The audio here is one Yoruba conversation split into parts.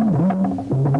Mm-hmm.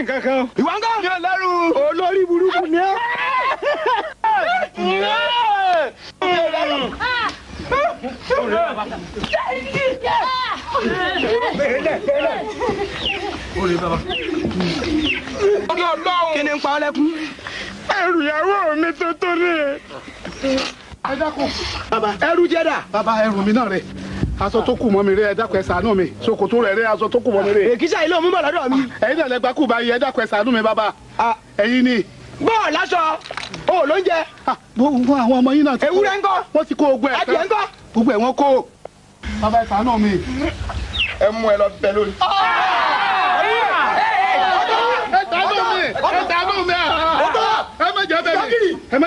nǹkan kan. ìwà ń kọ́. yóò lẹ́rù. olórí burúkú ni ẹ́. kí ni ń pa ọ́ lẹ́kún. ẹrù ìyàwó mi tó tó ní. ẹrù jẹ́dà. bàbá ẹrù mi náà rẹ̀ aṣọ tó kù mọ́ mi rẹ ẹ dákun ẹ ṣàánú mi ṣòkòtò rẹ̀ rẹ aṣọ tó kù mọ́ mi rẹ. èkìsà ilé òmùbọ̀ lọ́dọ̀ mi. ẹ̀yin náà lẹgba kù báyìí ẹ dákun ẹ ṣàánú mi bàbá ẹ̀yin ni. bọ́ọ̀ láṣọ o ló ń jẹ. gbogbo àwọn ọmọ yín náà ti kó ewúrẹ́ ńkọ́ wọ́n ti kó ogun ẹ̀ adìẹ ńkọ́ gbogbo ẹ̀ wọ́n kó. bàbá ẹ ṣàánú mi. ẹ mú ẹ lọ bẹ lórí. Ah! ẹ ṣàánú mi ẹ ṣàánú mi o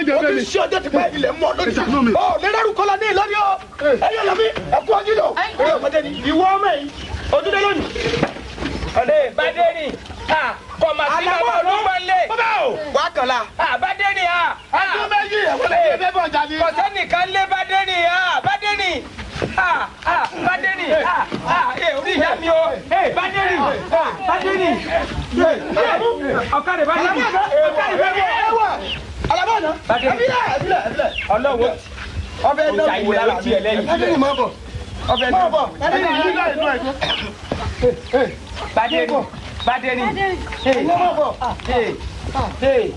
ti ṣe ọjọ́ ti pẹ́ ilẹ̀ mọ́ ọ ẹyọ lọmi ẹkú ọdún lọ ẹyọ ọmọdé ni ìwọ ọmọ yìí ojú dé lónìí. ọ̀dẹ bàdẹ́rì kọ̀mà sí bàbá olúmọ̀lé wákàlà. bàdẹ́rì ọdún méjì ẹ̀wọ̀n lè bẹ́ẹ̀ bọ̀ jáde. kọ̀sẹ́ nìkan lé bàdẹ́rì bàdẹ́rì bàdẹ́rì orí ìyá mi o bàdẹ́rì bàdẹ́rì ọ̀kadì bàdẹ́rì ọ̀kadì bàdẹ́rì ọlọ́wọ́ ọfẹ náà wù lára mi ẹdínì mọ bọ ọfẹ náà bọ ẹdínì yìí náà inú ẹ badeni badeni ẹdínì mọ bọ ọfẹ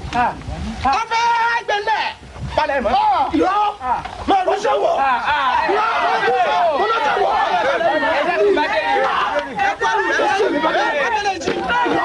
agbẹlẹ palẹ mọ yọ mọ lọsẹ wọ yọ mọ lọsẹ wọ ẹdínì badeni ẹkọ lọsẹ mi badeni.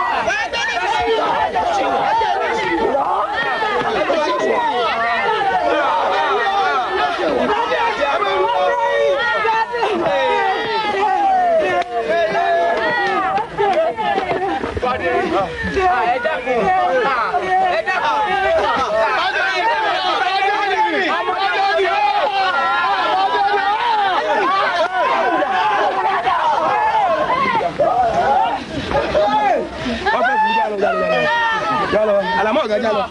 bọ̀ gàjà lọ.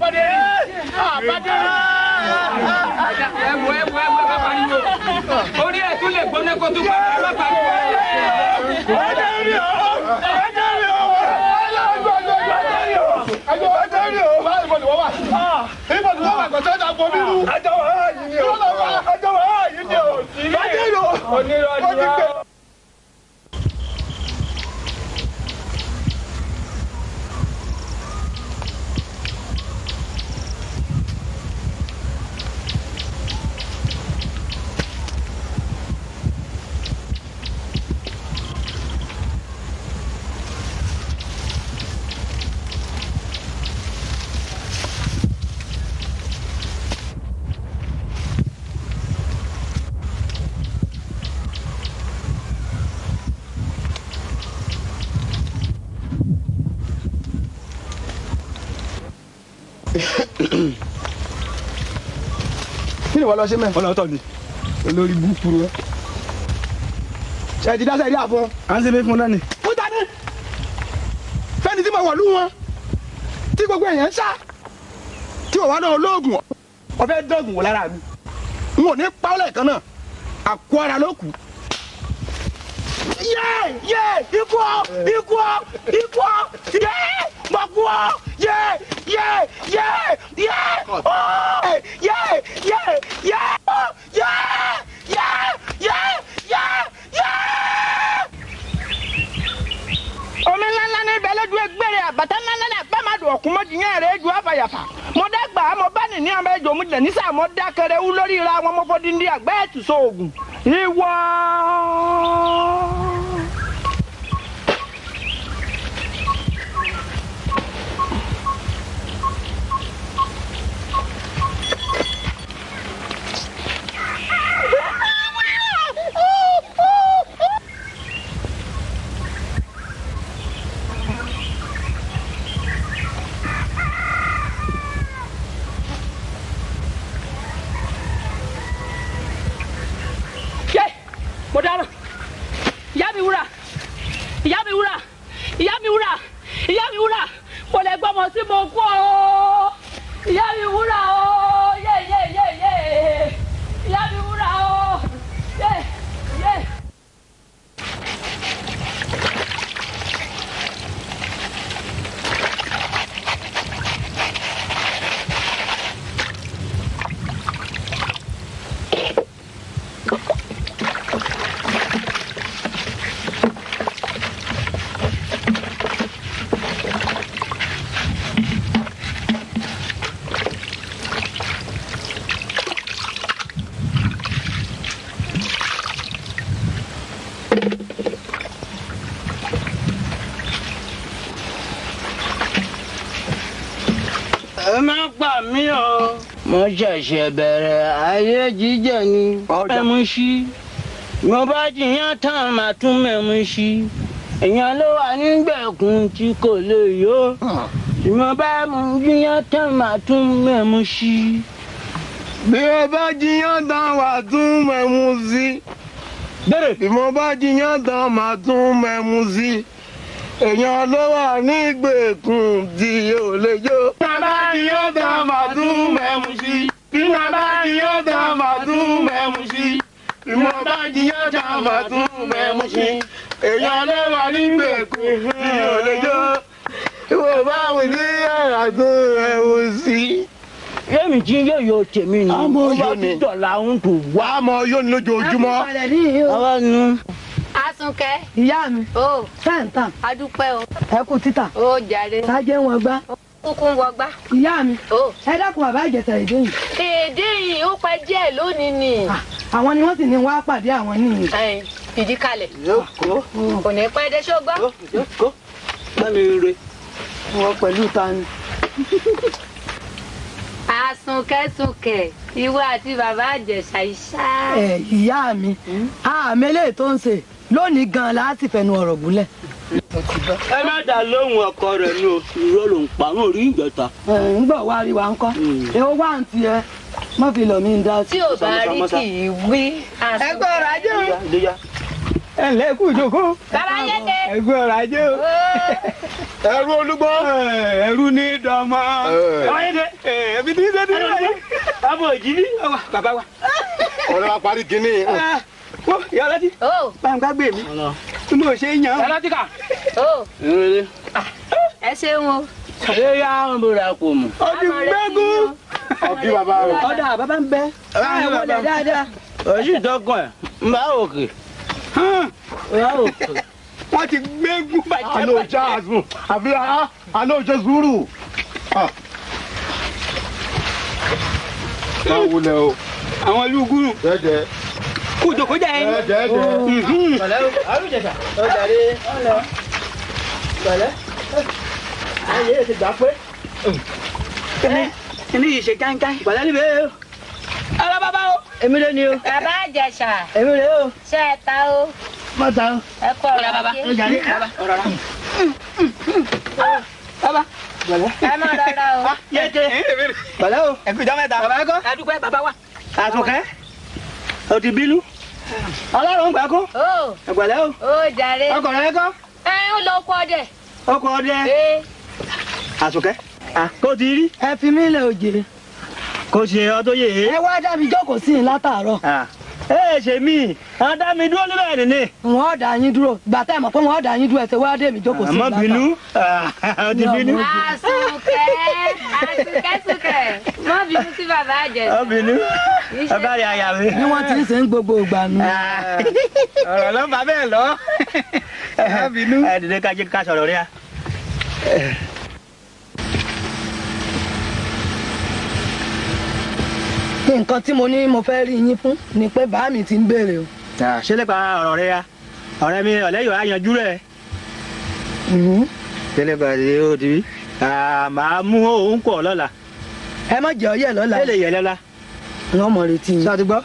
bọ́dé àbájá ẹ̀wọ̀ ẹ̀wọ̀ ẹ̀wọ̀ bá pariwo orí ẹ̀ tún lè gbóná kó tún bá bá pariwo. ọjọ́ rí o ọjọ́ rí o ọjọ́ rí o ọjọ́ rí o bá ìbọn ìwọ wà ìbọn ìwọ wà gbọ́dọ̀ dà bọ́ bírú. ajọ wà á yìí ni o ajọ wà á yìí ni o ọjọ́ rí o onírọ̀ ni wà ni wọ́n lọ sí mẹ́. ọlọ́tọ̀ ni olórí búkú rẹ. ṣèjì dáṣẹ́ ìdí àfọ. à ń ṣe fún náà ni. fún tani fẹ́ni tí mo wọ̀ lú wọn tí gbogbo èèyàn ń sá tí wọ́n wá náà olóògùn ọ̀fẹ́ dọ́gùn wò lára mi n ò ní pawọ́lẹ̀ kan náà àkó ara ló kù. yé yé ikú ọ ikú ọ ikú ọ yé mọ̀ ọ yé yeah, yeah, yeah, oh, yeah, yeah, yeah, oh, yeah, yeah, yeah, yeah, yeah. omi ńláńlá ní ìbẹ́lẹ́dún ẹgbẹ́rẹ́ àbàtà ńláńlá ní àpámàdù ọ̀kúnmọ́dìyàn rẹ̀ ju àfàyàfà mo dẹ́gbà mo bá nìní ọmọ ẹjọ́ mi dẹ̀ nísà mo dákẹrẹ wú lórí ra wọn mo fọ́ díndín àgbẹ̀ẹ́tù sóògùn ìwọ́ọ́. ọ̀daràn ìyá mi wúrà ìyá mi wúrà ìyá mi wúrà ìyá mi wúrà kò lè gbọ́mọ sí mo kú ọ́ ìyá mi wúrà ọ́. ṣẹ̀ṣẹ̀ bẹ̀rẹ̀ ayé jíjẹ ni mẹ́mú sí mo bá jiyàn tán màá tún mẹ́mú sí èèyàn ló wà nígbèkùn tí kò lè yó hmm. mo bá mú tán màá tún mẹ́mú sí bí mo bá jiyàn tán màá tún mẹ́mú sí bí mo bá jiyàn tán màá tún mẹ́mú sí èèyàn ló ní ìgbèkùn di òlejò. bàbá ni ó dá màdún mẹ́mu sí. bí bàbá ni ó dá màdún mẹ́mu sí. ìmọ̀ bá di ó dá màdún mẹ́mu sí. èèyàn ló wà ní ìgbèkùn di òlejò. ìwọ báwo ni yàrá tó rẹ̀ wò sí yémi tí yóò yọ tèmi nù. àmọ́ yóni ó bá ti dọ̀la ń tù wá. àmọ́ yóni lójoojúmọ́. àmọ́ yóni lójoojúmọ́. Àsunkẹ́. Ìyá mi. O. Sẹ́ǹtàn. Adúpẹ́ o. Ẹ kú títà. O jàre. Sájẹ́ wọn gbá. Kúkún wọ gbá. Ìyá mi. O. Ẹ dákun bàbá ìjẹsà èdè yìí. Èdè yìí ó pa díẹ̀ lónìí ni. Ah, àwọn ni wọ́n sì ní wá pàdé àwọn nìyí. Fìdí kalẹ̀. Yókò. Kò ní pẹ́ dé ṣó gbọ́. Yókò. Bẹ́ẹ̀ni ire. Wọ́n pẹ̀lú ta ni. ìwọ àti bàbá ìjẹsà ìṣá. Ìyá mi, hmm? ah, àmì eléyìí tó ń ṣe. lónìí gan la sì fẹnu ọ̀rọ̀ gúnlẹ̀. ẹ má dà lóhùn ọkọ rẹ ní o irọ́ ló ń pa àwọn orí ìjọta. ń gbọ́ wá rí wa ń kọ́ èwo hmm. wá ń tiẹ̀ má fi mí tí o bá rí kì wí. ajé o. ẹ ǹlẹ́ kú ìjókòó. o. ẹrú olúgbọ́. ẹrú ní dọ́mọ. ẹbí wọ́n yà láti. báńkà gbé mi tí mo ṣe yàn. yà láti kà. ẹ ṣeun o. ṣé yá ń bọ̀rọ̀ àpò mu. ọdún gbẹ́gùn. ọ̀bí bàbá rẹ̀. ọ̀dà bàbá ń bẹ. báyọ̀ wọlé dáadáa. òṣì dọ́gàn ẹ̀ ń bá òkè. ń bá òkè. wọ́n ti gbẹ́gùn bàjẹ́. àná òjá àzùn àbí àná òjá zúrù. báwo lẹ o. àwọn lúgùrù. dẹ́dẹ́ kú jòkó jẹ ẹ. pẹ̀lẹ́ o alùjẹsà o ni, ọlọ pẹ̀lẹ́ ayé ti gbà pé. kíní yìí ṣe kánkán pẹ̀lẹ́ níbẹ̀ o alábàbà o. èmi lé ni o. bàbá àjẹsà. èmi lé o. ṣé ẹ ta o. má ta o. ẹ kọ ọ̀rọ̀ bàbá o jàre bàbá ọ̀rọ̀ rà. bàbá pẹ̀lẹ́. ẹ má rọra o. yéte pẹ̀lẹ́ o. ẹ kú ìjọ mẹ́ta. bàbá ẹ kọ́. adúgbò bàbá wa. àtúnkẹ́ o ti bínú ọlọ́run gbà kú. ẹgbẹ̀lẹ́ o. ó jàre. ọkọ̀ rẹ kọ́. ẹ ń lọ ọkọ̀ ọdẹ. ọkọ̀ ọdẹ. E. àsùnkẹ́. kò tí rí. ẹ fi mí lẹ òjè. kò ṣe ọdún yìí. E. ẹ wá dábìí jókòó sí i látàárọ̀ ẹ ṣe mí àwọn dá mi dúró níbẹ̀ nìní. wọn ò dá yín dúró gbà tá ẹ mọ̀ pé wọn ò dá yín dúró ẹsẹ̀ wáá dé mi jókòó sí i. àmọ́ bínú ọtí bínú. àsùnkẹ́ àsùnkẹ́sùkẹ́ mọ́ bínú sí bàbá àjẹsà. ọ bínú bàbá rẹ̀ àyà mi. ni wọ́n ti ń ṣe ń gbogbo ìgbà mi. Ah. ọ̀rọ̀ ló ń bá bẹ́ẹ̀ lọ. ọ bínú. ẹ dìde ká jẹ́ ká sọ̀rọ̀ rí a. nǹkan tí mo ní mo fẹ́ rí yín fún ni pé bàá mi ti ń béèrè o. ṣé nípa ọ̀rọ̀ rẹ ya ọ̀rẹ́ mi ọ̀lẹ́ yóò á yanjú rẹ̀. Mm-hmm. ṣé nípa ìdílé ó di bí. màá mú òun kọ̀ lọ́la. ẹ má jẹ́ ọyẹ́ lọ́la. ẹ lè yẹ lọ́la. wọ́n mọ̀ retí yín. sọ́ọ́ ti gbọ́.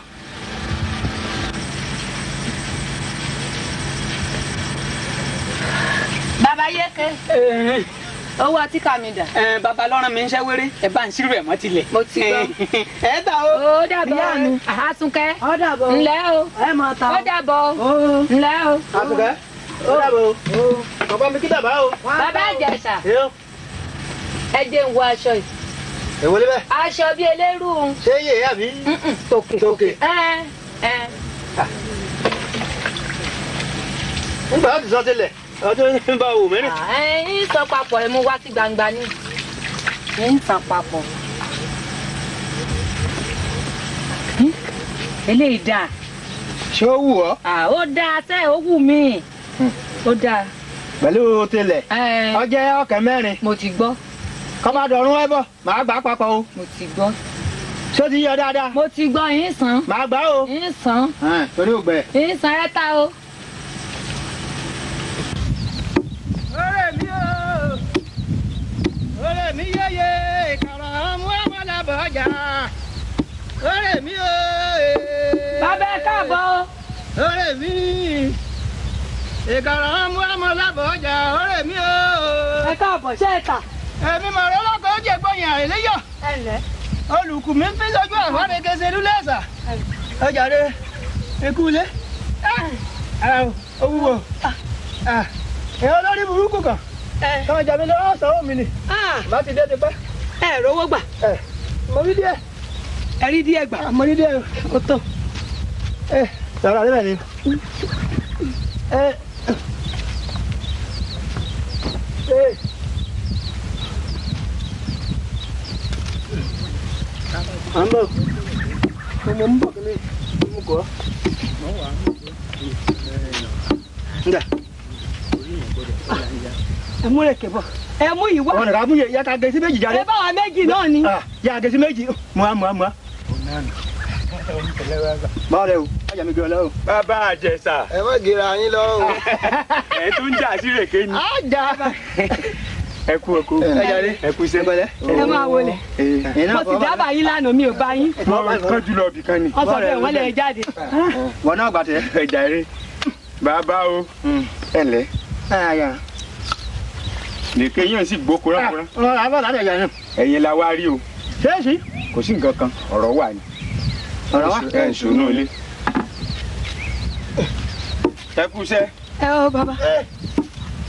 bàbá yéke owó ọtí kà ẹ bàbá lọ́rùn mi ń ṣẹ́ wéré ẹ bá ń ṣírò ẹ̀ mọ́ tilẹ̀. mo ti gbọ́ ẹ ta o. ó dàbọ̀ àtúnkẹ́ ńlẹ́ o ó dàbọ̀ ńlẹ́ o. àtúnkẹ́ ó dàbọ̀ o bàbá mi kí bàbá o. bàbá ìjẹsà ẹ jẹ́ ń wọ aṣọ yìí. èwo lébẹ̀. aṣọ bíi eléru. ṣé iye ìyá mi. tòkè tòkè. ẹ ẹ. ń ah. gbà ó ti sọ tilẹ̀ ọjọ́ ní bá wò mẹ́rin. ẹyin sọ papọ̀ ẹ mú wá sí gbangba ní. ẹ ń tàn papọ̀. Hmm? eléyìí dáa. ṣé ó wù ọ́. ó dáa sẹ́ ó wù mí hmm. ó dáa. pẹ̀lú tilẹ̀ ọjẹ́ ọ̀kẹ́ mẹ́rin. mo ti gbọ́. kọ́ máa dọ̀rùn ẹ bọ̀ màá gbà papọ̀ o. mo ti gbọ́ ṣó ti yọ dáadáa. mo ti gbọ́ yín sàn. màá gbà o. yín sàn. torí ògbẹ. yín sàn ẹ ta o. ọ̀rẹ́ mi yéye ìkàrọ̀ ọmú ẹ̀wọ̀n làbọ̀ ọjà ọ̀rẹ́ mi o. bàbá ẹ káàbọ̀. ọ̀rẹ́ mi ìkàrọ̀ ọmú ẹ̀wọ̀n làbọ̀ ọjà ọ̀rẹ́ mi o. ẹ káàbọ̀ ṣé ẹ tà. èmi mọ̀rọ̀ ọlọ́kọ̀ ó jẹ́ gbọ̀yìn àìlẹ́yọ̀. ẹ lẹ́. olùkù mi ń fi sójú àwọn akẹ́kẹ́ lulẹ̀ṣà. ọjà rẹ ekú ilé. Ah. Ah, owó wo ah, ẹ olórí burúkú kan káwọn eh. jà mí lọ ọ sàwọn mi ni bá ah. ti dé ti pẹ́. ẹ rówó gbà. Eh. mo rí díẹ̀. ẹ rí díẹ̀ gbà. Ah, mo rí díẹ̀ o tó. ẹ eh, sọ̀rọ̀ àdébẹ̀ ni. ẹ ẹ. à ń bọ̀ ọmọ ń bọ̀ kílẹ̀ mú kọ́. nga ẹ mú ẹ mú ìwá. ọ̀nà kà á yẹ yà gẹ̀ẹ́sì méjì jáde. ẹ bá wa méjì náà ni. Ah, yà gẹ̀ẹ́sì méjì mua mua mua. báwo lẹ o ajá mi gbé ọ lọ bàbá àjẹsà. ẹ má gira yín lọ o. ẹ tún ń jà sí rèké ni. ajá ẹ kú ẹ kú ẹ kú iṣẹ́ ẹ máa wọlé mo ti dábàá yín lánàá mi ò bá yín. wọn kàn jùlọ ibì ni. ọsọ bẹ́ẹ̀ wọn lè jáde. wọn náà gbàtẹ ẹjà eré bàbá o ẹ lẹ nìkan yín sì gbó kúrákúrá. Ah, ah, ẹ̀yin la wá rí o. ṣéèṣì. kò sí nǹkan kan ọ̀rọ̀ wà ní. ọ̀rọ̀ wà. ẹ ṣùnú ilé. ẹ kú iṣẹ́. ẹ o bàbá.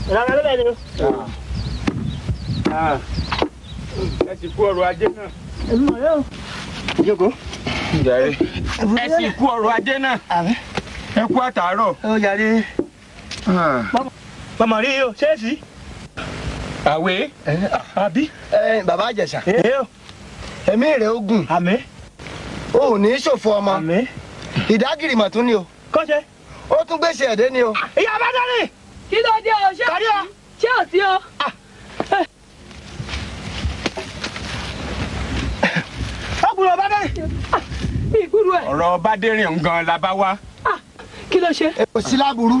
ìlànà ló bẹ̀ ni. Ah. ẹ sì kú ọrọ̀ ajé náà. èmi mọ̀ yóò. jókòó. ẹ sì kú ọrọ̀ ajé náà. ẹ kú àtàárọ̀. ó yàrá. bàmà rí o ṣéèṣì àwẹ àbí. bàbá àjẹsà ẹ̀mí rẹ̀ ó gùn o ò ní í ṣòfò ọmọ ìdágìrì mà tún ni o ó tún gbèsè ẹ̀dẹ́ ni o. Ah, ìyá bá dání. kí ló dé o ṣé o ṣé o sí o. Ah. ọkùnrin ọba dání. Ah, ìgbúrú ẹ. ọ̀rọ̀ ọba dẹ́rìn ngan la bá wá. kí ló ṣe. èkó sí láburú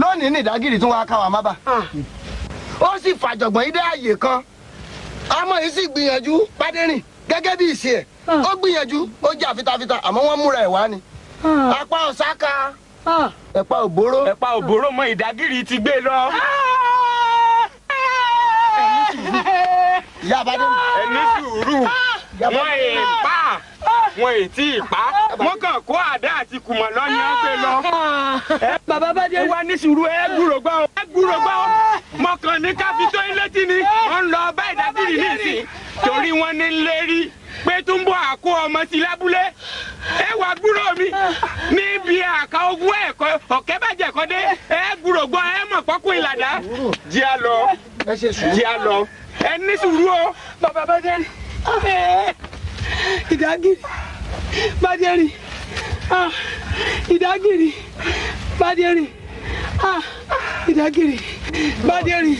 lónìí ní ìdágìrì tún wá káwa má bà ó sì fàjọ̀gbọ́n yìí dé àyè kan ọmọ yìí sì gbìyànjú pádérìn gẹ́gẹ́ bí ìṣe ẹ̀ ah. ó gbìyànjú ó jà fitafita àmọ́ wọ́n múra ẹ̀ wá ni ah. apá ọ̀sáka ah. ẹ̀pá òbóró ẹ̀pá òbóró mọ ìdágìrì ti gbé lọ. ìyá abadé ẹni sùúrù wọn èèpà wọn ì tí ì pa wọn kàn kó àdá àti kùmọ̀ lọ ni wọn gbé lọ. Ah. bàbá bá dé. wá ní sùúrù ẹ gbúrò gbá o ẹ gbúrò gbá o mo ní káfí tó ń létí ni wọn lọ bá ìdájìrì ní ìsìn torí wọn ní lérí pé tó ń bọ àkó ọmọ sí lábúlé ẹ wá gbúrò mi níbi àká ogún ẹ̀kọ́ ọ̀kẹ́ bàjẹ́ kọ́ dé ẹ gbúrò gbọ́ ẹ mọ̀ pọ́kú ìlàdá jí a lọ jí a lọ ẹ ní o bàbá bá dé. Ah ìdágìrì bàdẹ́rì ìdágìrì bàdẹ́rì ìdágìrì bàdẹ́rì.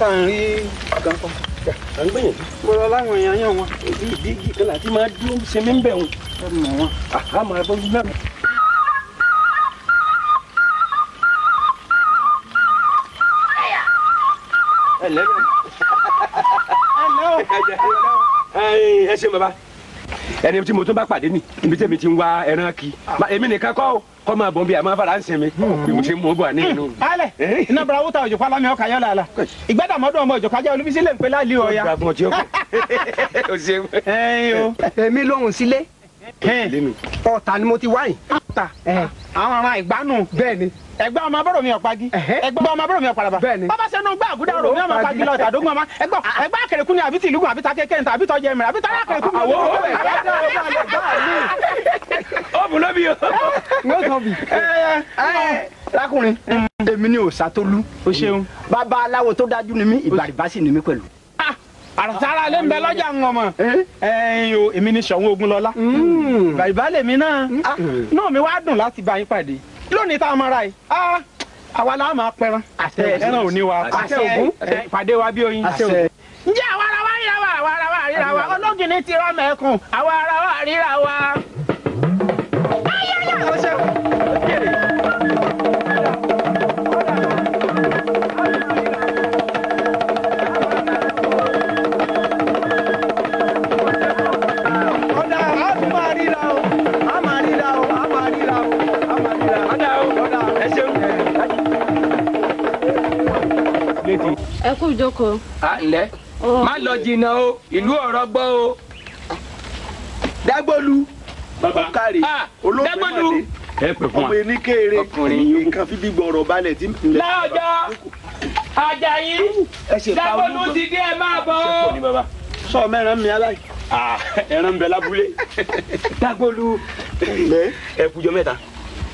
sáà ń rí gan kan à kan láti máa dúró ṣe mí ń bẹ̀ wọn. ẹ mọ̀ wọn. àá máa bọ́ yín náà. ẹ lẹ́yìn. ẹni tí mo tún bá pàdé ni ibi tẹ́mi ti ń wá ẹran kí èmi nìkan kọ́ kọ́ máa bọ̀ bí àmọ́ fara ń sinmi bí mo ti ń mú bọ̀ ní inú. alẹ eh? iná bọra wúta òjò fọlá mi ọkà yọ làlà ìgbẹ́dàmọ́dún ọmọ òjò kájà olúbísí lè ń pe láàlì ọ̀ya. èmi lóhùn sílé ọ̀tà ni mo ti wáyìn. ọ̀tà àwọn ará ìgbánu. bẹ́ẹ̀ni. ẹgbẹ́ ọmọ abọ́rọ̀ mi ọ̀pagi. ẹgbẹ́ ọmọ abọ́rọ̀ mi ọ̀pàlàbà. bẹ́ẹ̀ni. bàbá sẹ́nu gbá àgúdà rò mí ọmọ ọ̀pagi lọ tàdógún ọmọ. ẹgbẹ́ ẹgbẹ́ àkèrèkú ni àbí tìlúgùn àbí takékè ní tàbí tọ́jú ẹ̀mìrì àbí tọ́jú àkèrèkú mi. àwọn ọmọ ẹ̀ ó bù lóbi o. ló sọ bì. lákùnrin èmi ni òòsà tó lú. o ṣeun. bàbá aláwo tó dájú ni mí ìbàrìbá sì ni mí pẹ̀lú àràsárà lè ń bẹ lọ́jà ń ọmọ ẹyin o èmi ni Ṣọ̀ún Ògúnlọlá hmm. bàbá lèmi náà hmm. ah, náà mi wá dùn láti bá yín pàdé lónìí tá a mọ́ra yìí ah, àwa la máa pẹran ẹran ò ní wa àṣẹ ògún ìpàdé wa bí oyin ǹjẹ́ àwa ara wa ríra wa àwa ara wa ríra wa ológìnní ti rọ́ mẹ́kùn àwa ara wa ríra wa. ayé ayé àwọn ṣe é. ní ti. ẹ kú ìjókòó. a ǹlẹ́ má lọ jìnnà o ìlú ọ̀rọ̀ gbọ́ o. dágbólu kárí ah, olóògbé mọ̀lẹ́ ọmọ eníkéere nǹkan fífi gbọ̀rọ̀ balẹ̀ tí ń pilẹ̀. láọjọ́ Àjàyí dágbólu ti dé ẹ máa bọ̀ o. sọ mẹ́rin mi aláì. Ah, ẹran bẹ lábúlé dágbólu ẹ kújọ mẹ́ta.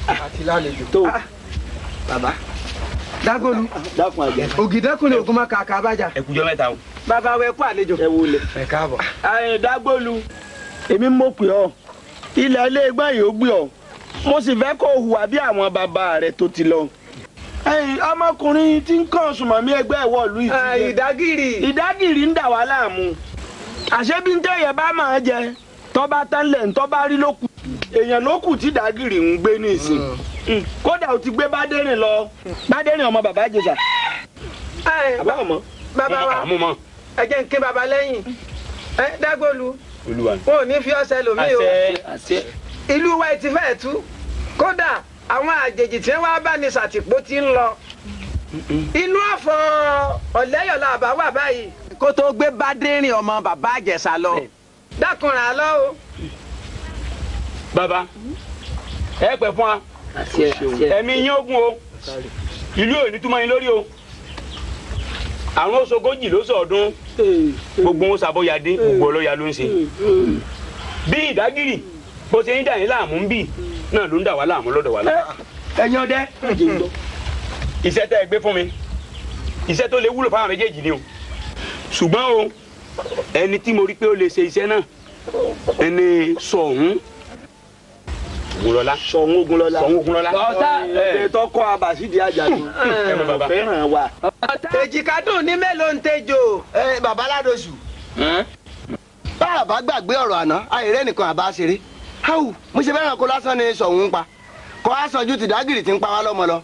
àti lálejò tó ah. bàbá dagolu dákun àjẹ ògìdẹkùn ni ògùn máa kàkà abájà. ẹkùjọ mẹ́ta o. bàbá wa ẹkú àlejò. ẹ wo le. ẹ káàbọ̀. ẹ dagolu èmi mọ̀ pé ọ ilẹ̀ ilé ẹgbẹ́ yìí ó gbé ọ mo sì fẹ́ kó hùwà bí àwọn bàbá rẹ tó ti lọ. ọmọkùnrin tí ń kàn sùmọ̀mí ẹgbẹ́ ẹ̀wọ̀ ìlú ìfilẹ̀. ìdágìrì. ìdágìrì ń dà wá láàmú. àṣé bí ń tẹ̀yẹ̀ bá máa jẹ tọ́ bá tán lẹ̀ ń tọ́ bá rí lókun èèyàn ló kù tí dàgìrì ń gbé ní ìsìn mm. mm. kódà ó ti gbé bádẹ́rìn lọ bádẹ́rìn ọmọ bàbá jésà. bàbá ọmọ bàbá wa ẹ jẹ́ n kí bàbá lẹ́yìn ẹ dágbólu wọn ò ní fi ọ̀sẹ̀ lómi o ìlú wa ti fẹ́ẹ̀ tú kódà àwọn àjèjì tí wọ́n bá ní sàtìpó ti ń lọ inú ọ̀fọ̀ ọ̀lẹ́yọ̀lá àbá wà báyìí. kó tó gbé bádẹ́rìn ọmọ bàbá àjẹsà lọ. dákunrà lọ o baba ẹ pẹ́ fún wa ẹ̀mí yín ogun o ìlú òní túmọ̀ yín lórí o àwọn oṣogójì ló sọ ọdún gbogbo wọn ṣàbọyàdé gbogbo ọlọ́yà ló ń ṣe bí ìdágìrì bó ṣe ń dà yín láàmú ń bì náà ló ń dà wá láàmú lọ́dọ̀ wá láàmú. ẹ̀yin ọdẹ iṣẹ́ tẹ́ ẹ gbé fún mi iṣẹ́ tó lè wúlò fáwọn méjèèjì ni o ṣùgbọ́n o ẹni tí mo rí pé ó lè ṣe iṣẹ́ náà ẹni sọ̀hún. Ògúnlọlá. Ṣọ̀ún Ògúnlọlá. Ṣọ̀ún Ògúnlọlá. ọ̀tá ẹ̀ tọkọ abàṣídì àjàdù fẹ́ràn wa. èjìkádùn ní mélòó ń tẹjọ. ẹ bàbá ládọ̀sù. bá a bá gbàgbé ọ̀rọ̀ àná ayẹ̀rẹ́ nìkan àbá ṣeré. háù mo ṣe kó lásán ni Ṣọ̀ún ń pa kọ́ á sọ ju tìdágìrì tí ń pa wá lọ́mọ lọ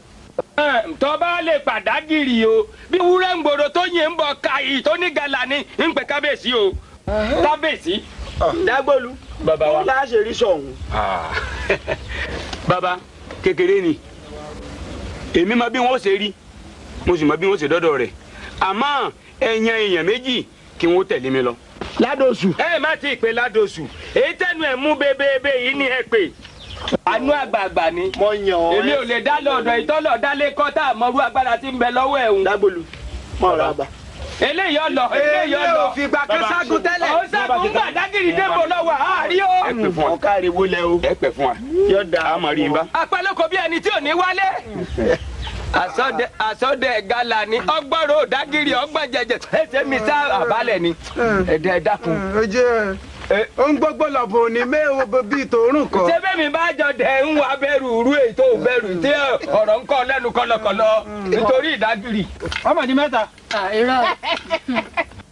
tọ́ba lè pàdágìrì o bí wúrẹ́ ń gbòòrò tó yẹn ń bọ̀ ka ìyí tó ní gàlà ni ń pè kábíyèsí o kábíyèsí dágbólu bàbá wa láṣẹ rí sọ̀hún. Baba, kékeré ni èmi ma bí wọn ó ṣe rí mo sì mọ bí wọn ó ṣe dọ́dọ̀ rẹ̀ àmọ́ ẹ̀yàn èèyàn méjì kí wọ́n tẹ̀lé mi lọ. ládòsù. ẹ má ti pè ládòsù èyí tẹnu ẹ mú bebebe yìí ni ẹ pè. àánú àgbààgbà ni. mo yàn ọ rẹ. èmi ò lè dá lọ́dọ̀ ìtọ́lọ̀ dálé kọ́tà àmọ́rú agbára tí ń bẹ lọ́wọ́ ẹ̀ ń. dábòlù àgbà. eléyìí ọlọ eléyìí ọlọ èmi ò fìgbà kan ságun tẹ́lẹ̀ ó ságun gbàdágìrì débò lọ́wọ́ àárí ó. ẹ pè fún wa ọkàrí lẹ o ẹ pè fún wa yóò da àmọ rí i bá. apálókò bí ẹni tí ò ní wálé asọdẹ asọdẹ gala ni ọgbọrọ dagiri ọgbọn jẹjẹ ẹsẹ mi sá àbálẹ ni ẹdẹ ń gbogbo lọ́bùn ni mẹ́wọ́ bíi tòórùn kan. ṣé mi bá jọ dẹ̀ ń wá bẹ̀rù rú èyí bẹ̀rù tí ọ̀rọ̀ ń lẹ́nu kọlọkọlọ nítorí ìdágìrì. ọmọ ní mẹ́ta. irọ́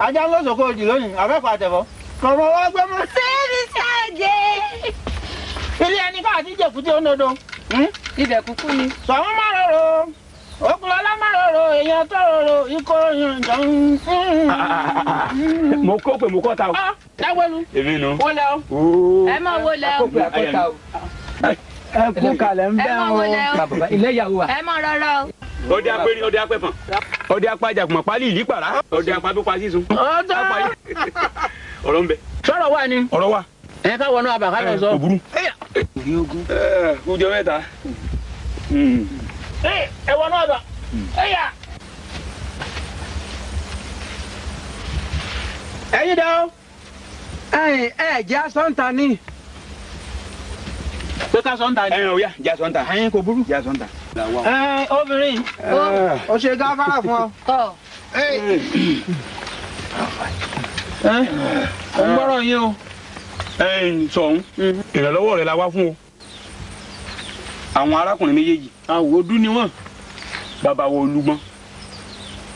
ajá ń òjì lónìí àtẹ̀fọ́. kọ̀mọ̀ wá ilé ẹni jẹ̀kú tí ó hmm? ni. sọ̀rọ̀ máa rọrùn. okùnrin ọlọ́mọ̀ròrò èèyàn tó rorò ikọ̀ ìrìnjọ ń. mo kó pé mo kọ́ ta o. dáwọ́lu èmi nu wọlé o ẹ máa wọlé o. ẹ kú kalẹ̀ ń bẹ́ o ilé ìyàwó wa. ẹ máa rọra o. ọdẹ apẹ ni ọdẹ apẹ pọn ọdẹ apẹ ajakumọ pali ìlí para ọdẹ apẹ abẹ pa sísun. ọjọ́ ọ̀rọ̀ ń bẹ. sọ̀rọ̀ wa ni. ọ̀rọ̀ wa. ẹ ká wọnú abàkálẹ̀ sọ. kò burú. ẹ kò jẹ mẹ́ta. Hmm ee ɛwɔ n'ɔdɔ eya ɛyi dɛ o ɛyi ɛ jẹ asɔnta ni pé ká sɔnta ni. ɛn o ya jẹ asɔnta ɛn kò burú jẹ asɔnta. ɛn obìnrin o ṣe gáfárà fún ọ. ń gbọ́dọ̀ yín o. ẹ̀yin sọ̀hún ìrànlọ́wọ́ rẹ̀ la wá fún o àwọn arákùnrin méjèèjì. àwòdú ni wọn. bàbá wo olúgbọ́n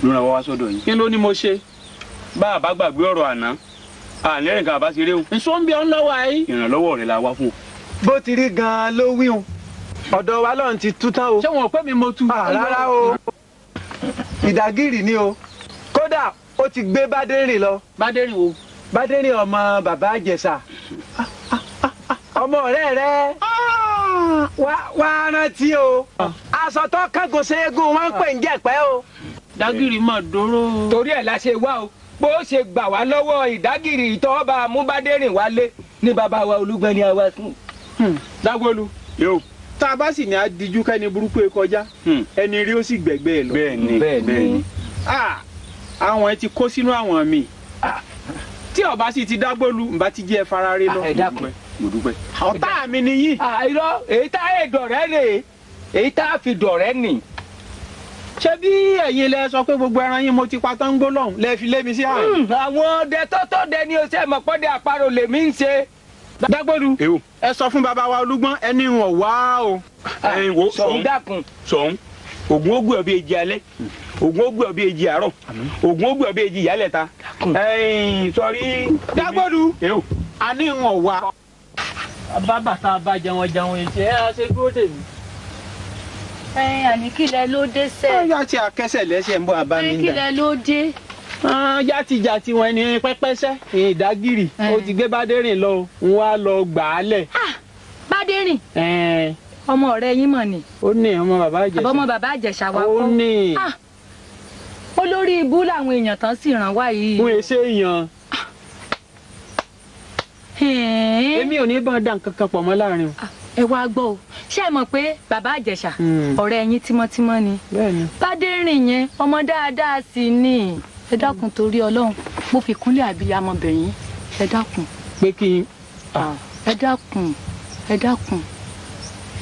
ló ràn wá wá sọ́dọ̀ yìí. kí ló ní mo ṣe. bá a bá gbàgbé ọ̀rọ̀ àná ànírìn kan àbá ti rí o. nsọ ń bí ọ ń lọ́wọ́ ayé. ìrànlọ́wọ́ rẹ̀ la wá fún o. bó ti rí gan-an ló wí o ọ̀dọ̀ wa lọ́run ti tú tán o. ṣé wọn ò pẹ́ mi mo tu. Ah, rárá o ìdágìrì ni o kódà ó ti gbé bádẹ́rìn lọ. bádẹ́rìn o. bádẹ́rìn ọmọ bàbá àjẹsà ah, ah, ọmọ ọ̀rẹ́ rẹ wàá rántí o aṣọ tó kángun ṣeégún wọn ń pè ń jẹpẹ o. dágìrì mà dóró. torí ẹ̀ la ṣe wá o bó ṣe gbà wá lọ́wọ́ ìdágìrì ìtọ́ba amúbádẹ́rìn wálé ní bàbá wa olúgbọ́n ni a wá sùn. Hmm. dágbólu yóò tá a bá sì ní a dijú kẹ́ni burúkú ẹ kọjá hmm. ẹni rí ó sì gbẹ̀gbẹ́ ẹ lọ. bẹ́ẹ̀ni bẹ́ẹ̀ni àwọn ẹ ti kó sínú àwọn mi ah. tí ọba sì ti dágbólu nbá ti jẹ ẹ fara rí lọ. Ah, ẹ dákun mo dúpẹ́. ọ̀tá mi ni àìrọ èyí tá a dọ̀rẹ́ rè é èyí tá a fi dọ̀rẹ́ nì. ṣé bí ẹ̀yin lẹ sọ pé gbogbo ẹran yín mo ti pa tán gbó lọ́hùn lẹ fi lé mi sí àná. Hmm, àwọn ọdẹ tọ́tọ́ dẹ ni oṣù ẹ̀mọ̀pọ̀dẹ àparò lèmi ń ṣe. dágbòdu ẹ sọ fún baba wa olúgbọ́n ẹni hàn wá o. sọ̀hún dákun. sọ̀hún ògùn ó gbé ọbẹ̀ èjì alẹ́ ògùn ó gbé ọbẹ̀ àárọ̀ ògùn ó gbé ọbẹ̀ ìyálẹ̀ta. sọ̀rí dágbòdu àní wá bábà tá a bá jẹun jẹun etí ẹ á ṣe dúró dè mí. ẹyin àníkílẹ ló dé sẹ. ó yá ti àkẹsẹ lẹsẹ ń bọ àbá mi dà. àníkílẹ ló dé. yàtìjà tiwọn ni pẹpẹsẹ ìdágìrì ó ti gbé bádẹrìn lọ ń wá lọ gbà á lẹ. bádẹrìn. ọmọ rẹ yín mọ ni. ó ní ọmọ bàbá àjẹsà. àbọ̀mọ bàbá àjẹsà wa kọ́. ó ní. olórí ibú làwọn èèyàn tán sì ràn wá yìí. wọn èsè èèyàn èmi ò ní bá a dá nǹkan kan pọ̀ mọ́ láàrin o. Ah, ẹ wá gbọ́ o ṣé ẹ mọ̀ pé bàbá àjẹsà hmm. ọ̀rẹ́ yín tímọ́tímọ́ ni bádẹ́rìn yẹn ọmọ dáadáa sì ni ẹ dákun torí ọlọ́run mo fi kúnlẹ̀ àbíyamọ bẹ̀yìn ẹ dákun. pé kí n. Ah, ẹ dákun ẹ dákun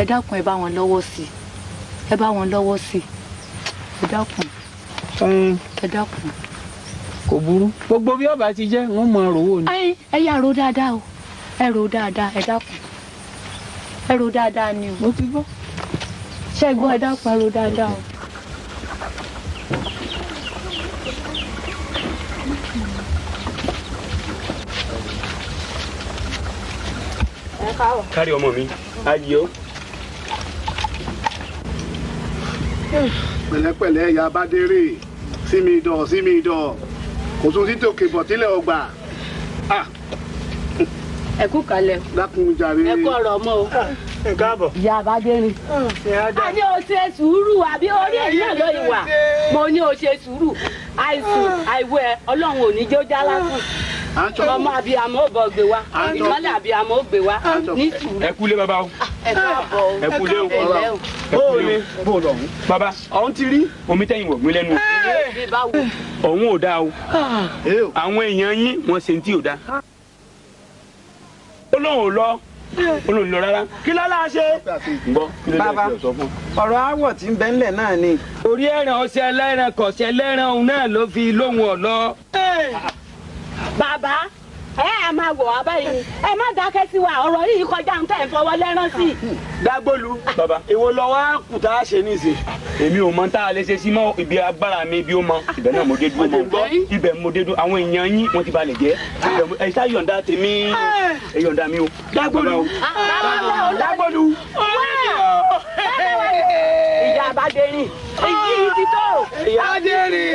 ẹ dákun ẹ bá wọn lọ́wọ́ sí i ẹ bá wọn lọ́wọ́ sí i ẹ dákun ẹ dákun kò burú gbogbo bí ọba ti jẹ́ ń mọ ròwò ni. ayin ẹ yà ro dáadáa o ẹ ro dáadáa ẹ dákun ẹ ro dáadáa ni o. mo ti gbọ́. ṣẹ́gun ẹ dákun ẹ dáadáa o. kárí ọmọ mi ayọ̀. pẹ̀lẹ́pẹ̀lẹ́ ya bá dérè sí mi dọ̀ sí mi dọ̀ kò sóhun títí òkè bọ̀ tílẹ̀ ọgbà. ẹ kú kalẹ̀. dákun jàre. ẹ kú ọ̀rọ̀ ọmọ o. ẹ káàbọ̀. ìyá abádẹ́rin. a ní o ṣe sùúrù àbí orí èyí náà ló ìwà mo ní o ṣe sùúrù àìsùn àìwẹ̀ ọlọ́run ò ní jẹ́ já lásán ọmọ abiyamọ ò bọ wa ìmọ̀lẹ̀ abiyamọ ò wa ní sùúrù. ẹ kúlé bàbá o ah, ẹ kúlé o ẹ kúlé o bàbá ọ̀hún ti rí omi tẹ́yìn wọ̀ gbélé nu ọ̀hún ò dáa o àwọn èèyàn yín wọ́n ṣe ti ò dáa ó lóun ò lọ olóòlù lọ rárá kí lọ́la ṣe. bàbá ọ̀rọ̀ àwọ̀ tí ń bẹ ńlẹ̀ náà ni. orí ẹ̀ràn ọ̀sẹ̀ ẹlẹ́ran kọ̀ọ̀sẹ̀ ẹlẹ́ran òun náà ló fi lóhùn ọ̀lọ́ bàbá ẹ ẹ máa wọ̀ wá báyìí ẹ má dákẹ́ sí wa ọ̀rọ̀ yìí kọjá ń tẹ̀ fọwọ́ lẹ́rán sí. dágbólu bàbá èwo lọ wá kùtà ṣe níṣe èmi ò mọ tá a lè ṣe sí mọ ibi agbára mi bí ó mọ ibẹ̀ náà mo dé dúró mo gbọ́ ibẹ̀ mo dé dúró àwọn èèyàn yín wọ́n ti balẹ̀ jẹ́ ah. ẹ ṣá yọ̀ǹda tèmi ah. ẹ mi o dágbólu ah, dágbólu ìyá Bádérìn èyí ti tó. Bádérìn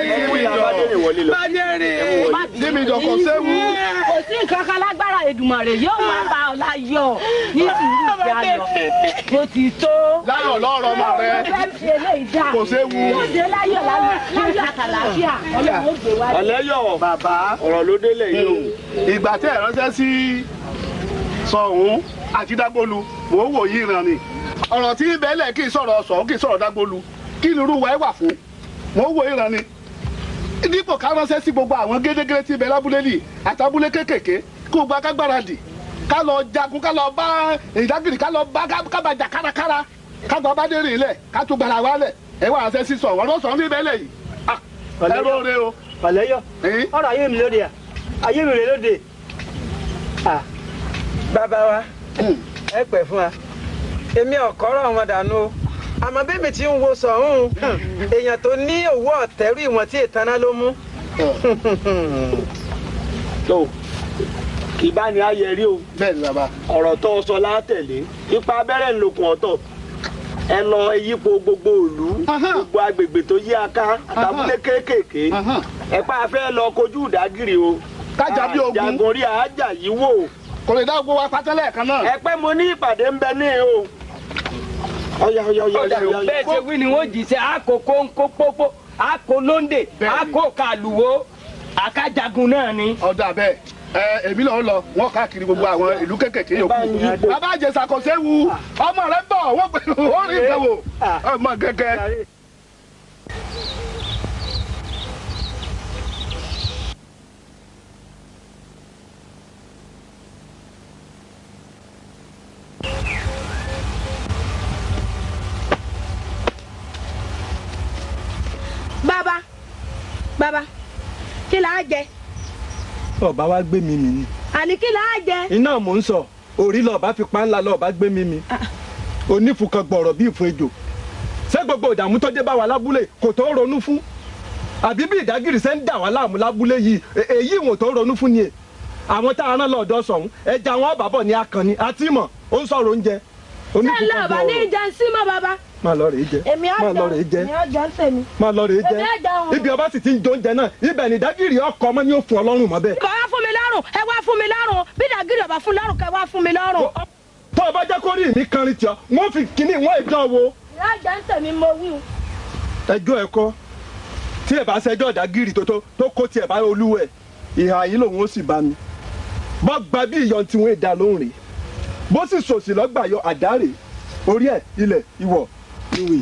Bádérìn Jimmy Jọkọ̀ Sẹ́wù. Kò sí nǹkan kan lágbára Èdùmàrè yóò máa bá ọ láyọ̀ ní sùúrù ìyá lọ. Mo ti tó. Láyọ̀ lọ́rọ̀ ọmọ rẹ. Kò séwu. Ó dé láyọ̀ láyọ̀ àtàlàfíà. Ọ̀lẹ́yọ̀ bàbá ọ̀rọ̀ ló délẹ̀ yìí o. Ìgbà tẹ́ ẹ̀ ránṣẹ́ sí Ṣọ̀ún àti Dágbólu, mò ń wò yí ìran ni. ọ̀ràn tí bẹ́ẹ̀lẹ̀ sọ̀ sọ̀rọ̀ kí fún wọn wo ìran ni dípò ká ránṣẹ́ sí gbogbo àwọn gédégédé tí lábúlé àtàbúlé kéékèèké kí dì ká lọ jagun ká lọ bá ìdágìrì ká lọ bá kárakára ká gba bá dérìn ká gbàrà ẹ wà ránṣẹ́ sí ọ̀rọ̀ sọ̀ ní bẹ́ẹ̀lẹ̀ yìí ah, ẹ o. emi ọ̀kọ́rọ̀ wọn dànù o àmọ́ bẹ́ẹ̀ mi ti ń wo sọ̀hún èèyàn tó ní òwú ọ̀tẹ́rù ìwọ̀n tí ìtaná ló mú. tó ìbá ni ayẹrí o ọ̀rọ̀ tó sọ látẹ̀lé ipa abẹ́rẹ́ ńlọkùn ọ̀tọ̀ ẹ lọ yípo gbogbo ìlú gbogbo agbègbè tó yí aká àtàbúlé kéékèèké ẹ pa afẹ́ lọ kojú ìdágìrì o kájà bí ogun jàgòrí àájà yìí wò. kò lè dá gbogbo wa pátẹ́lẹ̀ kan náà. ẹ pẹ́ mo ní ìpàdé ń bẹ ní o. ọ̀dàrú bẹ́ẹ̀ ṣe wí ni wọ́n náà ni. ẹ èmi lọ wọn káàkiri gbogbo àwọn ìlú kékèké yòókù bàbá àjẹsà kò séwu ọmọ rẹ bọ wọn ah. ọmọ bàbá bàbá kí là á jẹ. ọba wa gbé mi mì ni. àní kí là á jẹ. iná mò ń sọ orí lọba fi páńlá lọba gbé mi mì ah. onífukàn gbọ̀rọ̀ bí ìfun ejò ṣé gbogbo ìdààmú tó dé bá wa lábúlé kò tó ronú fún àbí bí ìdágìrì ṣe ń dà wá láàmú lábúlé yìí e-, èyí ìwọ̀n tó ronú fún ni e. àwọn tá a rán lọ́dọ̀ sọ̀hún ẹja wọn bàbọ̀ ní akànni àti ìmọ̀ ó ń sọ̀rọ̀ oúnjẹ onífukàn gbọ̀rọ̀. ṣé lọ́ọ̀bà ní ìjà ń símọ́ bàbá máa lọ rèé jẹ máa lọ rèé jẹ máa lọ rèé jẹ ibi ọba sì ti ń jó oúnjẹ náà ibẹ̀ ní dagiri ọkọ ọmọ ni ó fún ọ lọ́rùn mọ́ bẹ́ẹ̀. ìbọn wá fún mi lọ́rùn ẹ wá fún mi lọ́rùn bí dágìrì ọba fún lọ́rùn kẹ wá fún mi lọ́rùn. tó o bá jẹ́ kó rí mi kan rí tiọ́ wọ́n fi kíní wọ́n ìdán wo. ìyá àjà ń tẹ̀mí mo wí o. ẹjọ́ ẹ kọ́ tí ẹ bá ṣẹjọ́ dágìrì tó tó kó tiẹ̀ bá olúwẹ̀ ìhà yìí lòun ó sì bá mi bọ́ gba bí ìyọ̀ntì wọn ìdá lóhùn rèé bó sì sòsì lọ́gbà yọ àdá rèé orí ẹ̀ ilẹ̀ ìwọ̀ ìwé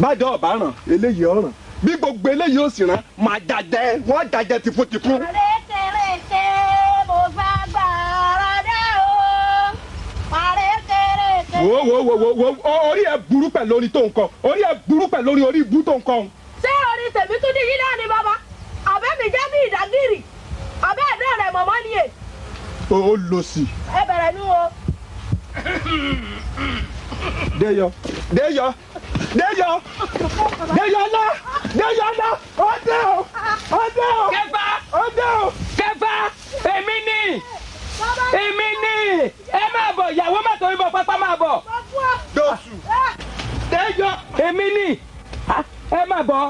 bájọ ọba ràn eléyìí ọràn bí gbogbo eléyìí ó sì ràn máa dàjẹ wọn dàjẹ tìfútìfú. rètèrètè mo fà gbà rádá o rètèrètè. wo wo wo wo orí ẹ burú pẹ̀lú orin tó ń kọ orí ẹ burú pẹ̀lú orin orí ibú tó ń kọ. ṣé orin tèmi tún ní yín ni bàbá àbẹ́ mi jẹ́ bí ìdágìrì àbẹ́ ẹ̀dá rẹ̀ mọ̀mọ́ ni è. o lọ sí. ẹ bẹ̀rẹ̀ nú o. déyọ déyọ Dayọ̀ Dayọ̀ ọlá Dayọ̀ ọlá ọdẹ o ọdẹ o kẹfà ọdẹ o kẹfà èmi ni èmi ni ẹ máa bọ̀ ìyàwó má torí bọ̀ pápá máa bọ̀. Dóṣù. Dayọ̀ èmi ni ẹ máa bọ̀.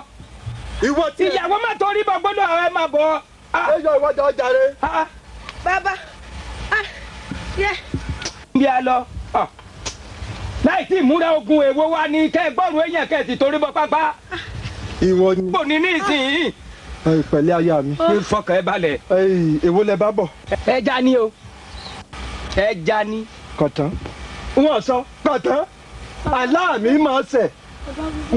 Ìwọ tí. Ìyàwó má torí bọ̀ gbọ́dọ̀ ẹ máa bọ̀. Dayọ̀ ìwọ́jà ọjà rẹ. Bàbá. Bí a lọ láì tí ìmúra ogun èwo wa ni kẹ́ ẹ gbọ́rùn èèyàn kẹ́ torí bọ́ pápá. ìwọ ni. kò ní ní pẹ̀lẹ́ aya mi. ní fọkàn ẹ balẹ̀. èwo lẹ bá bọ̀. ẹja ni o ẹja ni. kọ̀tán. wọ́n sọ kọ̀tán aláàmì máa ṣẹ̀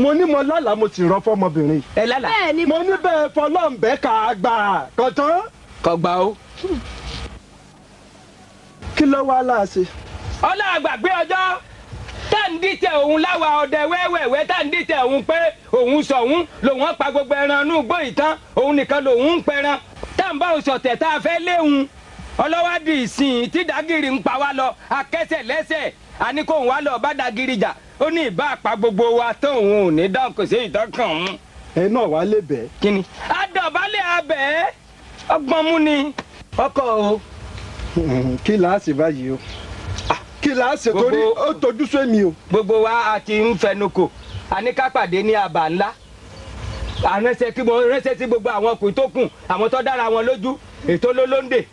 mo ní mo lálàá mo sì rọ fọmọbìnrin. ẹ lálàá. mo ní bẹ́ẹ̀ fọlọ́ǹbẹ́ kà gbà kọ̀tán. kò o. kí ló wá láàṣẹ. ọlọ́ àgbàgbé ọjọ́ tá ń dìtẹ̀ òun láwa ọdẹ wẹ́wẹ̀wẹ́ tá ń dìtẹ̀ òun pé òun lòun pa gbogbo ẹran inú igbó ìtàn òun nìkan lòun ń pẹran tá ń tá a fẹ́ léhun ọlọ́wádìí ìsìn tí dàgìrì ń pa wá lọ akẹ́sẹ̀ lẹ́sẹ̀ àní kóun wá lọ bá dàgìrì jà ó ní ìbá àpá gbogbo wa tó òun ò ní dáhùn kò sí ìtọ́kàn òun. ẹ náà wá lè bẹ́ẹ̀. kí adọ̀bálẹ̀ abẹ́ ọgbọ́n mú ni ọkọ̀ o. kí làá báyìí o kí la ṣe torí ó tojú sọ èmi o. gbogbo wa a ti ń fẹnukò a ká pàdé ní àbá ńlá àránṣẹ́ kí mo ránṣẹ́ sí gbogbo àwọn ọkùnrin tó kù àwọn tó dára wọn lójú ètò lólóńdè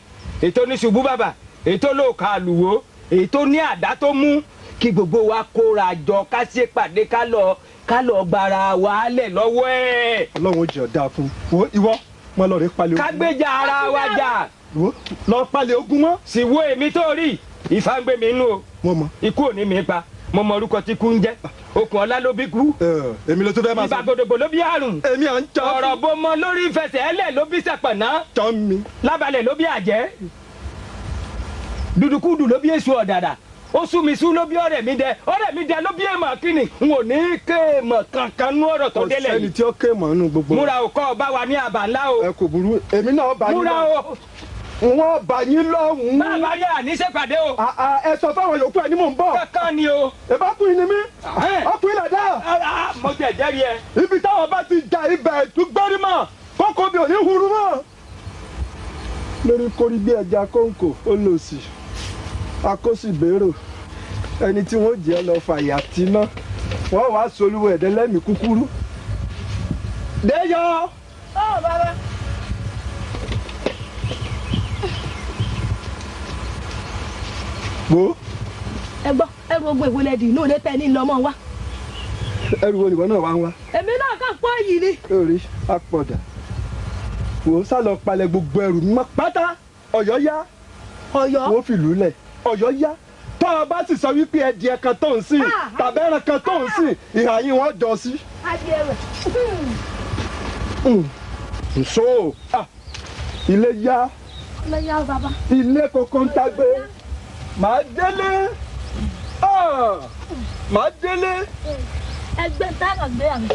ètò oníṣubú bàbà ètò lóòka àlùwò ètò ní àdá tó mú kí gbogbo wa kóra jọ ká ṣe pàdé ká lọ ká lọ gbara wa lẹ lọ́wọ́ ẹ. Ọlọ́run jẹ ọdá fún ìwọ mo lọ ogun. ká ara wa jà. lọ palẹ̀ ogun mọ́. sì wo èmi tó rí ìfá ń gbé mi inú o ikú ò ní mi pa mo mọ orúkọ tí kú ń jẹ okùn ọlá ló bí kú. èmi ló tún fẹ́ máa sọ. ìbàgòdògbò ló bí àrùn. èmi à ń tọ́. ọ̀rọ̀ bó mọ lórí ìfẹsẹ̀ ẹlẹ̀ ló bí sàpọ̀nà. tọ́ mi. lábalẹ̀ ló bí àjẹ́. dùdùkúdù ló bí èso ọ̀dàdà ó sú mi sú ló bí ọ̀rẹ́ mi dẹ ọ̀rẹ́ mi dẹ ló bí èèmọ̀ kíni n ò ní kéèmọ̀ kankan nú ọ̀rọ̀ tó délẹ̀ yìí. múra ò kọ́ ọ bá wa ní àbá ńlá o. ẹ múra o wọn bá yín lọ́hùn a bàbá yà ní sèpàdé o. ẹ sọ fáwọn yòókù ẹ ní mò ń bọ̀. kankan ni o. ìbá kun ni mí. ọkùnrin là dá. mo jẹ jẹrìí ẹ. ibi táwọn bá ti jà ibẹ̀ ìtúgbẹ́rì mọ̀ kókó bí ò ní huru mọ́. lórí kórí bí ẹja kóńkò ó lò sí akóṣì bèrò ẹni tí wọ́n jẹ́ lọ fàyà tí ná wọ́n wàá solúwẹ̀ẹ́dẹ́lẹ́mì kúkúrú. déyọ. ọ bàbá. wo. ẹ gbọ́ ẹrù ogun ìwé lẹ́dí inú ilé tẹ ní ìlọmọ wa. ẹrù wo nìwọ náà wá ń wá. èmi náà kàn pọ̀ yìí ni. orí apọ̀dà wo sálọ palẹ̀ gbogbo ẹrù mọ́ pátá ọ̀yọ́ yá. ọ̀yọ́ wo fìlú lẹ̀ ọ̀yọ́ yá tọ́ ọ bá sì sọ wípé ẹdìẹ kan tó ń sìn ah, ah. tàbí ẹran kan tó ń ah, sìn ìhà yín wọ́n jọ sí. nso hmm. hmm. ilé yá ilé kòkó ń tagbé màá délé màá délé. ẹgbẹ́ táyà gbé àmì.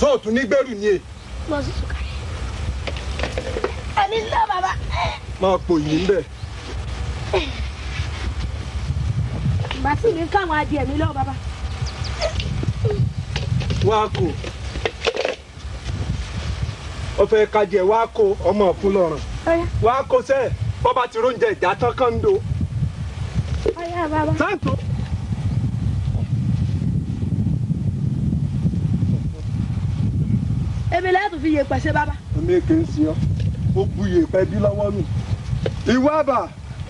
sóòtún nígbèrú ni e. mo sì sùn kárẹ̀. ẹni lọ bàbá. máa pò yìí ń bẹ̀. màá sì ní káwọn adìẹ mi lọ bàbá wákò ọfẹ kajẹ wákò ọmọ ọ̀fun lọ́rùn wákò sẹ bọba ti róúnjẹ ìjà tán kán do. sáàtò. èmi lẹ́tù fi yèèpẹ̀ ṣe bàbá. èmi èké ń sin ọ ó bu yèèpẹ̀ bí lọ́wọ́ nù ìwọ àbà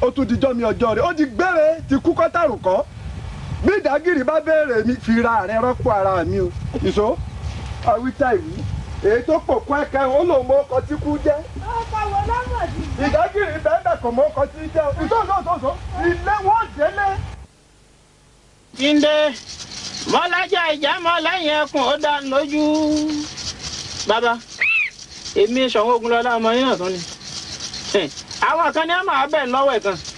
ó tún dijọ́ mi ọjọ́ rẹ̀ ó di gbére ti kú kọ́tàrú kọ́. bí ìdágìrì bá bẹ̀rẹ̀ mi fi ra rẹ rọ́pò ara mi o ìṣó àwítà ìwú èyí tó pò kún ẹ̀ka ó mọ ọkọ tí kú jẹ́. ìdágìrì bẹ́ẹ̀ bẹ̀ kò mọ ọkọ tí jẹ́ ìṣó ìṣó ilé wọ́n délé. mọ́lájà ẹkùn ó dá lójú. bàbá èmi ogun ọmọ yín náà tán ni àwọn kan ní àmọ́ abẹ́ lọ́wọ́ ẹ̀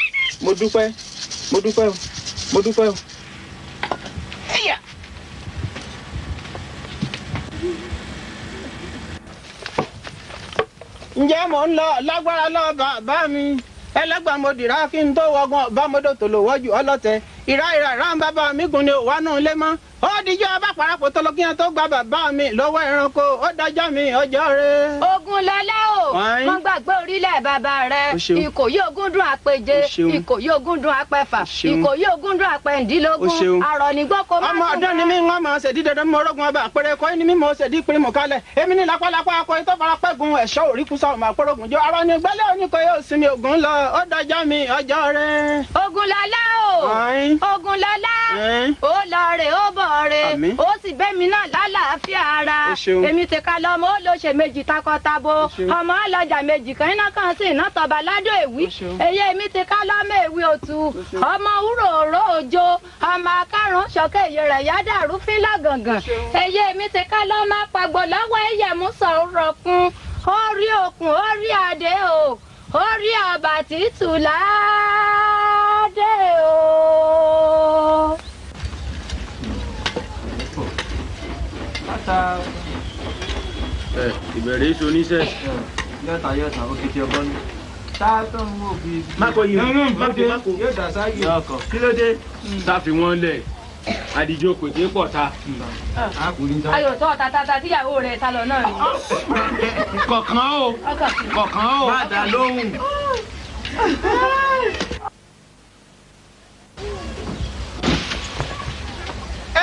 mo dúpẹ́ mo dúpẹ́ o mo dúpẹ́ o. ǹjẹ́ mò ń lọ lágbára lọ bàbá mi ẹlẹ́gbàá mo dìrá kí n tó wọgbọ́n bámọ́dọ̀ tó lò wọ́jú ọlọ́tẹ, ìrá ìrá ìrá ń mi gùn ni òwá náà lé mọ́ ó bá parapọ̀ tó lórílẹ̀ bàbá rẹ̀ ìkòyí ogúndùn àpèje ìkòyí ogúndùn àpẹfà iko ogúndùn àpẹǹdínlógún àrọ̀ ní gbọ́kọ máa tún. ọmọ ọdún ni mí ń wọ́n mọ̀ ọ́sẹ̀ di ọba àpẹrẹ ni mí mọ̀ ọ́sẹ̀ di ìpín mọ̀ èmi ní lápálápá akọ tó fara pẹgun jọ oníkọ yóò sinmi lọ ó mi o lọ o sì náà lálàáfíà ara èmi ó lọ ṣe méjì takọtabo ọmọ méjì iná kan sí iná tọba ládò èwí èyí mi ti ká lọ́mọ èwí òtù ọmọ wúrò òró òjò ọmọ akárùn ṣọkẹ́ èyí rẹ̀ yá dàrú fílà gàngàn èyí mi ti ká lọ́mọ apagbo lọ́wọ́ ẹ̀yẹ̀mú sọ̀rọ̀ kun ó rí òkun ó rí adé o ó rí ọba títù ládé o. ìbẹ̀rẹ̀ sọ níṣẹ́ lẹ́tà yẹ̀tà òkìtì ọgbọ́n ni táàtàn wò fi. mákò yìí mákò mákò yóò dà sáyé ọkọ. kí ló dé tá a fi wọ́n lẹ̀ àdìjọ kò dé pọ̀ ta. ayò tó ọ̀tá tata tíyàwó rẹ̀ ta lọ náà ni. kọ̀kan o kọ̀kan o má dá lóhùn.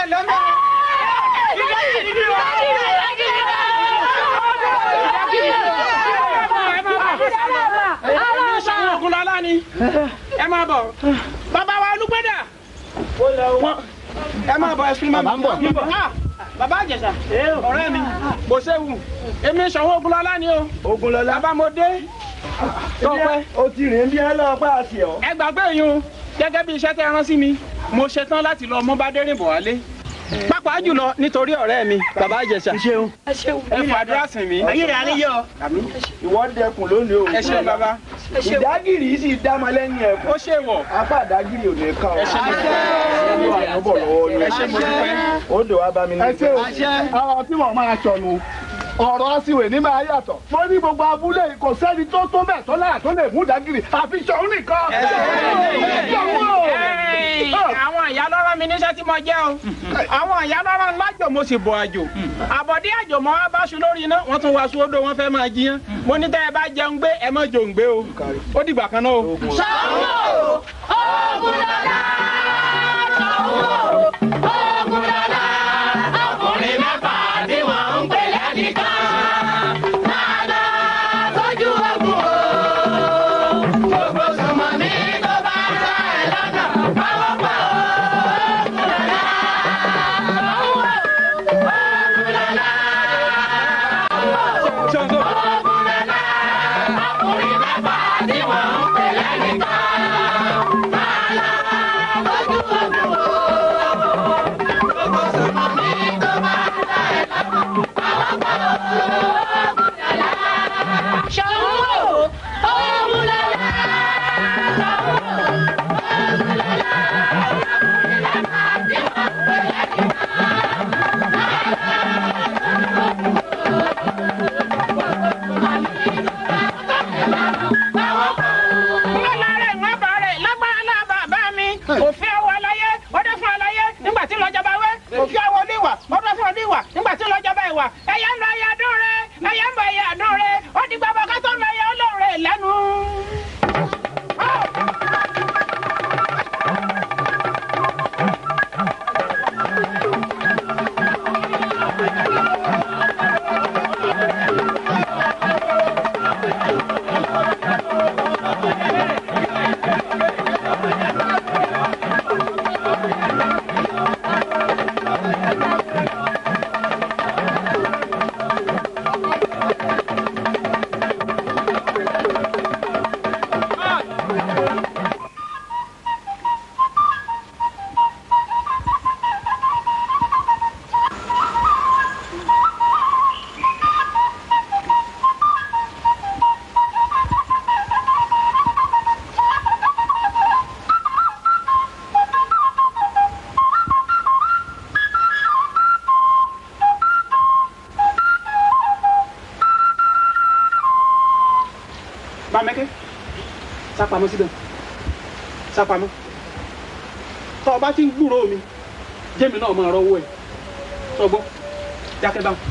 ẹ lọ́mọ ẹ̀yin sanwó ògùn lọ́la ni ẹ máa bọ̀ bàbá wa olùgbẹ́dà ẹ máa bọ̀ ẹ̀sùn mọ́ mi bàbá àjẹsà ọ̀rẹ́ mi kò séwu èmi sanwó ògùn lọ́la ni o ògùn lọ́la bàbá mo dé tọpẹ́ o ti rìn bí ẹ lọ́ọ́ pa àṣẹ ọ. ẹ gbàgbé o gẹ́gẹ́ bí iṣẹ́ tẹ́ ẹ rán sí mi mo ṣetán láti lọ mú bá dérìnbọ̀ wálé pápá jùlọ nítorí ọ̀rẹ́ mi bàbá àjẹsà ẹ fàdúrà sìn mí. ayé rẹ̀ àníyọ. ìwọ dẹkùn lónìí o. ẹ ṣe bàbá. ìdágìrì sì dá mọ lẹ́yìn ẹ̀. ó ṣe wọ̀. apá àdágìrì ò ní kàn. ẹ ṣe mo dúpẹ́. olú àná bọ̀ lọ́wọ́ ni. ẹ ṣe mo dúpẹ́. ó dè wá bá mi ní. ẹ ṣe o ọtí wọn máa sọnù ọ̀rọ̀ aṣiwè ní máa yàtọ̀ mo ní gbogbo abúlé kò sẹ́ni tó tó bẹ́ẹ̀ tó láà tó lè mú dàgìrì àfi ṣòun nìkan. àwọn ìyá lọ́rọ́ mi níṣẹ́ tí mo jẹ́ o àwọn ìyá lọ́rọ́ lájò mo sì bọ̀ àjò àbọ̀dé àjò mo wá bá sun lórí iná wọ́n tún wá sun odò wọ́n fẹ́ máa jiyàn mo ní tẹ́ ẹ bá jẹun gbé ẹ má jòun gbé o ó dìgbà kan náà o. sọ́wọ́ ògùn lọ́la sọ́wọ́ ògùn lọ́la. Mexicana. sápamọ́ síbẹ̀ sápamọ́ tọ́ ọ bá ti ń gbúròó mi jẹ́mi náà máa rọ́wọ́ ẹ̀ sọgbọ́n dákẹ́ báwọn.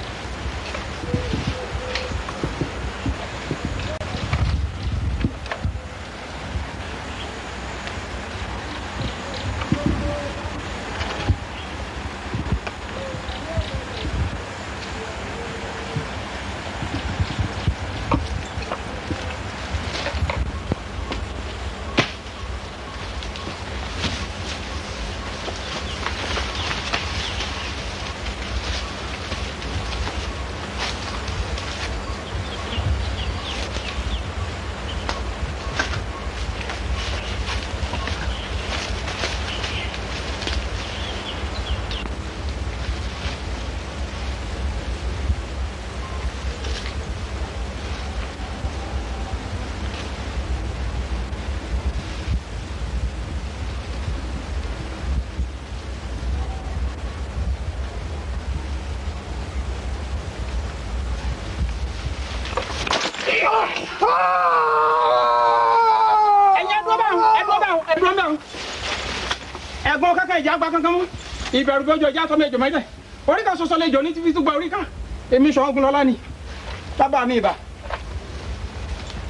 pa kankan mú ìbẹ̀rù gbọ́jọ ìjà sọmọ èjò mẹ́tẹ̀ orí kan ṣoṣo lejò ní títí gba orí kan èmi ṣọ̀ọ́gun lọ́lá ni tábà mi ìbà.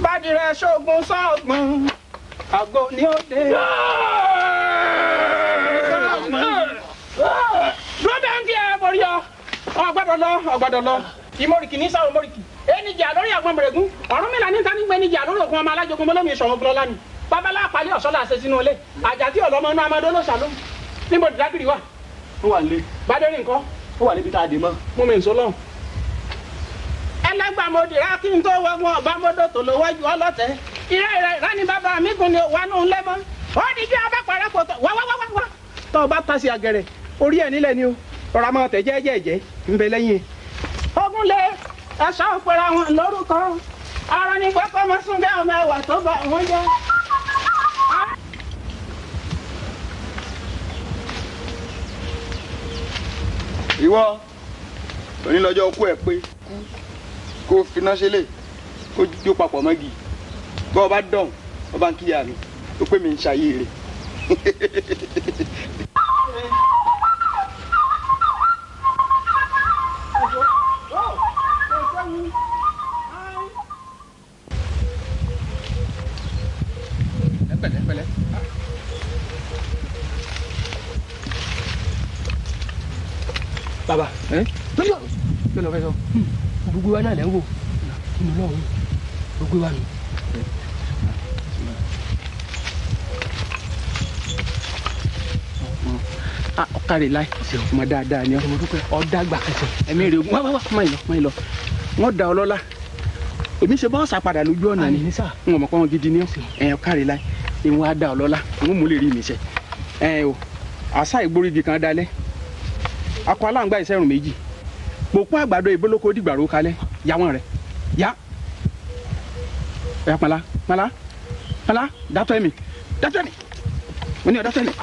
bádìrẹ ṣoògùn sọ́ọ̀gbọ̀n àgbo ni ó dé. dúródà ń kí ẹ ọ ọgbàdọ̀ lọ ọgbàdọ̀ lọ ìmọ̀rìkì ní sáwọn mọ̀rìkì ẹnìjà lórí àgbọn bẹ̀rẹ̀gún ọ̀rún mi là ní tani gbẹnìjà lórí òkun ọmọ alájogun mọ́lọ́mì ìṣọ̀run fúnlọ́lá ni babalá àpálẹ̀ ọ̀ṣọ́lá àṣẹ sínú ilé àjàdí ọ̀lọ́mọ inú amadó ló ṣàlóhùn níbo ni dágìrì wà. ó wà nílé. bádẹ́rì nǹkan. ó wà níbi tá a dè mọ́. mú mi nsọ lọ́hùn. ẹlẹ́gbàmọdì rà kí n tó wọgbọ́n ọ̀bámọ́dọ̀ tó ló wájú ọlọ́tẹ̀. ìrẹ́ ìrẹ́ ìrẹ́ ni bàbá mi kùn ní wà nù lẹ́mọ́. ó ní bí abẹ́ pẹ̀rẹ́ kò tọ̀ wá wá wá wá. tọ́ ọ bá ta sí agẹrẹ orí ẹ̀ nílẹ̀ ni o rọra máa tẹ̀ jẹ́ẹ́jẹ́ẹ́jẹ́ ń bẹ lẹ́yìn. ogun lé ẹ̀ṣọ́ òpèrè àwọn lórúkọ ara ní pẹ́pẹ́ mọ́súnbẹ́ ọmọ ẹ̀wà tó bá àwọn jẹ́. ìwọ onílọ́jọ́ kú ẹ̀ pé kú kó finá ṣẹlẹ̀ kó jó papọ̀ mọ́gì bọ́ ọ bá dán ọ bá ń kíyà mi ó pè mí ń ṣayé rẹ̀. kí ló fẹ́ sọ. Hmm. gbogbo wa náà lẹ́ ń wò nínú lọ́run gbogbo wa nù. ọkàrẹ̀ láì ọmọ dáadáa ni ọ̀dà gbà ẹ̀mí rẹ̀ wá wá wá má yìí lọ má yìí lọ wọ́n da ọlọ́lá èmi ṣe bọ́ ṣàpadà lójú ọ̀nà ni n ò mọ̀ pọ́n gidi ni ẹ̀ ọkàrẹ̀ láì ìwọ̀n á da n ò mú lè rí mi ṣe ẹ̀ o àṣà ìgbórígi kan dalẹ̀ akọ aláǹgbá ìṣẹ́rùn méjì pòpó àgbàdo ìbólókó dìgbàrò kalẹ̀ yàwọn rẹ̀ yá ẹ̀yà pàlà pàlà pàlà dátọ́ ẹ̀mí dátọ́ ẹ̀mí mo ní ọ dátọ́ ẹ̀mí.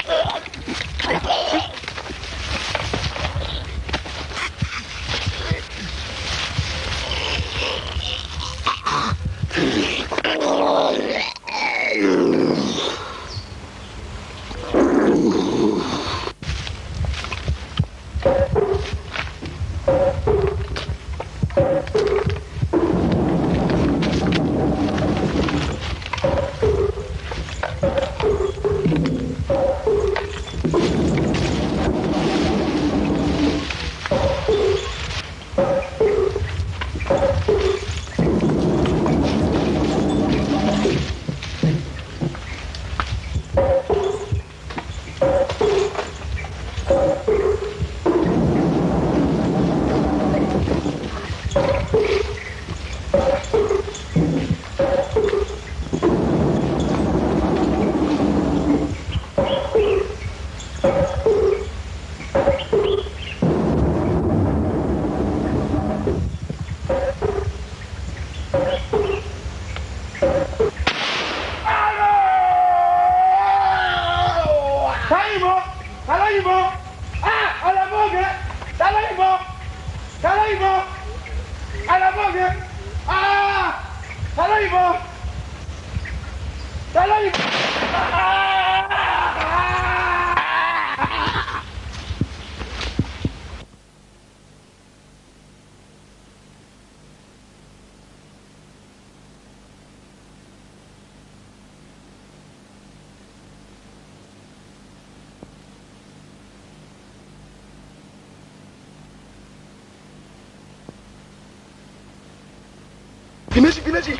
finesse.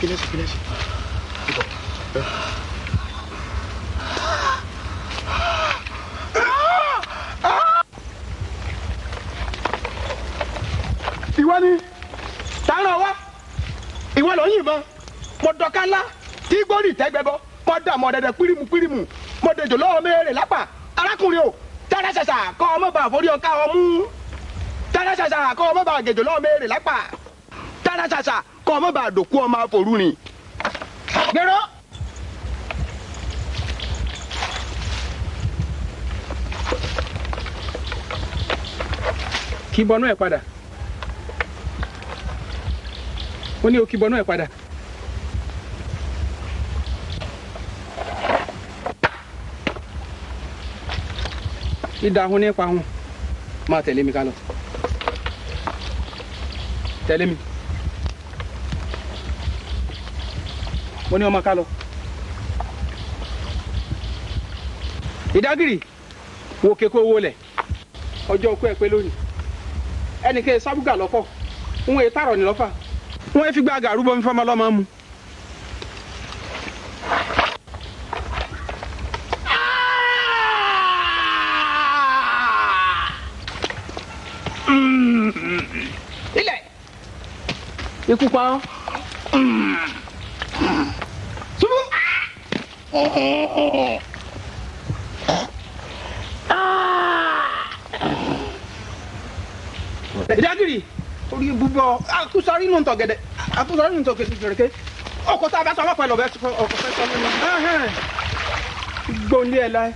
Finesse, finesse. Bon. Euh. ìwọ ni tààrà wa ìwọ lọ yìnbọn mo dọ̀ka ńlá tí gbórí ìtẹ́gbẹ́bọ mo dà mọ dẹdẹ pírímù pírímù mo dejò lọ́wọ́ mẹ́rẹ̀ lápá arákùnrin o tẹ́lẹ̀ ṣẹ̀ṣà kọ́ ọmọ bàá forí ọ̀ka ọmú tánà ṣàṣà kọ́ ọmọ bá gèjò lọ́wọ́ mẹ́rẹ̀ lápá tánà ṣàṣà kọ́ ọmọ bá dòkú ọmọ àforú ni. gbèrò. kì í bọnú ẹ padà ó ní o kì í bọnú ẹ padà. ìdáhùn nípa hùn máa tẹ̀lé mi ká lọ. tẹ̀lé mi mo ní ọmọ ká lọ. ìdágìrì wo kéko owó lẹ̀ ọjọ́ okú ẹ pé lónìí ẹnìkan sábúgà lọ́kọ̀ ń wọ́n ètàrọ̀ ní lọ́fà ń wọ́n fi gbá àgàrú bọ́ mi lọ́mọ́ mu. Eku pa ọ́. Túbú. Ah! Ìdágìrì orí búbọ̀ akúsọrí nù ń tọ̀ gẹ̀dẹ̀ akúsọrí nù ń tọ̀ gẹ̀dẹ̀ ọkọ̀ tá a bá sọ ọlọ́pàá lọ́bẹ̀ ọkọ̀ fẹ́ sọ lónìí. Gbóndé ẹ̀ láì.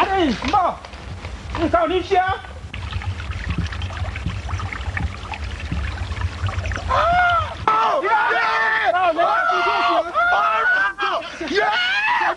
Adéyìn, mbọ̀, nǹkan ò ní ṣe á.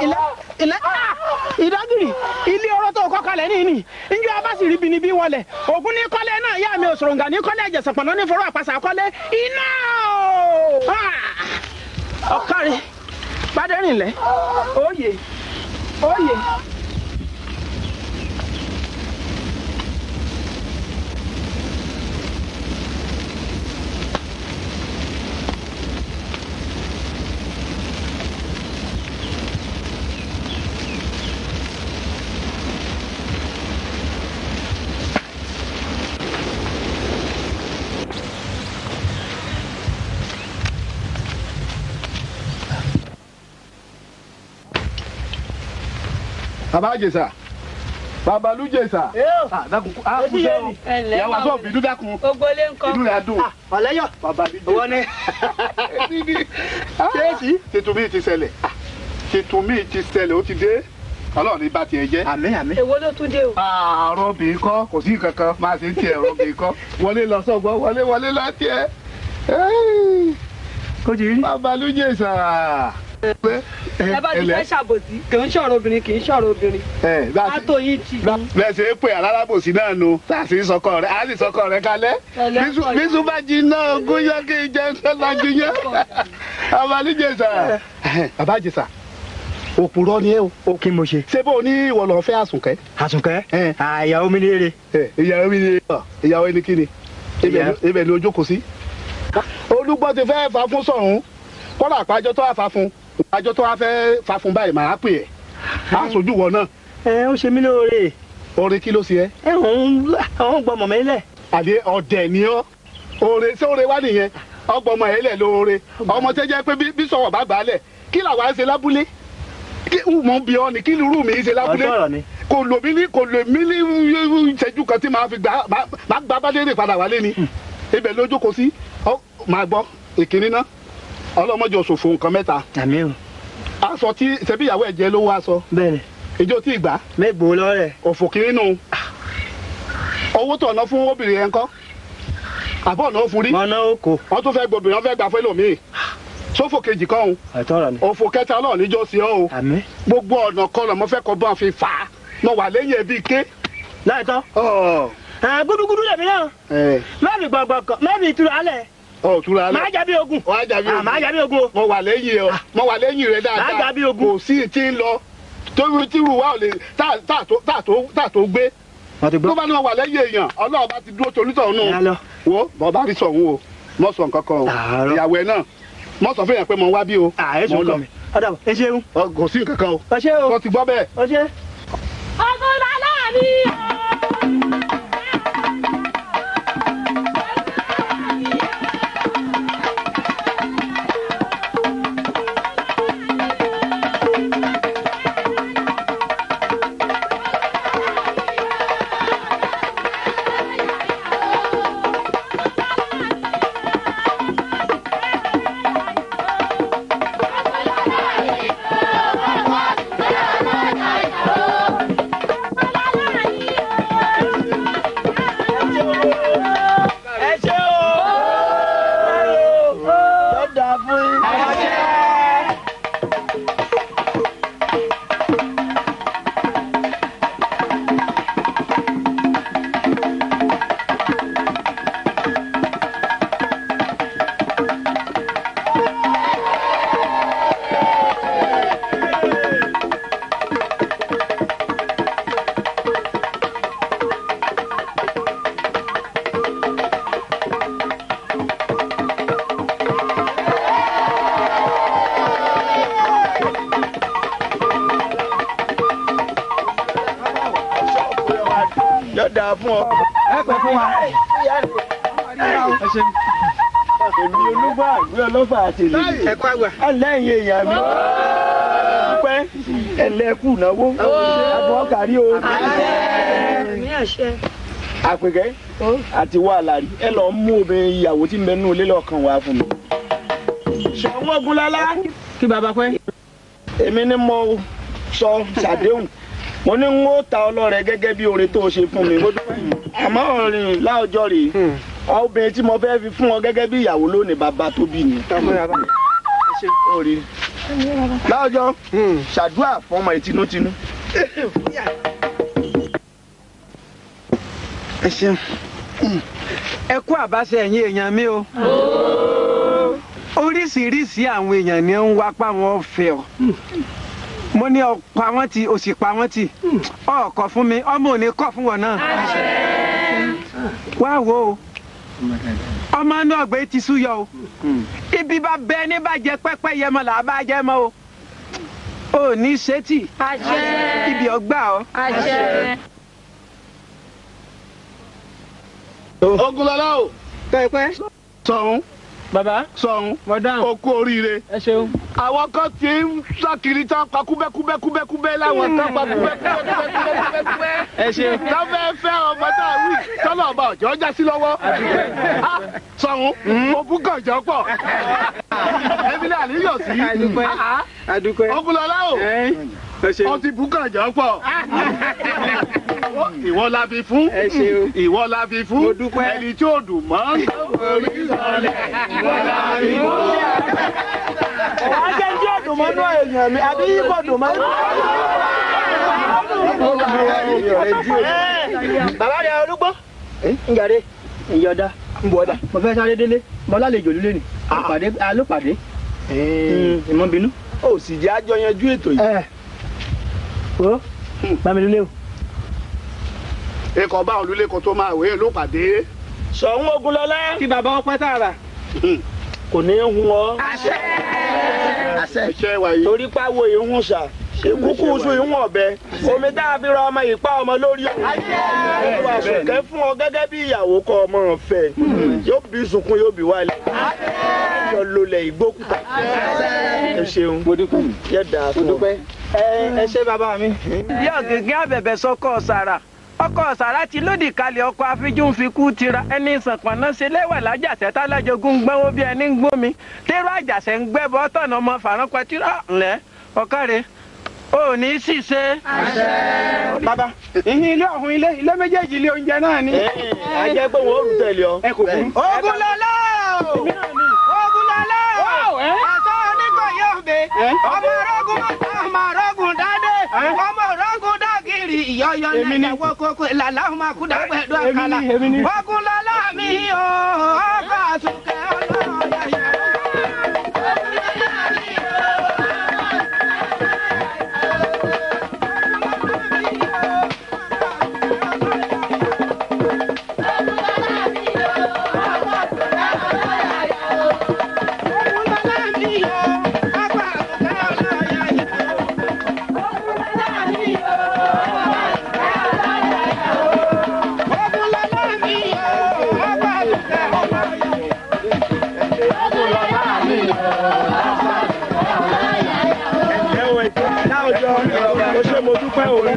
Ah, ìdágìrì ilé ọ̀rọ̀ tó kọ́ kalẹ̀ ní ìní njẹ́ a bá sì rí binibi wọlé ògún ní kọ́lé náà yà mi òṣòròǹgà ní kọ́lé ẹ̀jẹ̀sọ̀pọ̀nà ní fọwọ́ àpàṣà kọ́lé iná ah! ọ̀kárí pàdé rìnlẹ̀ òye òye. bàbá jèsà babalu jèsà. yàwá sọ ah, bìdú dákun ìdú ah, rẹ̀ dùn. Ah, ọ̀lẹ́yọ̀ babalu jèsà. wọ́n ní. kéèsì. tètò mi ti ṣẹlẹ̀ tètò mi ti ṣẹlẹ̀ ó ti dé ọlọ́run ní bá tiẹ̀ jẹ́. àmín àmín. èwo ló tún dé o. àárọ̀ bì í kọ́ kò sí nǹkan kan máa ṣe ń tiẹ̀ ọ̀rọ̀ bì í kọ́ wọlé lọ sọ̀gbọ́n wọlé wọlé lọ tiẹ̀. kó jì í. babalu jèsà ẹ bá ti fẹ́ ṣàbòsí kì í ṣọ̀rọ̀ obìnrin kì í ṣọ̀rọ̀ obìnrin látò yìí ti. bẹ́ẹ̀ ṣe é pè alárabòsí náà nu tá a sì sọkọ rẹ a sì sọkọ rẹ kalẹ̀ bísú bá jí náà ogún yọ kí n jẹ ṣe bá jí yẹ abalíjẹsà babajẹsà òpùrọ́ ni ẹ o. ó kí mo ṣe. ṣé bó o ní ìwọ lọ fẹ́ àsùnkẹ́. àsùnkẹ́ ìyàwó mi ní eré. ìyàwó mi ní eré ìyàwó ẹni kíni ibẹ̀ ni ojú kò sí. olúgbọ́n ti fẹ́ fà fún sọ̀rùn kọ́lá àpájọ tó àfà fún un ìdájọ́ tó wá fẹ́ fa fún báyìí màá pè ẹ́ á sojú wọ náà. ẹ ó ṣe mí lóore. oore kí ló ṣe ẹ. ẹ òun òun gbọmọ mi lẹ. àdé ọdẹ ni ọ oore ṣé oore wá nìyẹn ọgbọmọ ẹ lẹ lóore ọmọ tẹ jẹ pé bí sọwọ bá gbà á lẹ kí làwa ṣe lábúlé kí mò ń bi ọ ni kí lurú mi ṣe lábúlé kò lò mí ní kò lò mí ní ìṣẹ́jú kan tí màá fi gbà bá bá dé rè padà wálé ni hmm. ibẹ̀ lójú kò sí máa gbọ́ ìkíní náà ọlọmọjọ ṣòfò nǹkan mẹ́ta. àmì o. aṣọ tí ṣebí ìyàwó ẹ jẹ lówó aṣọ. bẹ́ẹ̀ni. ìjọ tí ìgbà. mẹgbòó lọrẹ. òfò kiri nù. Ah. owó tó ọ̀nà fún obìnrin yẹn kọ́. àbọ̀ ọ̀nà ó fún rí. mọ̀nà ó kò. wọ́n tún fẹ́ gbobìnrin wọ́n fẹ́ gbà fẹ́ lòmíì. Ah. sófò kejì kan o. àtọ́ra ni. òfò kẹta ọlọ́run níjọ́ sí ọ o. àmì. gbogbo ọ̀nà kọlọ̀ mo fẹ́ kọ́ bọ́n fi fà á. mo wà lẹ́yìn ẹbí ké. láì tán. gudugudu lèmi náà. Eh. má mi gbọ̀ngbọ̀n kan má mi ìtura alẹ́ ọ tura lẹ. máa jàbí ogun. wàá jàbí ah, ogun. máa jàbí ogun. mo wà lẹ́yìn rẹ ah. mo wà lẹ́yìn rẹ dáadáa. máa jàbí ogun. kò sí ti ń lọ torí tíru wa ò lè tà tó gbé. tó bá ní wọn wà lẹ́yìn èèyàn ọlọ́run bá ti dúró tolútọ̀ nù. wo bàbá rí sọ̀hún o mọ̀ sọ nǹkan kan o ìyàwó ẹ náà mọ̀ sọ fún yàn pé mo wá bí o. àyè sùn kàn mí ọ̀dà ẹ ṣeun. kò sí nǹkan kan o. ọṣẹ o kò ti gbọ́ bẹ́ẹ̀. ọṣẹ. ọgùn làlá mi o. àtẹlẹ ẹlẹyìn èèyàn mi pẹ ẹlẹkùn náwó àbọ̀ kárí o àpèkẹ́ àti wà lárí ẹ lọ mú obìnrin ìyàwó tí ń bẹ nínú ilé lọ́kàn wá fún mi. ṣọwọ́ gúnlálá. kí baba pẹ́. èmi ni mo sọ ṣàdéhùn mo ní n ó ta ọlọ́rẹ̀ gẹ́gẹ́ bí oore tó ṣe fún mi àmọ́ ọ̀rìn láòjọ́ rèé. Hmm obìnrin tí mo fẹ́ fi fún ọ gẹ́gẹ́ bí ìyàwó lónìí bàbá tó bí ni. láwùjọ ṣàdúrà fún ọmọ ìtinútinú. ẹ ṣeun ẹ kú àbáṣe ẹ̀yin èèyàn mi o oríṣiríṣi àwọn èèyàn ni ń wá pa wọn fẹ́ ọ mo ní ọ pa wọn o sì pa wọn tì ọ fún mi ọmọ ò ní kọ fún wọn náà wá wo o ọmọ inú ọgbẹ́ ti sú yọ o hmm. ibi bá bẹ ní bàjẹ́ pẹ́pẹ́ yẹmọ là á bá jẹ́ mọ́ o ò ní ṣètì ibi ọgbà ọ. ogunlọ́lá o. pẹ́pẹ́. sọ̀hún baba sọ̀hún madam o kú oríire. ẹ ṣeun. àwọn kan ti ń sàkiri tán pa kúbẹ́kúbẹ́kúbẹ́ láwọn tán pa kúbẹ́kúbẹ́kúbẹ́kúbẹ́. ẹ ṣeun. lábẹ́ fẹ́ ọmọ tá a wí tọ́lọ̀ ọba ọ̀jọ́ já sí lọ́wọ́. Ah, sọ̀hún òkú kan jọ pọ̀. ẹbí náà ní yọ̀ sí. adúpẹ́ ọkùnrin ọlá o ọtí bùkànjà pọ̀ ìwọ la fi fún ìwọ la fi fún ẹni tí ò dùn mọ́. ajẹ́ ní ọdún mọ́nú èèyàn mi àbí yíkọ̀ dùn mọ́. bàbá rẹ̀ olúgbó njàre ìyọ̀dá nbọ̀dà mo fẹ́ sáré délé mo lálejò lílé ni alópàdé ah. mm, ìmọ̀bínú. ó sì jẹ́ àjọyanjú ètò yìí. Eh. Hmm. o bami lule o. ikọ̀ bá olùlé kan tó máa wé ló pàdé. Ṣọ̀ún Ògúnlọlá. kí bàbá ọpẹ́ tààrà. Hmm. kò ní í hun ọ. àṣẹ àṣẹ torí pàwọ̀ ìhun ṣà ìkúkú sùn ìhun ọ̀bẹ omi tá a fi ra ọmọ ìpá ọmọ lórí ọmọ àṣùkẹ́ fún ọ gẹ́gẹ́ bí ìyàwó kọ ọmọ ọ̀fẹ́ hmm. yóò bí sunkún yóò bí wálé yọ lólẹ̀ ìgbókùtà ẹ ṣeun yẹ dàá fún ọ. Ese mi. bí ọ̀gẹ̀gẹ̀ àbẹ̀bẹ̀ sọkọ̀ ọ̀sàrà ọkọ̀ ọ̀sàrà ti lódì kalẹ̀ ọkọ̀ afíjú ń fi kú tira ẹni ìsànpọ̀nà ṣe léwà lájàṣẹ́ tálájogún ń bí ẹni ń gbọ́n mi tẹ́rọ àjàṣẹ́ ń tọ̀nà ọmọ ní í sì ṣe. bàbá ìhìn ilé ọ̀hún ilé ilé méjèèjì ilé oúnjẹ náà ni. ajẹ́ pé wọ́n ogun ogun yọ̀bẹ ọmọ rọ́gùn ọmọ rọ́gùn dádé ọmọ rọ́gùn dàgìrì ìyọ̀yọ̀ lẹ́yìn àwọn kókó làlá ọmọ akúdà pẹ̀lú àkàlà ọkùn lọ́lá mi ò ọkọ̀ àtúnkẹ́ ọlọ́run yẹ̀yẹ̀ ọkùn lọ́lá mi ò. ẹ̀wẹ̀ láwùjọ mo ṣe mo dúpẹ́ òun.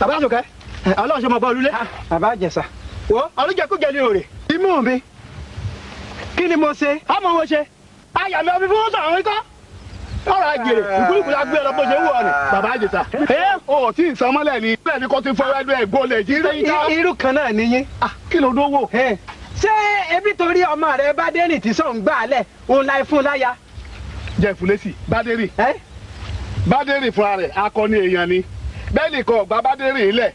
bàbá àtùkẹ́ ọlọ́run ṣe mọ̀ bá olúlé. bàbá àjẹsà. wo ọlọ́jẹkújẹ ni òrè. imú mi kí ni mo ṣe. ọmọ wo ṣe. àyà mi ọbí fún sàrún kọ́. ọ̀rọ̀ àjèrè ìkúlùkù la gbé ọlọ́pọ̀ ṣe ń wù ọ ni. bàbá àjẹsà. ẹ o tí ì sanmọ́lẹ̀ ni bẹ́ẹ̀ ni kò ti fọwọ́ ẹgbẹ́ ẹ̀gbọ́n lẹ̀ jí. irú kan náà nìyẹn. Ah, kí ló dówó ṣé ebi torí ọmọ rẹ bádẹ́rìn tí sọ̀ ń gbà lẹ̀ òun láì fún láya. jẹ́ ìfúlẹ́sì bádẹ́rìn bádẹ́rìn fúnra rẹ̀ akọni èèyàn ni bẹ́ẹ̀ nìkan ọ̀gbá bádẹ́rìn ilẹ̀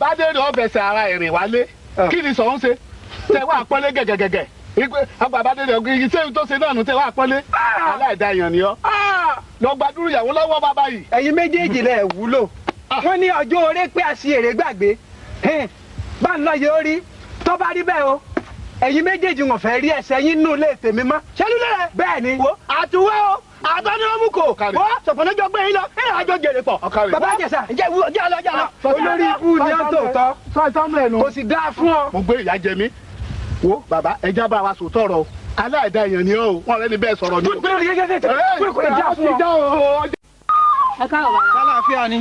bádẹ́rìn ọ̀fẹ̀sẹ̀ ara ìrìn wálé ah. kí ni sọ̀ ń ṣe tẹ wá pọ́nlé gẹ̀gẹ̀gẹ̀gẹ̀ àgbà bádẹ́rìn ọ̀gbìn ṣé tó ṣe náà nù tẹ wá pọ́nlé ah. aláìda èèyàn ni ọ́ ah. lọ gbàdúrú ìyàwó lọ́wọ́ bàbá yìí. ẹ̀yin méjèèjì lẹ wúlò wọn ní ọjọ́ orí pé àṣì èrè gbàgbé bá ń lọ yẹ orí bá rí bẹ́ẹ̀ o ẹ̀yin méjèèjì wọn fẹ́ rí ẹsẹ̀ yín nù lé tèmi mọ́ ṣẹ́lú lẹ́rẹ̀ bẹ́ẹ̀ ni àtúwẹ́ o àtọ́nirọ́mù kò wọ́ sọ̀fọ̀nàjọ gbé yín lọ ẹ̀rọ àjọ jèrè pọ̀ bàbá àjẹsà ǹjẹ́ ìwú ọjọ́ ọlọ́jà lọ. olórí ibú ni ó tó tọ́ kò sì dáa fún ọ. mo gbé ìyá jẹ mí wo bàbá ẹja bá wa sòótọ́ ọ̀rọ̀ o aláìda èèyàn ni ó wọn rẹ ni bẹ́ẹ̀ sọ̀rọ̀ ni. gbẹ̀rù ẹ káàbọ̀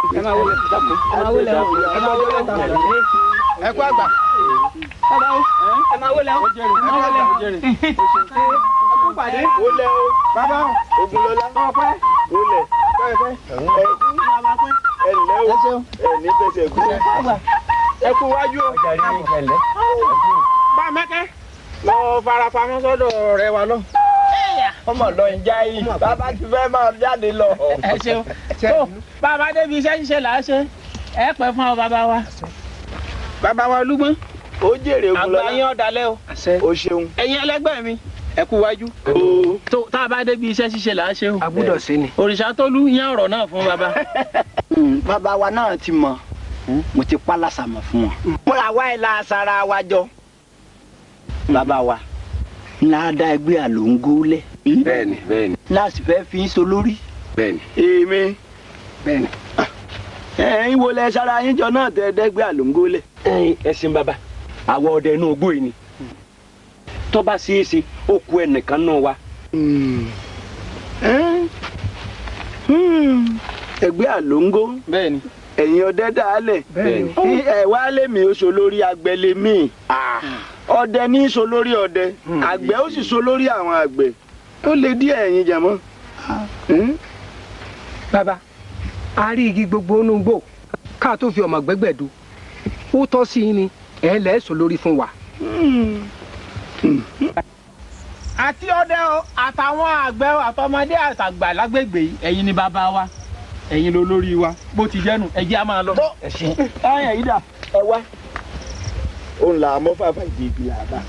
ẹ máa wọlé ẹ máa wọlé ẹ máa wọlé tàbí ẹ kú àgbà. bàbá o ẹ máa wọlé o ẹ máa wọlé o ọkùn pàdé. wọlé o bàbá o Ògúnlọlá ọpẹ wọlé pẹpẹ ẹ ǹlẹ́ o ẹ ní pẹsẹ gúnlẹ ẹ kú wájú o bá mẹkẹ lọ farafamọ sọ́dọ̀ rẹ wa lọ ọmọ lọ ń já yìí bàbá ti fẹ́ máa jáde lọ. ẹ ṣeun tó bàbá débi iṣẹ́ ṣíṣe là á ṣe ẹ pẹ́ fún ọ bàbá wa. bàbá wa olúgbọ́n. ó jèrè ogun lọ́la àgbà yín ọ̀dàlẹ̀ o. o ṣeun. ẹ̀yin ẹlẹgbẹ́ mi ẹ kú wájú. tó tá a bá débi iṣẹ́ ṣíṣe là á ṣe o. a gbúdọ̀ ṣe ni. òrìṣà tólú yan ọ̀rọ̀ náà fún bàbá. bàbá wa náà ti mọ̀ mo ti pa lásàmọ̀ fún wọn. mo là wá ẹ̀ la sara wa jọ. bàbá wa ńlá dá ẹgbẹ́ àlòǹgó lẹ̀. bí. bẹ́ẹ̀ni bẹ́ẹ̀ni. fi solórí lórí. èmi. bẹ́ẹ̀ni. wo lẹ sara, yín jọ náà tẹ dẹ́gbẹ́ àlòǹgólẹ̀. ẹ̀yin ẹ̀sìn bàbá àwọ ọdẹ inú ogbó yìí ni tọ́ba ẹnìkan náà wa. Hmm. Hmm. ẹgbẹ́ àlòǹgó. ẹ̀yin ọdẹ dàálẹ̀. lèmi oṣù lórí mi ah. ọdẹ ní í lórí ọdẹ hmm. àgbẹ̀ ó sì so àwọn àgbẹ̀ ó lè díẹ̀ ẹ̀yin jàmọ́. Ah. Hmm? bàbá a rí igi gbogbo inú gbò ká tó fi ọmọ gbẹ́gbẹ̀du ó tọ́ sí i ni ẹ lẹ́sọ̀ lórí fún wa. Hmm. Hmm. àti ọdẹ o àtàwọn àgbẹ̀ àtọmọdé àtàgbà lágbègbè ẹ̀yin ni bàbá wa ẹ̀yin ló lórí wa bó ti jẹ́nu ẹ̀jẹ̀ á máa lọ. ẹ̀yin yìí dà ẹ wá. ó ń la amọ́fàfà ìdí ìgbìlà bá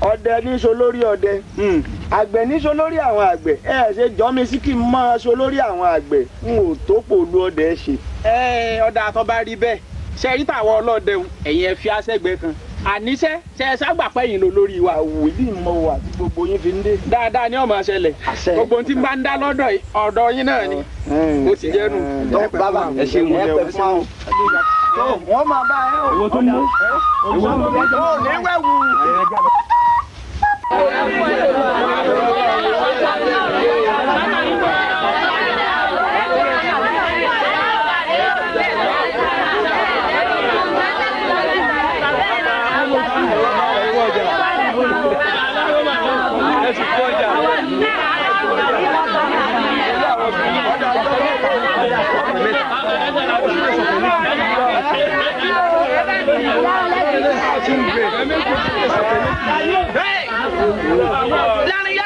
ọdẹ níṣo lórí ọdẹ hmm. àgbẹ̀ níṣo lórí àwọn àgbẹ̀ ẹ ṣe jọmi sí kí n máa ṣo lórí àwọn àgbẹ̀ n ò tó pòlú ọdẹ ṣe. ẹ ọ̀dà àtọ́ bá rí bẹ́ẹ̀ ṣe rí tàwọn ọlọ́dẹ ẹ̀yìn ẹ̀ fi aṣẹ́gbẹ́ kan àníṣẹ́ ṣe ẹ ságbàpẹ́ yìí ló lórí wa. wòlíì mọ wà tí gbogbo yín fi ń dé. dáadáa ni ó máa ṣẹlẹ̀ gbogbo tí bá ń dá lọ́dọ̀ ọ̀dọ̀ yín náà ni ó ti jẹ́nu. bàbá ẹ ṣe wọlé o wọ́n máa bá ẹ o. èwo tó ń mú èwo tó ń mú. ò ní wẹ̀wù. Hey! láàrin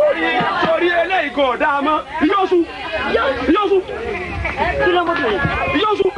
orí orí eléyìí kò dáa mọ́ yóò sùn yóò sùn yóò sùn.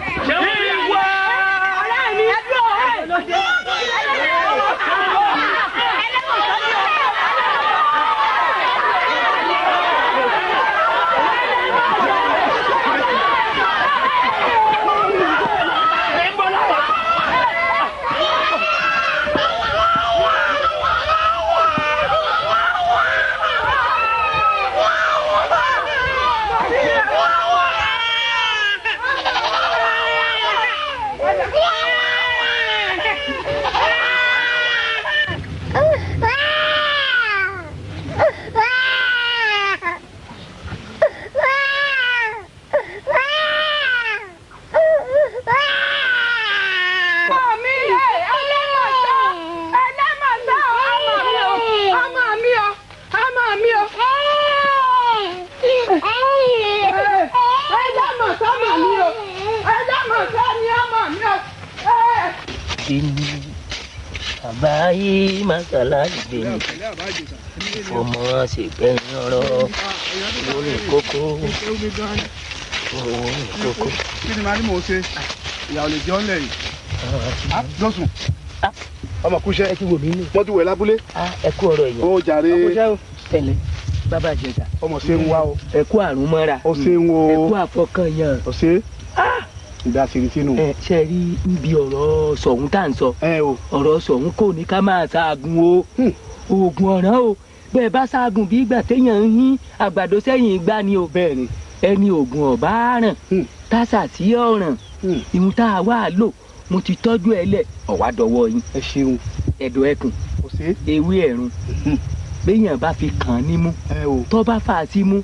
àbáyé màkàlá dìde ọmọ ṣègbẹ́yìn ọ̀rọ̀ lórí kókó lórí kókó. kí ni màá ní mò ń ṣe ìyàwó lè jẹun lẹ́yìn lọ́sùn ah, ah, ah. ọmọ kúṣẹ́ ẹ ti wò mí nù. wọ́n ti wẹ̀ lábúlé. ẹ kú ọ̀rọ̀ yẹn. ó jàre. ọkùnrin ó tẹ̀lé bàbá àjẹjà. ọmọ ṣe ń wá o. ẹ àrùn mọ́ra. ó ṣe ń wo. ẹ àfọkànyàn. ó ìdásírí sínú. ẹ ṣe rí ibi ọ̀rọ̀ sọ̀hún tá à ń sọ ọ̀rọ̀ sọ̀hún kò ní ká máa ṣaagun o oògùn hmm. ọ̀ràn o bẹ́ẹ̀ bá ṣaagun bí ìgbà téèyàn ń yín àgbàdo sẹ́yìn gbá ni o ẹni oògùn ọ̀bá àràn hmm. tásà sí ọ̀ràn ìhun hmm. tá a wá lò mo ti tọ́jú ẹ lẹ̀ ọ̀wá dọ̀wọ́ yín ẹ ṣeun ẹ̀dọ̀ ẹkùn ewé ẹ̀rùn béèyàn bá fi kàn án nímú tó bá fà á sí mú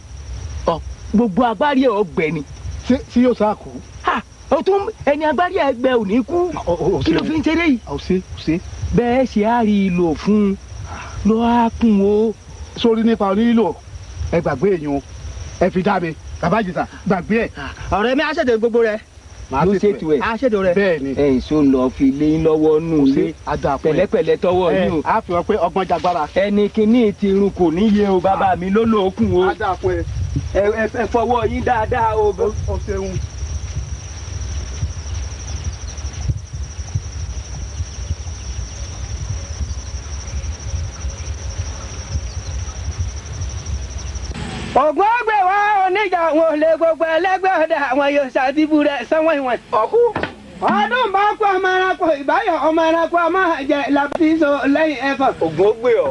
gbogbo agbárí ọgbẹ ni. ṣé yóò sá kú o tún ẹni agbárí ẹgbẹ ò ní kú kí ló fi ń ṣeré yìí bẹ́ẹ̀ ṣe á rí i lò fún un lọ́ á kún o. sórí nípa onílò ẹ gbàgbé èèyàn o ẹ fi dá mi bàbá ìjìtà gbàgbé ẹ. ọ̀rẹ́ mi á ṣètò gbogbo rẹ ló ṣètò ẹ á ṣètò rẹ bẹ́ẹ̀ni ẹ ìṣó lọ fi lé lọ́wọ́ nù lé pẹ̀lẹ́pẹ̀lẹ́ tọwọ́ yìí o. a fi hàn pé ọgbọ́n jagbara. ẹni kìíní ti irun kò níye o bàbá mi ló lóòkùn o ẹ fọwọ́ yín dáadáa o. o ṣeun. ògùn ọgbẹ wa oníjà wọn lè gbogbo ẹlẹgbẹ ọdẹ àwọn yóò ṣàdìbò rẹ sanwó ìwọn. ọkú. ọdún bá kú ọmọ ẹranko ìbáyọ ọmọ ẹranko ọmọ àjẹ làbíso lẹ́yìn ẹ̀fọ́. ògùn ó gbé ọ.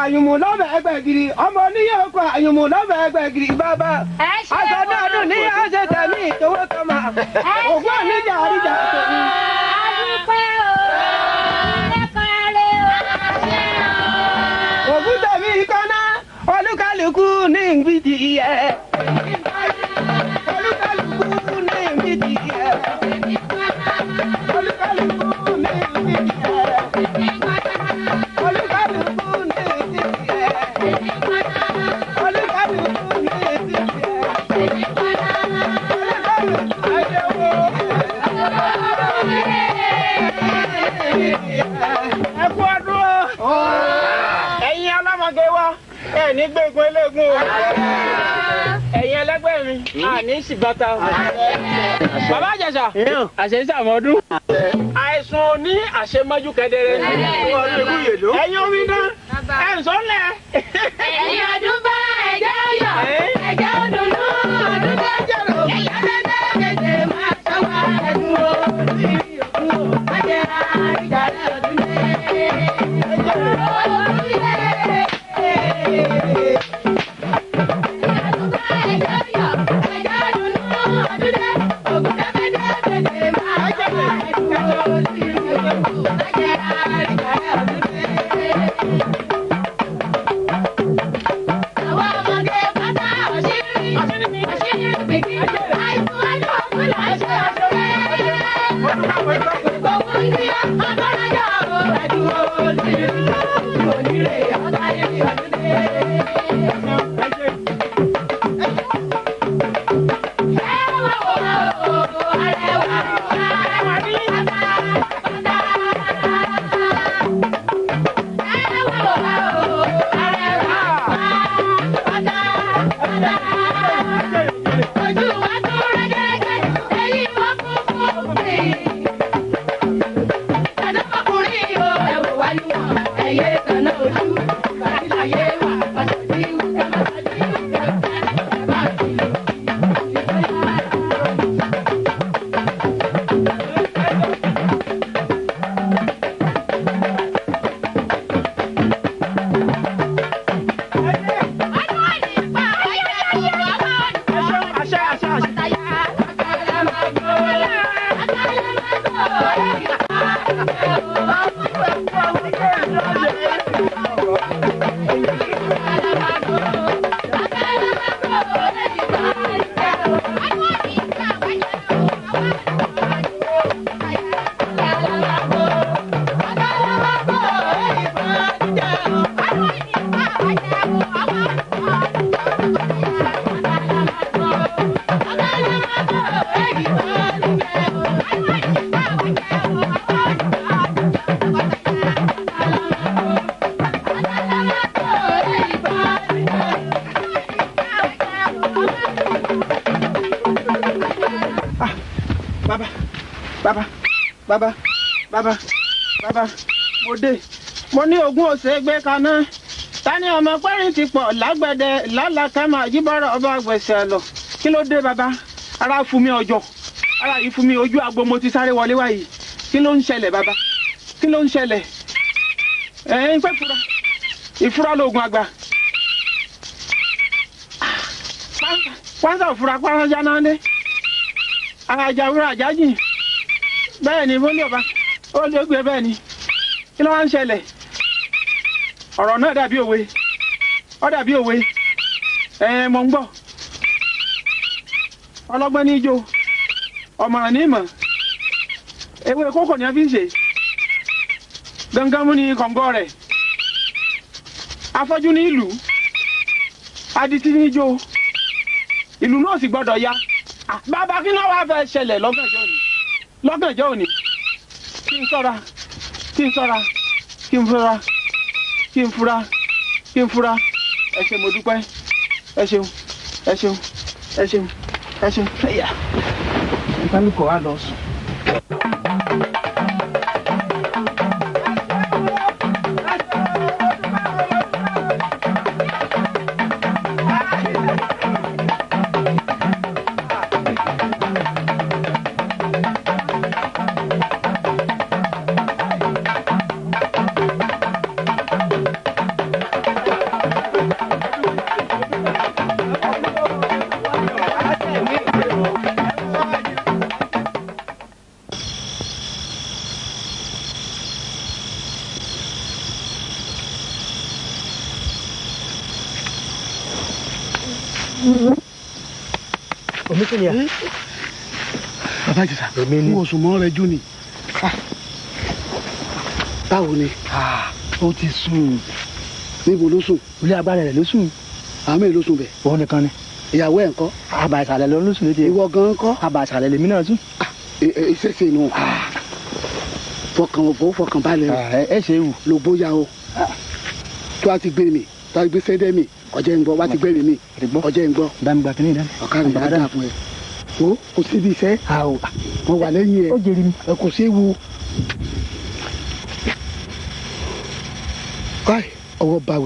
àyùmù lọ́bẹ̀ ẹgbẹ́ gidi ọmọ oníyẹ oko àyùmù lọ́bẹ̀ ẹgbẹ́ gidi bàbá. ẹ ṣe é wọn. àṣà náà dùn ní àṣẹ tẹ̀mí ìṣòwò kọ́mà. ògùn oníjà àríjà tòun. نن ويدي آ اولو ní gbẹ̀gùn eléégún o ẹ̀yin ẹlẹ́gbẹ́ mi àní hmm? ṣìbátà o bàbá àjàṣà àṣẹṣà mọ́dún àìsàn òní àṣemájú kẹdẹrẹ ẹ̀yin omi náà ẹ̀ ń sọ lẹ̀. ẹ̀yin ọdún bá ẹ̀jẹ̀ ọyọ̀ ẹ̀jẹ̀ ọdún lọ ọdún tó jọ̀rọ̀ ẹ̀yà lẹ́dẹ̀ ẹ̀jẹ̀ máa ṣọwọ́ ẹ̀dùn o ní ìyókù o Baba, baba, baba, mo dé mo ní ogún ọ̀sẹ̀ gbé kaná ni ọmọ pẹ́rin ti pọ̀ lágbẹ̀dẹ lálàkámà yíbọ̀rọ̀ ọba àgbẹ̀sẹ̀ lọ kí ló dé bàbá ara fún mi ọjọ́ ara yìí fún mi ojú agbo mo ti sáré wọlé wáyé kí ló ń ṣẹlẹ̀ bàbá kí ló ń ṣẹlẹ̀ ń fura ìfura lóògùn àgbà pásá jáná dé bẹ́ẹ̀ ni wọ́n lè ọba ó lè gbé bẹ́ẹ̀ ni kí ló wá ń ṣẹlẹ̀ ọ̀rọ̀ náà dàbí òwe ó dàbí òwe ẹ̀ mọ̀ ń gbọ́ ọlọ́gbọ́n ní ijó ọ̀mọ̀ràn ní ìmọ̀ ewé kókò ní a fi ń ṣe gangan mú ni kọ̀ǹgọ́ rẹ̀ afọ́jú ní ìlú adití ní ijó ìlú náà sì gbọ́dọ̀ ya ah, bàbá kí náà wàá fẹ́ ṣẹlẹ̀ lọ́gàjọ́ ni lọ́gànjọ́ òní kí n sọ́ra kí n sọ́ra kí n fura kí n fura kí n fura ẹ ṣé mo dúpẹ́ ẹ ṣeun ẹ ṣeun ẹ ṣeun ẹ ṣeun ẹ ṣeun. ìbálòpọ̀ wa lọ sùn. èmi ni. mo sùn mọ́ rẹ jù ni. báwo ni. ó ti sùn. níbo ló sùn. ilé agbára rẹ ló sùn. àwọn mẹ́rin ló sùn bẹ̀. òun nìkan ni. ìyàwó ẹ̀ ńkọ́. àbà ìsàlẹ̀ ló ń sùn lédè. ìwọ gan ńkọ́. àbà ìsàlẹ̀ lèmi náà sùn. Ah, ìṣèṣe inú fọkàn òfò fọkàn balẹ̀ o. Ah, ẹ ṣe wù. ló bóyá o. Ah. tó a ti gbé mi tó a ti gbé sẹ́dẹ̀ mi ọjẹ́ ń gbọ́ wá ti gbé mi mi ọjẹ́ ń gbọ́. bá mi gbà kínní dání. ọ̀kadà ń gbà dáa fún ẹ. o kò síbi iṣẹ́ mo wà lẹ́yìn ẹ ẹ kò séwu. ọwọ́ bá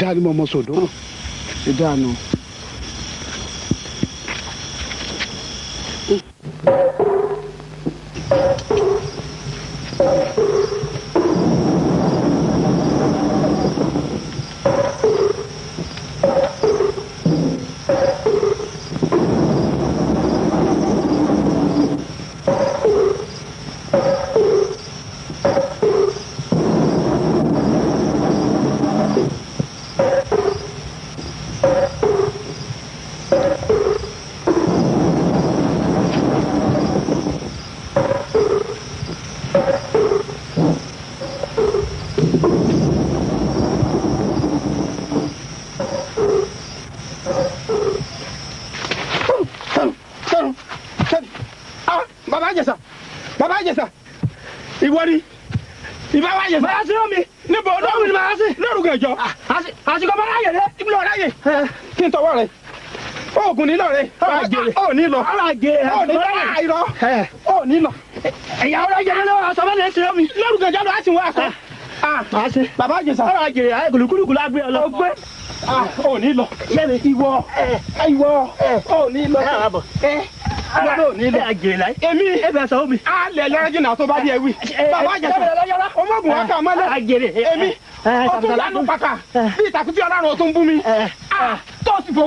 dáa ni mo mọ sọ̀dọ́ náà dáa nù. kùlùkùlùkùlù á gbé ọ lọ. ọgbẹ́ ò ní lọ. bẹ́ẹ̀ni ìwọ ìwọ ò ní lọ. ẹ àbọ̀ ẹ àbọ̀ ò ní lọ. ẹ àjèrè láyé. èmi ẹ bẹ sọ mi. a lẹ lọ́rọ́ jìnnà tó bá di ẹ wí. bàbá àjẹsọ ọmọọgùn wa kà mọ́lẹ̀. àjèrè èmi ọtún lánàá pàkà bí ìtàkùtì ọlọ́run ò tún bú mi. tó o sì fò.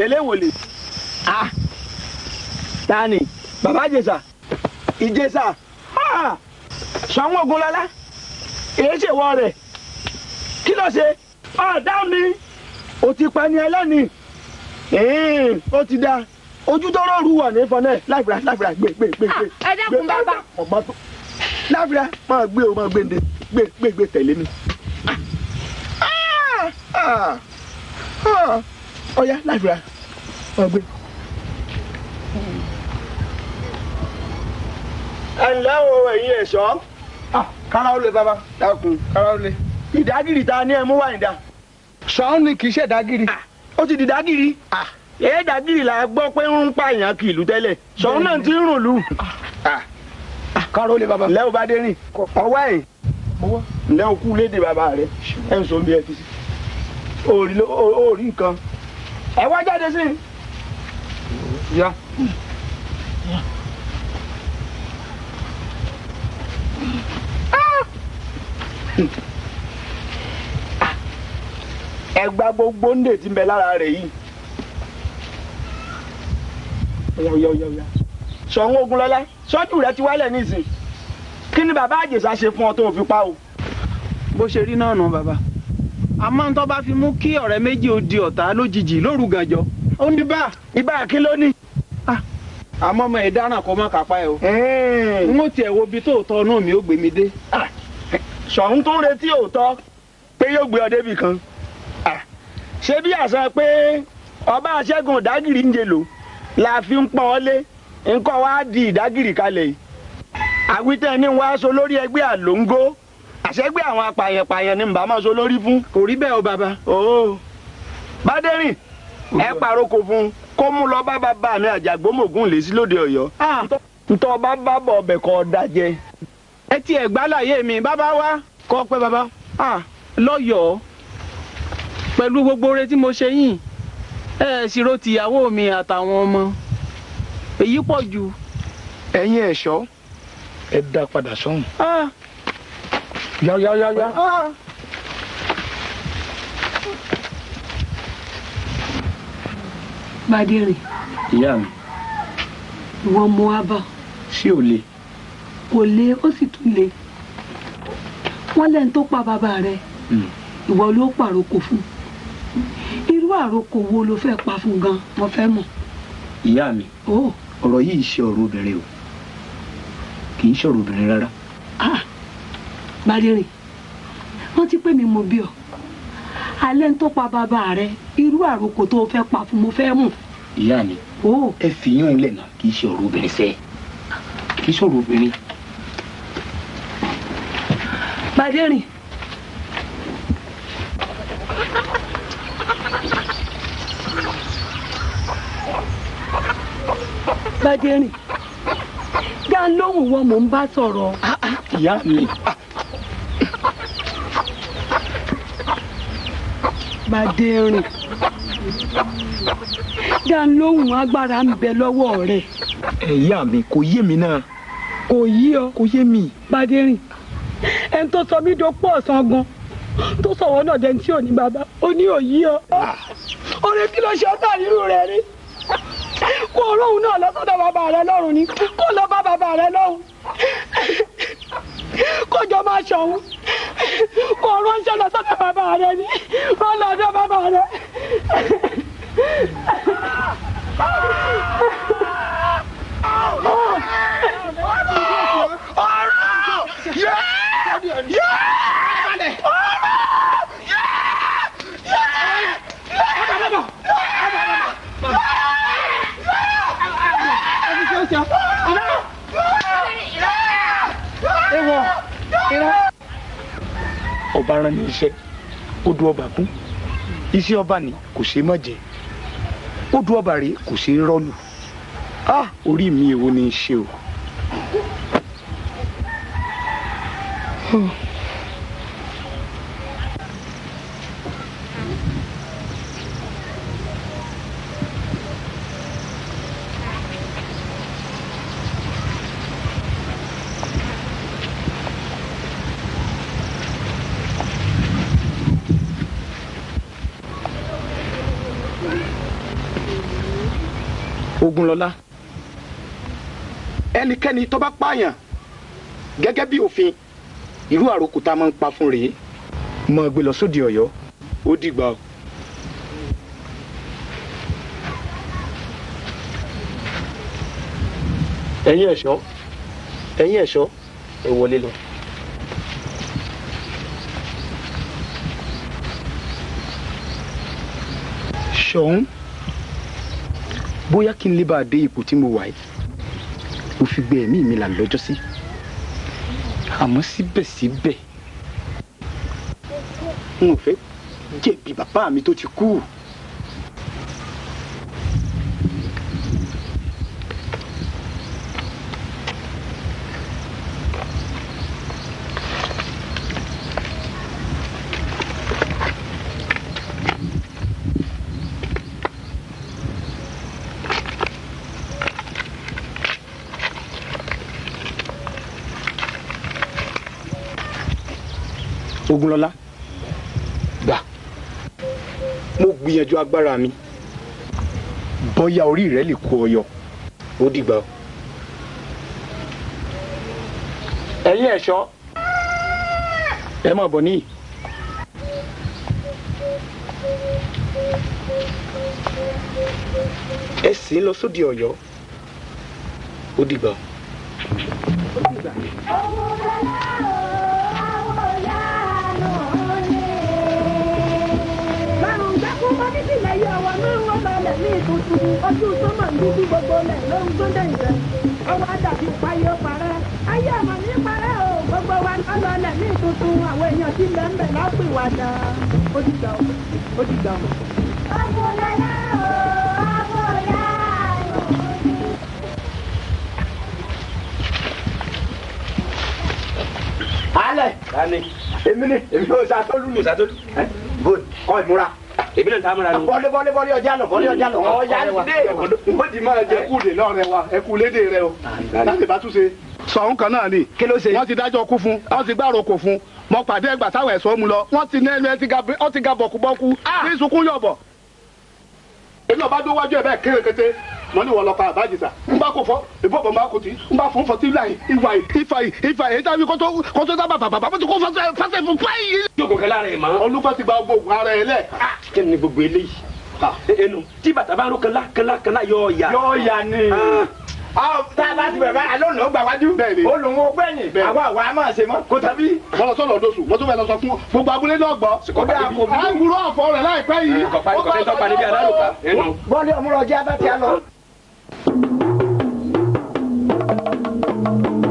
eléwòlè ah tani Baba ìjẹsà ìjẹsà ah sanwó ogunlọlá èyí ṣèwọ rẹ kí ló ṣe ọ̀dáhùn ni ò ti pani ni ẹlẹ́ni ó ti da ojú tó rọrùn wà ní fọnẹ láfìrà láfìrà gbé gbé gbé gbé ah, ẹ dẹ́kun bàbá láfìrà máa gbé o máa gbé ndé gbé gbé gbé tẹ̀lé mi. Ah. Ah. ọya láìpẹ́ ọgbẹ́. ẹ ǹlẹ́ o ẹ̀yin ẹ̀ṣọ́. kára bàbá dákun kára I le. ìdágìrì ni ẹ mú wá ìdá. sọ́ọ́ ni kì í ṣe ah. ti di ah. ẹ la gbọ́ pé ń kì í lù tẹ́lẹ̀ náà ti ń rùn ah. bá dé rìn ọwọ́ bàbá rẹ̀ ẹ̀ ń sọ bí ẹ ti ẹ wá jáde sí ya. Ah! ẹ gba gbogbo ń dè tí ń bẹ lára rẹ̀ yìí. sọ̀hún Ògúnlọ́lá sọ́jú rẹ̀ ti wálẹ̀ nísìn kí ni bàbá àjèsà ṣe fún ọ tó fi pa o. bó ṣe rí náà nù bàbá. No, no, àmọ́ tó bá fi mú kí ọ̀rẹ́ méjì ó di ọ̀tá lójijì lóru gànjọ́ ó ní bá ibà kí ló ní. àmọ́ ọmọ ẹ̀ dáràn kọ́ mọ́ kápá ẹ o. n ó tiẹ̀ wo ibi tó tọ́ inú mi ó gbé mi dé. ṣọ̀hún tó ń retí òótọ́ pé yóò gbé ọ débì kan. ṣé bí àṣà pé ọba àṣẹ́gun ìdágìrì ń jelò la fi ń pọ́n ọ lé nǹkan wá di ìdágìrì kalẹ̀ yìí. àwítẹ́ ni wàá so lórí ẹgbẹ́ àlòǹgó. àṣẹgbé àwọn apààyàn-pààyàn ni mbà máa so lórí fún. kò rí bẹ́ẹ̀ o bàbá. ooo bádẹ́rìn ẹ pàrokò fún un kó mú lọ bá bàbá mi àjàgbómògùn lè sí lóde ọ̀yọ́. ntọ́ bá bá bọ̀ ọbẹ̀ kọ́ ọ̀dà jẹ. ẹ tiẹ̀ gbálàyé mi bàbá wa kọ́ pẹ́ bàbá. lọ́yọ̀ọ́ pẹ̀lú gbogbo oore tí mo ṣe yín ẹ sì ro tìyàwó mi àtàwọn ọmọ èyí pọ̀ jù. ẹ̀yin ẹ̀ṣọ́ ẹ dá padà sọ́hùn. Ja, ja, ja, ja. Ah. Bàdìrì. Ìyá mi. Ìwọ mú wá bá. Ṣé ò le? Kò le, ó sì tún le. Wọ́n lẹ́ni tó pa bàbá rẹ̀. Hmm. Ìwọ ló pàrokò fún. Irú àrokò wo ló fẹ́ pa fún gan? Mo fẹ́ mọ̀. Ìyá mi. Oh. Ọ̀rọ̀ yìí ṣe ọ̀rọ̀ obìnrin o. Kì í ṣọ̀rọ̀ obìnrin rárá. Ah gbárí rìn wọ́n ti pè mí mo bí ọ alẹ́ ń tó pa bàbá rẹ irú àròkò tó o fẹ́ pa fún mo fẹ́ mú. ìyá mi ẹ fi yún un lẹ̀ náà kì í ṣe ọ̀rọ̀ obìnrin sẹ́ kì í ṣọ̀rọ̀ obìnrin. gbárí rìn. dá lóhùn wọn mò ń bá sọ̀rọ̀. Ah, ah. ìyá mi. Ah, ah. gbàdé rìn dánlóhùn agbára ń bẹ lọ́wọ́ rẹ̀. ẹ̀yà mi kò yé mi náà. kò yí ọ kò yé mi. gbàdé rìn ẹni tó sọ mí dopò ọ̀sán gan tó sọ̀wọ́ náà dẹni tí ò ní bàbá ó ní òyí ọ. ọ̀rẹ́ kí ló ṣe ọ́tà nírú rẹ̀ rí kó olóhùn náà lọ sọ́dọ̀ bàbá rẹ̀ lọ́rùn ni kó lọ bá bàbá rẹ̀ lọ́rùn kójọ máa ṣọ̀hún kò ránṣẹ́ lọ sọ́dọ̀ bàbá rẹ ni wọ́n lọ sọ́dọ̀ bàbá rẹ. ọ̀rọ̀ yẹ́ yẹ́ ọ̀rọ̀. Ana! wọn irọ́. ọba rán ní iṣẹ́ ó du ọba kún iṣẹ́ ọba ni kò ṣeé má jẹ ó du ọba rèé kò ṣeé rọ́lù á ah, orí mi èwo ni ṣe o. Hmm. Ògúnlọlá ẹnikẹ́ni tó bá pààyàn gẹ́gẹ́ bí òfin irú àròkù tá a máa ń pa fún rèé mọ gbé lọ sóde Ọ̀yọ́ ó dìgbà o. ẹ̀yin ẹ̀ṣọ́ ẹ̀yin ẹ̀ṣọ́ ẹ wọlé lọ. ṣòun. Sure bóyá kí n lè bá a dé ipò tí mo wà yìí mo fi gbé ẹ̀mí mi là lọ́jọ́ sí àmọ́ síbẹ̀síbẹ̀ n ò fẹ́ jẹ̀bi bàbá mi tó ti kú. Cool. Ògúnlọlá gbà mo gbìyànjú agbára mi bóyá orí rẹ lè kó ọyọ ó dìgbà o. ẹ̀yin ẹ̀ṣọ́ ẹ máa bọ̀ níyì. ẹ sì ń lọ sóde Ọ̀yọ́ ó dìgbà. ó tuntun ojú sọ́mọ̀ dúdú gbogbo lẹ̀ lóhun tó dẹ̀ ìfẹ́. ọwọ́ dàbí payó parẹ́ ayé àmọ̀ ní parẹ́ o gbogbo wa lọ́lọ́ lẹ̀ ní tuntun àwọn èèyàn tí lẹ́ ń bẹ̀ lápè wá dá. ó ti gbà ó ó ti gbà ó. ọkùnrin náà o ọkùnrin náà o. alẹ́ èmi ni èmi ò sàtọ́lù ni sàtọ́lù bó kọ́ ìmúra èmi náà tààmúra nù. bọ́lé bọ́lé o jalo lọ o ọjà lọ. ọjà dé ó di máa jẹ kú lè lọ́rẹ̀ wa ẹ kú lédè rẹ o láti bá túnṣe. sọ̀hún kan náà ni wọ́n ti dájọ́ kú fún wọ́n ti gbàrò kò fún mọ pàdé ẹgbà táwọn ẹ̀sọ́ mu lọ wọ́n ti nẹ́ẹ̀lú ẹ ti ga bọ̀kúbọ̀kú ah! ní sunkún yọ̀bọ̀. èmi náà bá dó wájú ẹ̀ bẹ́ẹ̀ kéré kété mọ ní wọn lọ pa àbájìtà n bá kó fọ ìbò bàbá kò tí n bá fún fọtí láì ìfà yìí ìfà yìí ìfà yìí tábí kótó kótó tábà bàbà bàbá tó kó fásẹ fásẹ fún páyì. jókòó kẹlẹ ara ẹ mọ. olùkọ́ ti gba gbogbo ara ẹ lẹ. Ah, kí ni gbogbo eléyìí. ẹnu e, tí bàtà bá ń ro kanlá kanlá yóò yá. yóò yá ni ah. tá a bá ti bẹ̀rẹ̀ báyìí alóòlù ó gbà wájú olùwọ̀n ó gbẹ̀yìn àwa àwa a máa a ń wúrọ̀ ọ̀fọ̀ rẹ̀ láìpẹ́ Thank you.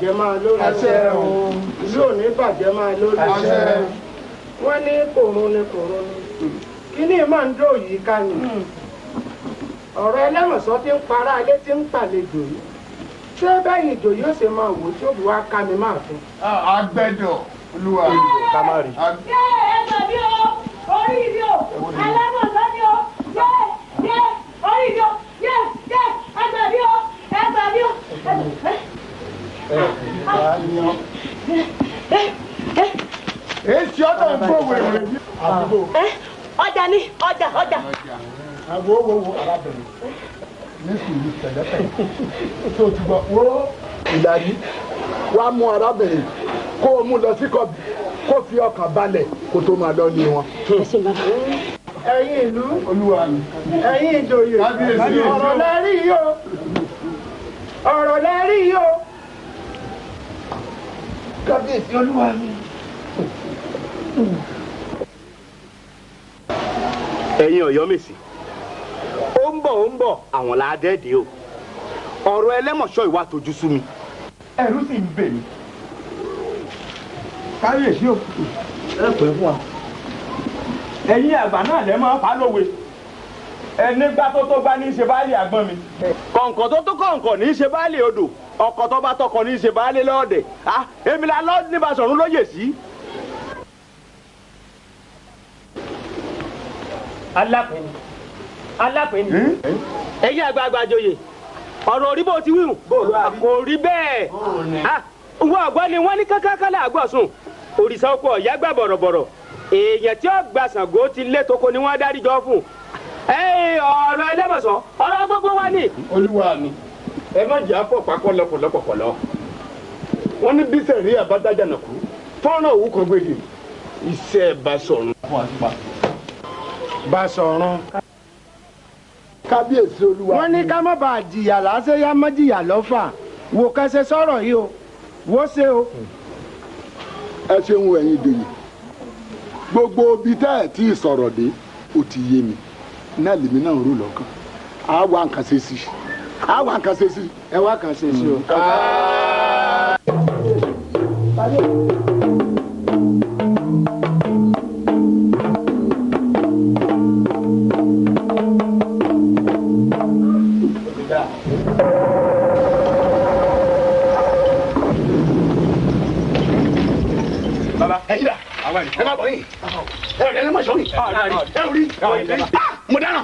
bàjẹ́ máa lórí àṣẹ o ìlú ò ní bàjẹ́ máa lórí àṣẹ wọ́n ní kòrun ni kòrun ni kíní máa ń dó yìí ká ni hmm. ọ̀rọ̀ ẹlẹ́wọ̀nsọ́ ti ń para ilé ti ń pàlejò yìí ṣé bẹ́ẹ̀ ìjòyè ó ṣe máa wò tí ó bí wá ká mi máa fún. àgbẹ̀dọ̀ olúwa I wo wo wo arábìnrin ní sùúrù pẹ̀lẹ́pẹ̀lẹ́ tó o ti gbọ́ wo ìlàrí wá mú arábìnrin kó o mú lọ sí kọ́bì kó fi ọkàn balẹ̀ kó tó máa lọ ní wọn. ẹ̀yin ìlú ẹ̀yin ìjòyè ọ̀rọ̀ lẹ́rí yìí o ọ̀rọ̀ lẹ́rí yìí o. kábíyèsí olúwa mi ẹ̀yin Ọ̀yọ́mèsì ń bọ̀ àwọn là á dẹ́ẹ̀dẹ́ o ọ̀rọ̀ ẹlẹ́mọ̀ṣọ́ ìwà tójú sú mi. ẹ̀rù sì ń bè mí káyèsí òkùnkùn ẹ pẹ́ fún wa ẹ̀yin àgbà náà lẹ́ máa fà lówe ẹni gbá tó tó gbá ní í ṣe báàlì àgbọn mi. kọ̀ǹkọ̀ tó tó kọ̀ǹkọ̀ ní í ṣe báàlì odò ọkọ̀ tó bá tọkọ̀ ní í ṣe báàlì lọ́ọ̀dẹ̀ ah èmi la lọ́ọ́ níbà sọ̀rún lóye sí. alákùnrin alápẹ̀ni hm? ẹ̀yin àgbààgbà joyè ọ̀rọ̀ orí bó ti wíwù kò rí bẹ́ẹ̀ ah, wọ́n àgbọ́ ni wọ́n ní kákákálá àgbọ̀sùn òrìṣà oko ọ̀yá gbà bọ̀rọ̀bọ̀rọ̀ èèyàn tí ó gba Ṣàngó ti lé toko ni wọ́n dáríjọ fún ọ̀rọ̀ ẹlẹ́mọ̀sán ọ̀rọ̀ gbogbo wa ni. olúwa mi ẹ má jẹ́ àpò pákọ́ lọ́pọ̀lọpọ̀lọ́ wọ́n ní bí sẹ̀rí àbádájà nàkú fọ́nrán òwú kan gbèdè iṣẹ́ Basọ̀run. Basọ̀run. kábíyèsí olúwa. wọ́n ní ká má bàa jìyà láṣẹ yá má jìyà lọ́fà wò kẹsẹ̀ sọ̀rọ̀ yìí o wò ṣe o. ẹ ṣeun ẹ̀yin dèyí gbogbo obi tẹ́ ẹ̀ tí ì dé o ti yé mi náà lèmi náà ń rò lọ́kàn á wà nǹkan ṣe sí á wà nǹkan ṣe sí. ẹ wá kàn ṣe sí o. ẹ má bọ̀ yìí ẹ ẹ má sọ yìí ẹ ò rí mo dáná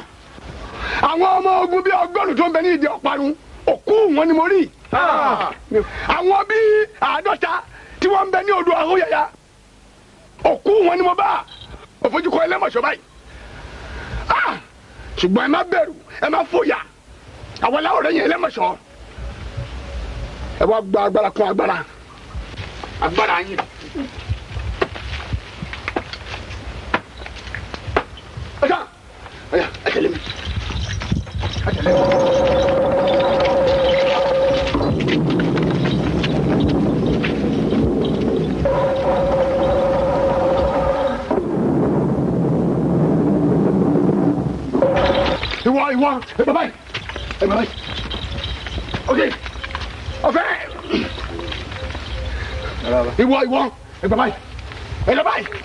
àwọn ọmọ ogun bíi ọgọ́rùn-ún tó ń bẹ ní ìdí ọ̀parun òkú wọn ni mo rí ah. Ah, àwọn bíi àádọ́ta tí wọ́n ń bẹ ní odò àhóyàyà òkú wọn ni mo bá òfojúkọ ẹlẹ́mọ̀ṣọ́ báyìí ah, ṣùgbọ́n ẹ má bẹ̀rù ẹ má fòyà àwọn aláwọ̀ rẹ̀ yẹn ẹlẹ́mọ̀ṣọ́ ẹ wá gba agbára kún agbára agbára yín. Aşağı. Hadi ekelim. Ekelim. Iwa, iwa, bye-bye. Bye-bye. Okay. Okay. Iwa, iwa, bye-bye. Bye-bye.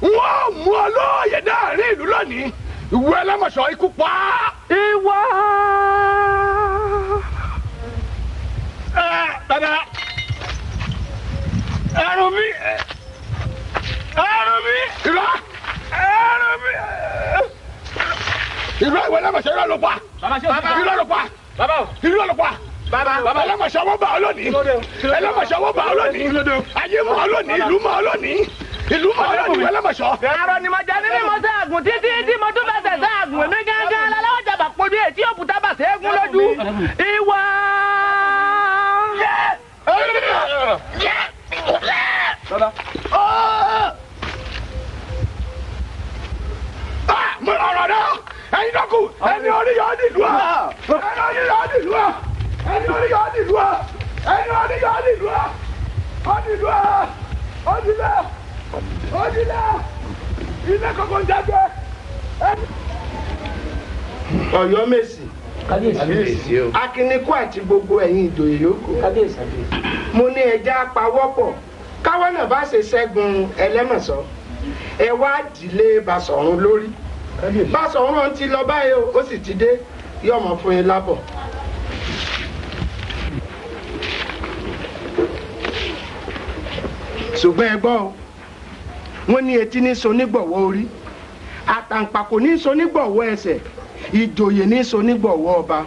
wọ́n mú ọ lóòyè dáàrin ìlú lónìí ìwé ẹlẹ́mọ̀ṣọ́ ikú pa. ìwà. ẹ bàbá ẹrù mi ẹrù mi. ìrọ ẹrù mi. ìrọ ìwé ẹlẹ́mọ̀ṣọ́ ìrọ ló pa. ìrọ ló pa. ìrọ ló pa ẹlẹ́mọ̀ṣọ́ wọ́n bá ọ lónìí ẹlẹ́mọ̀ṣọ́ wọ́n bá ọ lónìí ayé mọ̀ ọ lónìí ìlú mọ̀ ọ lónìí ìlú mọ̀ ọ́nà ìwé lẹ́mọ̀ṣọ́. àrò ni mo jẹ nínú ìmọ̀ṣẹ́ àgùn títí tí mo tún fẹsẹ̀ sẹ́ àgùn mi gángan lọ́wọ́ jàbà pojú ètí òkúta bàtẹ́ eégún lójú. ìwà. mo lọ rọ̀ náà ẹ̀yin ẹni orí yọ ọ́ nílùú à ẹni orí yọ ọ́ nílùú à ẹni orí yọ ọ́ nílùú à ẹni orí yọ ọ́ nílùú à ọ́ nílùú à ọ́ nílùú à odila ilé kankan jáde. Ọ̀yọ́mèsì kábíyèsí o akínníkù àti gbogbo ẹ̀yin ìdòyè yòókù mo ní ẹja pawọ́pọ̀ káwọn náà bá ṣe ṣẹ́gun ẹlẹ́mọ̀sọ́ ẹ wá dìlé Basọ̀run lórí Basọ̀run ti lọ báyìí ó sì ti dé yọmọ fún yín lábọ̀. ṣùgbọ́n ẹ gbọ́ o wọ́n ní etí ní so nígbọ̀wọ́ orí àtàǹpàkò ní so nígbọ̀wọ́ ẹsẹ̀ ìjòyè ní so nígbọ̀wọ́ ọba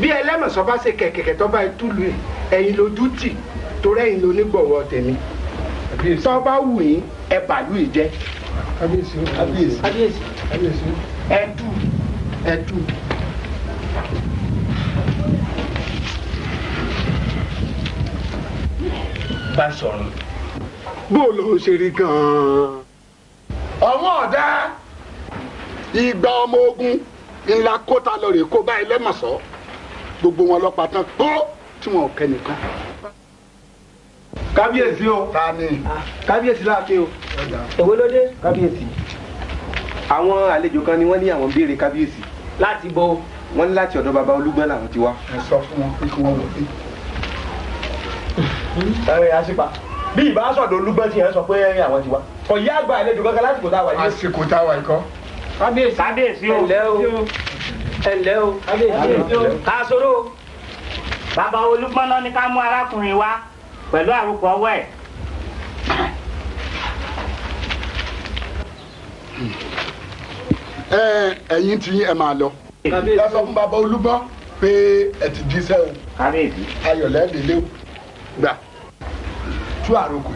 bí ẹlẹ́mọ̀sọ́ bá ṣe kẹ̀kẹ̀kẹ̀ tó bá túlù ẹ̀ ẹ̀yin lójú tì torí ẹ̀yin ló nígbọ̀wọ́ tèmi tó bá wù yín ẹ bàlú ìjẹ́ ẹtù ẹtù. bá sọ̀rọ̀ bó ló ń ṣe rí gan-an. ọ̀wọ́n ọ̀dá ìgbà ọmọ ogun ńlá kóta lọ́ọ̀rẹ́ kó bá ẹlẹ́mọ̀sọ́ gbogbo wọn lọ́pàá tán tó tí wọn ò kẹ́ nìkan. kábíyèsí o ah. kábíyèsí láàké o èwo ló dé kábíyèsí. àwọn àlejò kan ni wọ́n ní àwọn béèrè kábíyèsí. láti bọ́ wọ́n ní láti ọ̀dọ̀ baba olúgbọ́n làwọn ti wá. ẹ sọ fún wọn pé kí wọ́n lọ sí. ẹ ẹ bí ìbá sọ̀dọ̀ olúgbọ́n ti yẹn sọ pé ẹyin àwọn ti wá kò àgbà àlejò kankan lásìkò tá a wà yìí. àsìkò tá a wà yìí kọ́. kábíyèsí kábíyèsí o ẹ̀lẹ́ o ẹ̀lẹ́ o kábíyèsí o kásòrò bàbá olúgbọ́n náà ní ká mú arákùnrin wá pẹ̀lú àrùkọ ọwọ́ ẹ̀. ẹ ẹ̀yin tí ẹ máa lọ ẹ fún bàbá olúgbọ́n pé ẹ ti jíṣẹ́ o ayọ̀lẹ́ délé o gbà. tú àròkù.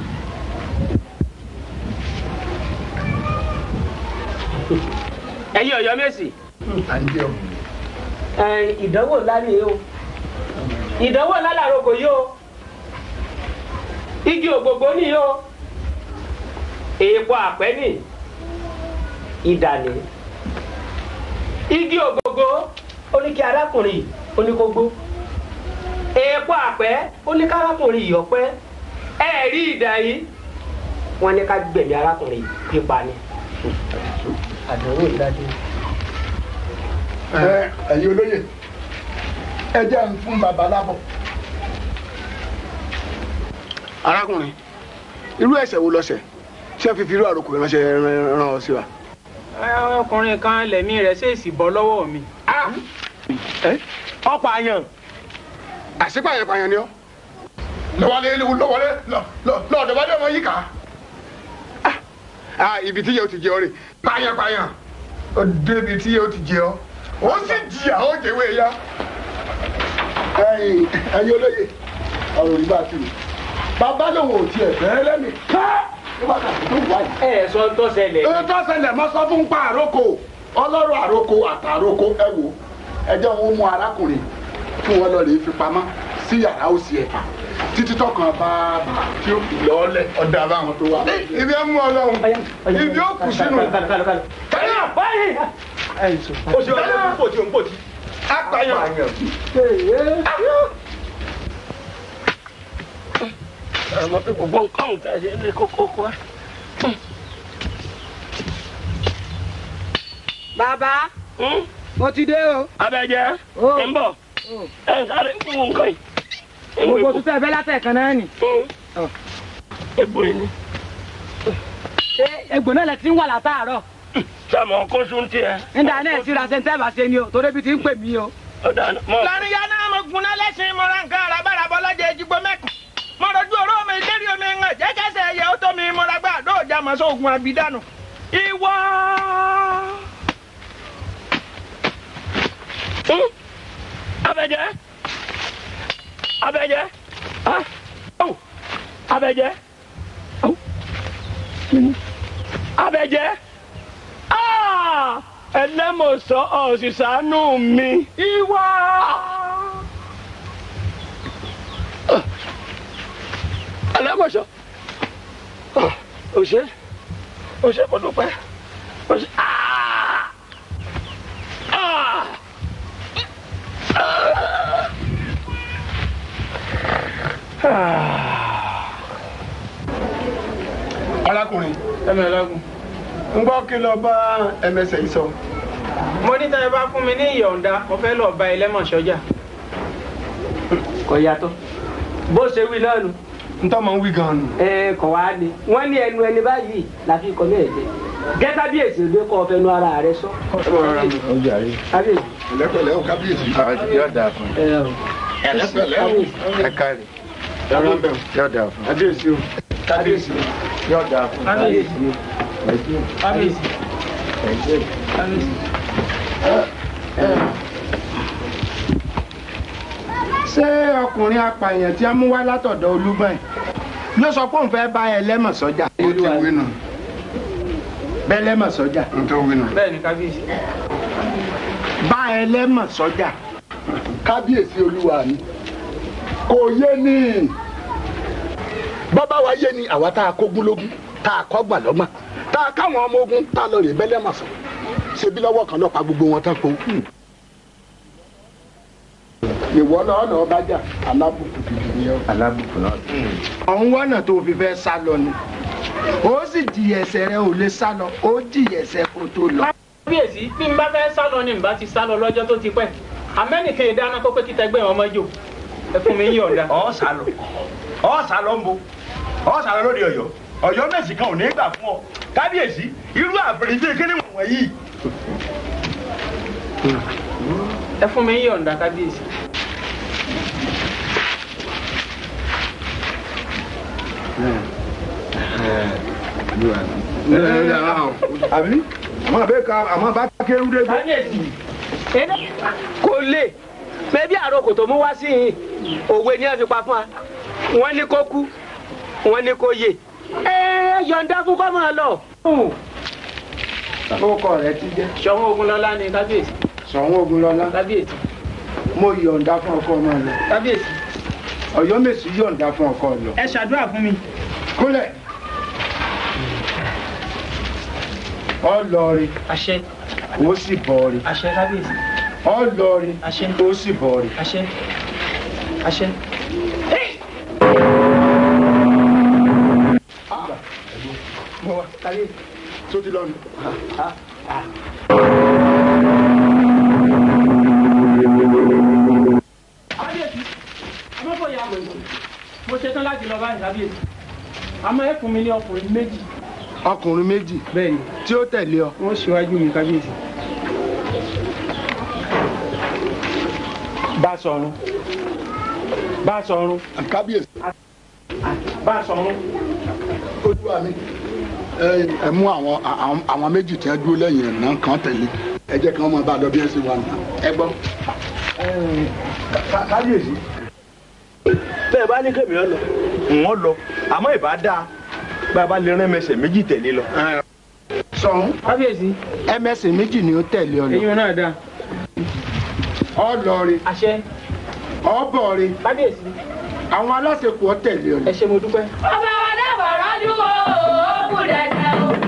ẹ̀yin ọ̀yọ́ mẹ́sì. ìdánwò ńlá ni o ìdánwò yìí o igi ògbògbò ni yìí o èèpo ni ìdà igi ògbògbò arákùnrin ó èèpo àpẹ́ ẹ rí ìdá yìí wọ́n ní ká gbẹ̀mí arákùnrin pípa ni. àdánwò ìdájọ́. ẹ ẹ̀yin olóye ẹ jẹ́ ń fún bàbá lábọ̀. arákùnrin irú ẹ̀ṣẹ̀ wo lọ̀ṣẹ̀ ṣé ẹ fi fi irú àròkọ ránṣẹ́ rán ọ sí wa. ọkùnrin kan lẹ̀mí rẹ̀ ṣèèṣì bọ́ lọ́wọ́ mi. ọ̀pọ̀ àyàn àṣepàyàn pàyàn ni ọ́ lọ́wọ́lé lọ́wọ́lé lọ́ọ̀dọ̀bálẹ̀ ọmọ yìí kà á. Ah, ah, ibi tí yóò ti jẹ ọ rè payanpayan ó débi tí yóò ti jẹ ọ ó sì jìyà ó jẹwé ya. ẹ̀yin olóye ọ̀rọ̀ òní bá a ti rò bàbá lòun ò tiẹ̀ bẹ́ẹ̀ lẹ́nu ká ẹ ẹ sọ tó ṣẹlẹ̀. ẹ tó ṣẹlẹ̀ mọ sọ fún pa àrókò ọlọ́rọ̀ àrókò àtàrókò ẹ wò ẹjọ́ wọn mú arákùnrin fún wọn lọ rèé fi pamọ́ sí yàrá òsì ẹ̀ka títí tọkàn bá bà tí ó fi lọ́ọ́lẹ̀ ọ̀dà àbáwọn tó wà. ibi ẹ mú ibi ó kù sínú. kálíà báyìí. o ṣe ọ̀rọ̀ òǹpòtì òǹpòtì. apààyàn. ọmọ pípọ̀ gbọ́n kọ́ọ̀n tá a ṣe lé kókó kó bàbá hmm? mo ti dé o. abẹ́jẹ́ oh. ń bọ̀ oh. ẹ̀ ń sáré ń kú nǹkan yìí gbogbo tuntun ẹ̀fẹ́ látẹ̀kan náà nì. egbò yìí ni. ṣé egbò náà lẹ ti ń wà látàárọ̀. sàmọ̀ kó sun tiẹ̀. ń da náà síra ṣe ń tẹ́ bá ṣe ni o torí ibi tí ń pè mí o. lọ́rin ya náà mo gun náà lẹ́sìn mo ra nǹkan àràbàràbọ̀ lọ́jà ejigbó mẹ́kùn. mo rojú oró mi lérí omi ń hàn jẹ́kẹ́sẹ̀ ẹ̀yẹ ó tó mi mo ra gbà lóòjà mọ́ sóògùn àbídànù. ìwọ. abẹ́jẹ́ abẹ́jẹ́ awo oh, abẹ́jẹ́ awo oh. abẹ́jẹ́ aa ah! ẹlẹ́mọ̀sọ ọ̀sísánú mi. ìwà. ẹlẹ́mọ̀sọ òṣè ah, òṣè kò dúpẹ́ òṣè aa ah! aa. arákùnrin ẹnu ẹlágùn ń gbọ́ kí lọ bá ẹmẹsẹ̀ yìí sọ. mo ní táyọ̀ bá fún mi ní ìyọ̀ǹda mo fẹ́ lọ bá ẹlẹ́mọ̀ sọ́jà. kò yàtọ̀ bó ṣe wí náà nù. n tọ́ máa ń wí gan-an nù. ẹ kọ̀ wá ni wọ́n ní ẹnu ẹni báyìí la kọ́ náà jẹ gẹ́gẹ́ bí èsì ló kọ́ fẹnu ara rẹ sọ. kábíyèsí. ẹlẹ́pẹ̀lẹ́ o kábíyèsí. ẹ yàrá bẹ̀rù yóò dà fún adéèsí o adéèsí yóò dà fún adéèsí adéèsí adéèsí. ṣé ọkùnrin apààyàn tí a mú wá látọ̀dọ̀ olúgbọ̀n ló sọ pé òun fẹ́ bá ẹ lẹ́mọ̀ sọ́jà. ó ti wí nù. bẹ́ẹ̀ lẹ́mọ̀ sọ́jà. n tó wí nù. bẹ́ẹ̀ ni kábíyèsí. bá ẹ lẹ́mọ̀ sọ́jà. kábíyèsí olúwa mi kò yé ni bàbá wa yé ni àwa tá a kógun lógún tá a kọ́gbà lọ́gbà tá a káwọn ọmọ ogun tá a lọ rè bẹ́lẹ́ màsán ṣebí lọ́wọ́ kan lọ́pàá gbogbo wọn tán po. ìwọ lọ́nà ọba jà alábùkù gidi ni ọ. alábùkù náà. ọ̀hún wọ́nà tó fi fẹ́ sá lọ ni ó sì jìyà ẹsẹ̀ rẹ ò lè sá lọ ó jìyà ẹsẹ̀ kó tó lọ. kábíyèsí bí n bá fẹ́ sá lọ ni n bá ti sá lọ lọ́jọ́ tó ti pẹ́ amẹ́nìkè dáná kó pé kí tẹgbẹ́ wọn mọ́jò ẹ fún mi yí ọ̀dà. ọ̀ sá ọ̀ sá ń bo ọ sàrọ lóde Ọ̀yọ́ Ọ̀yọ́ mẹsì kan ò ní gbà fún ọ kábíyèsí irú àfẹrẹ bíi kíni wọn yìí. ẹ fún mi yọ̀ǹda kábíyèsí. àbí àmọ́ àbẹ́ ka àmọ́ bá kéwú dé. kábíyèsí kò lè mẹ́bí àròkò tó mú wá sí i òwe ni ẹ fi pa fún wa wọ́n ní kó kú wọ́n ní kó yè ẹ yọ̀ǹda fún kọ́ máa lọ. orúkọ rẹ ti jẹ́. Ṣọ̀ún Ògúnlọlá ni kábíyèsí. Ṣọ̀ún Ògúnlọlá. kábíyèsí. mo yọ̀ǹda fún ọkọ máa lọ. kábíyèsí. Ọ̀yọ́mèsì yọ̀ǹda fún ọkọ lọ. ẹ ṣàdúrà fún mi. kúnlẹ̀. ọ lọ rí. àṣẹ. ó sì bọ̀ rí. àṣẹ kábíyèsí. ọ lọ àṣẹ. ó sì bọ̀ àṣẹ. àṣẹ. Hey! mọ wa káyé tó ti lọ nù. amẹ́fọ̀ ya wẹ̀ mo ṣetán láti lọ báyìí lábíyèsí àmọ́ ẹ fún mi ní ọkùnrin méjì. ọkùnrin méjì. bẹ́ẹ̀ni tí ó tẹ̀lé ọ. wọ́n ṣíwájú mi kábíyèsí. bá sọrun bá sọrun. kábíyèsí. bá sọrun. olúwa mi ẹ mú àwọn àwọn méjì tí wọ́n dúró lẹ́yìn ẹ̀ náà kàn tẹ̀lé ẹ jẹ́ kí wọ́n máa bá a lọ bí ẹ ṣe wà nà ẹ gbọ́. kábíyèsí bẹ́ẹ̀ bá ní kẹ́mi ọ lọ wọ́n lọ àmọ́ ìbá dáa bá a bá lè rán ẹmẹsẹ̀ méjì tẹ̀lé lọ. sọ̀hún kábíyèsí ẹmẹsẹ̀ méjì ni ó tẹ̀lé ọ lọ. eyín náà dáa. ọ lọ rí. àṣẹ. ọ bọ̀ rí. kábíyèsí. àwọn aláṣẹ kù ọ tẹ̀lé ọ lọ. ẹ ṣé mo dúpẹ́. bàbá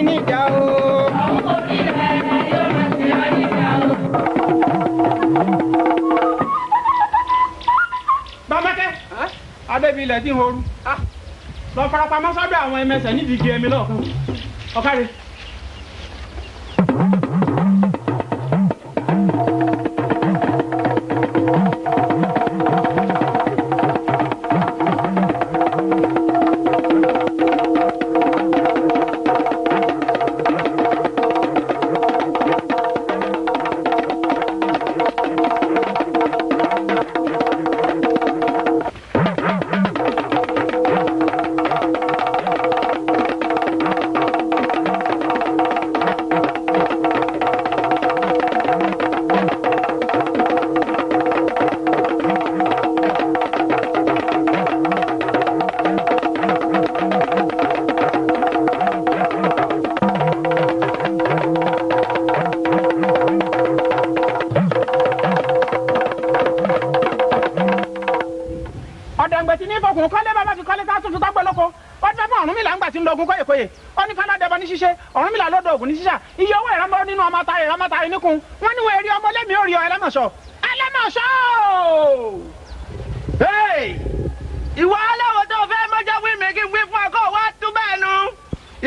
sí níjà o. àwọn kò ní ìrẹ̀ ẹ̀ yóò máa sí ọ níjà o. bàmẹ́kẹ́ adébí ilẹ̀ dín horu lọ farapamọ́ sábẹ́ àwọn ẹmẹsẹ̀ nídìí igi ẹmi lọ́ọ̀kan ọ̀kárẹ́. olóyè ó ní káládẹ́bọ ní ṣíṣe Ọ̀rúnmìlà lọ́dọ̀ ògùn ní ṣíṣà iye owó ìrámọ́ nínú ọmọ ta ìrámọ́ ta iníkun wọ́n ní wọ́n eré ọmọ lẹ́mìí ó rí ọ ẹlẹ́mọ̀ṣọ́ ẹlẹ́mọ̀ṣọ́ ìwọ aláwọ̀ tó fẹ́ mọ́jọ́ wí mi kí n wí fún ọ kó wá tú bẹ́ẹ̀ nu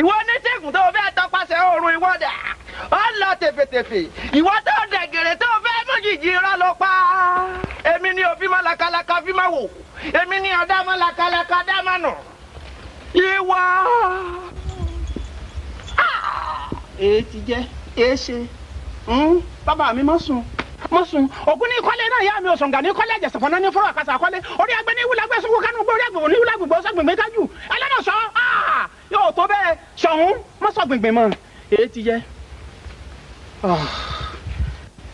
ìwọ onítìkùn tó fẹ́ tọpasẹ̀ oorun ìwọ́dà ó lọ tèfètèfè ìwọ tó dẹ̀gẹ̀rẹ̀ tó fẹ́ mú jìjì irọ́ ló pa èmi ni òfin má lakalaka fi má wò èmi ni ọ̀dá má lakalaka dá má nù ìwọ. èéṣe hmm? bàbá mi mọ́ sùn mọ́ sùn ògùn ní ìkọ́lé náà yá mi ò sọ̀ǹgà ní ìkọ́lé ẹ̀jẹ̀ sẹ̀fọ́n náà ní fọ́rọ̀ àpàṣà àkọ́lé orí agbẹ́ ní wúlagbẹ́ sọ́kù kánú gbé orí agbègbè ní wúlagbègbè ọ̀sọ́gbègbè kájú ẹlẹ́nu sọ yóò tó bẹ́ẹ̀ sọ̀hún mọ́ sọ̀gbègbè mọ́ èyí ti yẹ. Ah.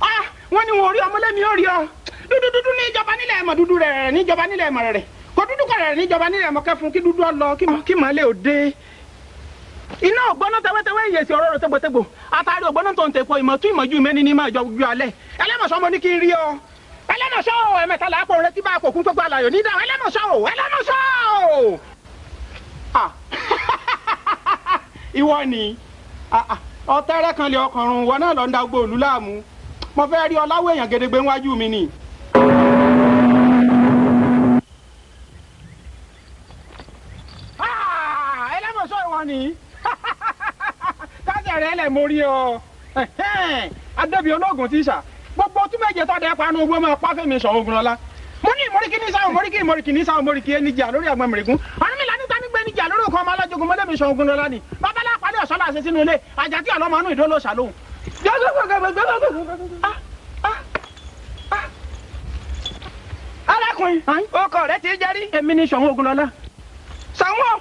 Ah, wọ́n ní wọn ò rí ọmọlẹ́mi ó rí ọ dúdú dúdú ní ìjọba nílẹ̀ ẹ̀mọ̀ dúdú rẹ̀ rẹ̀ níjọba nílẹ̀ ẹ̀mọ̀ rẹ̀ kò dúdú kọ̀ rẹ̀ níjọba nílẹ̀ ẹ̀mọ̀ kẹfun kí dúdú ọ lọ kí màá lè òde iná ògbóná tẹwẹ́tẹwẹ́ ìyèsí ọ̀rọ̀ rẹ̀ tẹ́gbọ̀tẹ́gbọ̀ àtàrí ògbóná tó ń tẹ̀kọ́ ìmọ̀ tún ìmọ̀jú mẹ́ni ní máa jọ ojú alẹ́ ẹlẹ́mọ̀ṣọ́ mo ní kí n rí ọ ẹlẹ́mọ̀ṣọ́ o ẹ̀mẹ́ta làápọ̀ rẹ tí bá a kò kún tó gba àlàyò nídà ẹlẹ́mọ̀ṣọ́ o ẹlẹ́mọ̀ṣọ́ o. ìwọ ni ọ̀tẹ́rẹ́ kan lè ọkọ̀run wọn náà lọ ń da gbogbo òlú láàmú mo fẹ́ rí ọláwọ̀ èèyàn gedegbe níwájú mi ni. ẹlẹ́mọ̀ṣọ́ ìwọ ni tọ́jà rẹ lẹ̀ mórí o adébíyẹ ológun ti sà gbogbo tún méje tọ́jà panu owó máa pa fẹ́mi sọ ogun lọ́la mo ní ìmọ̀ríkì ní sáwọn mọ̀ríkì ìmọ̀ríkì ní sáwọn mọ̀ríkì ẹni jà lórí àgbọn mẹ̀rẹ̀kún ọ̀run mi lánàá tani gbé ní jà lórí òkan ọmọ alájogun mọ́lẹ́mi sọ ogun lọ́la ni babalá palẹ̀ ọ̀sán làṣẹ sínú ilé àjàkí ọlọ́mọnú ìdó ló ṣàlóhùn. arákùnrin ọkọ rẹ ti jẹrí èmi ni sọ̀hún ogun lọ́la sọ̀hún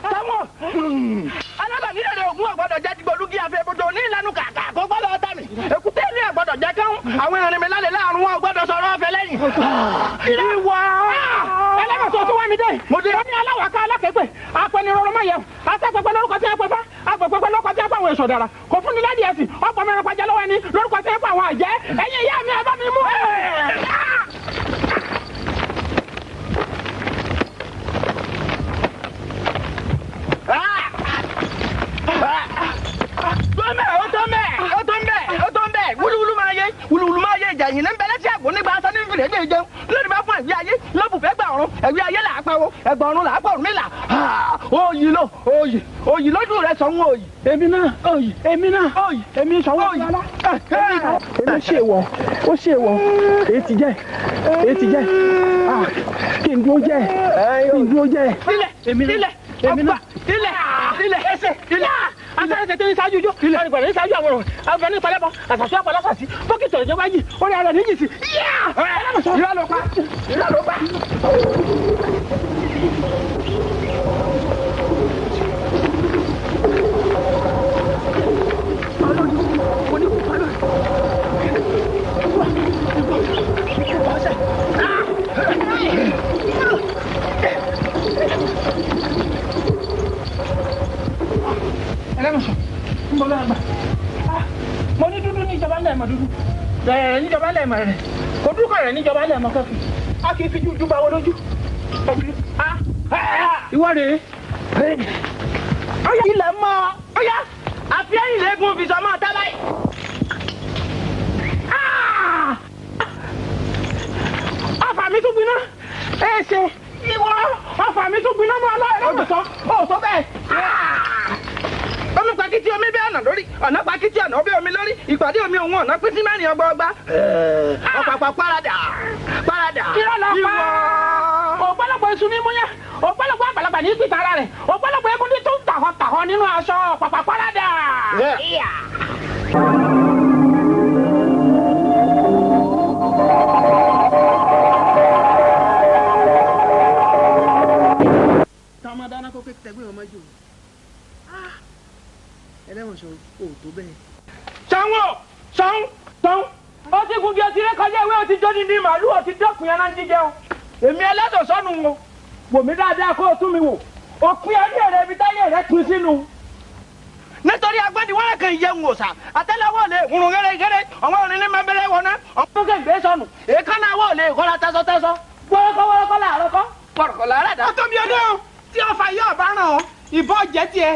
alábàánílẹ̀ rẹ̀ ògún ọ̀gbọ́dọ̀ jẹ́ ti gbòlúgi àfẹ́bọ̀dọ̀ ní ìlànà kàkà kó gbọ́dọ̀ ọ̀tá mi èkúté ilé ọ̀gbọ́dọ̀ jẹ́ kán àwọn ìrìnmi lálẹ́ láàrún wọn ọ̀gbọ́dọ̀ sọ̀rọ̀ ọ̀fẹ́ lẹ́yìn. wa ẹlẹ́kọ̀ọ́ a fá lórúkọ tí a èso kò fún lẹ́dí ẹ̀sìn ọ̀pọ̀ lọ́wọ́ ẹni lórúkọ tí a àjẹ́ ẹ̀yin ìyá mi bá tọ́mẹ̀ ó tọ́mẹ̀ ó tọ́mẹ̀ ó tọ́mẹ̀ wúlúwúlú máa yé wúlúwúlú máa yé ìjà yìí ní bẹ́lẹ́ tí àgbò nígbà sani fìdí ẹ̀jẹ̀ jẹun lórí bá fún ẹ̀gbẹ́ ayé lọ́bùfẹ́ gbà ọ̀run ẹ̀gbẹ́ ayé là á pawó ẹ̀gbọ́n ọ̀run là á pọ̀ mí là òyì lọ òyì òyì lójú rẹ sọ wọn òyì. èmi náà òyì èmi náà òyì èmi sọ wọn òyì. èmi ṣe wọ ó ṣe wọ èyí ti jẹ èyí ti jẹ ah, kí n dúró jẹ kí n dúró jẹ. sílẹ̀ sílẹ̀ èmi náà. ilẹ̀ ilẹ̀ ẹsẹ̀ ilẹ̀ asáré tètè ní sáájú ijó àrùgbọ̀n ní sáájú àwòrán àgbẹ̀ ní palẹ́bọ̀ àtàṣọ àpàlásà sí bókìtì ìjọba yìí ó rí ara níyì sí. ìyá ló pa ìyá ló pa. Thank you. ẹlẹ́mọ̀sán ń bọ́ lọ́wọ́ gbà mo ní dúdú ní ìjọba ńlẹ̀ mọ̀ dúdú rẹ̀ rẹ̀ níjọba ńlẹ̀ mọ̀ rẹ̀ kò dúkọ̀ rẹ̀ níjọba ńlẹ̀ mọ̀ kẹ́kì a kì í fi jújú bá wọn lójú. ìwọ rèé ọyá ilẹ̀ mọ́ ọyá àfi ẹ̀yìn lẹ́gùn fi sọ máa tẹ́lá ọfà mi tún gbiná ẹ ṣe ìwọ ọfà mi tún gbiná mọ́ ọ lọ́ọ̀rẹ́ ọ̀sán ọ̀sán bẹ́ẹ̀. Ah! kìtì omi bẹ́ẹ̀ ọ̀nà lórí ọ̀nà pa kìtì ọ̀nà bẹ́ẹ̀ omi lórí ìpàdé omi òun ọ̀nà pín sí mẹ́rin ọgbà ọgbà. Eh, ah! ọ̀pàpà parada parada ìwọ. ọ̀pọ̀lọpọ̀ iṣu mímú yẹn ọ̀pọ̀lọpọ̀ àgbàlagbà ní pìtà ara rẹ̀ ọ̀pọ̀lọpọ̀ egungun tó ń tàhọ́ tàhọ́ nínú aṣọ ọ̀pàpà parada. Tamadana kò kékeré gbé ọmọ jù ẹlẹ́wọ̀nsán ò tó bẹ́ẹ̀. sanwó san san ó ti kun bí o ti ré kọjá ìwé o ti jó ní ní màálù o ti dẹ́kun yẹn náà jíjẹ o èmi ẹlẹ́dọ̀ sọ́nu wo wò mí dáadáa kó o tún mi wò o pín ayé rẹ ibi táyé rẹ pín sínú. nítorí agbẹ́ni wọ́n kàn yẹ ń wò sá àtẹ́lẹwọ́ lè rùn gẹ́rẹ́gẹ́rẹ́ ọmọ òní ní mẹ́bẹ́rẹ́ wọn ná ọmọ gẹ̀ǹgbẹ́ sọnù èékánná wọ́ lè kọ́ra tẹ́sọ́tẹ́sọ́ wọ́rọ́kọ́ wọ́rọ́kọ́ làárọ̀ kọ́ pọ̀rọ̀kọ́ làárọ̀ dá. ọtọ́ mi ọdún tí ọfà yóò bá ràn ọ́ ìbọn jẹ tiẹ.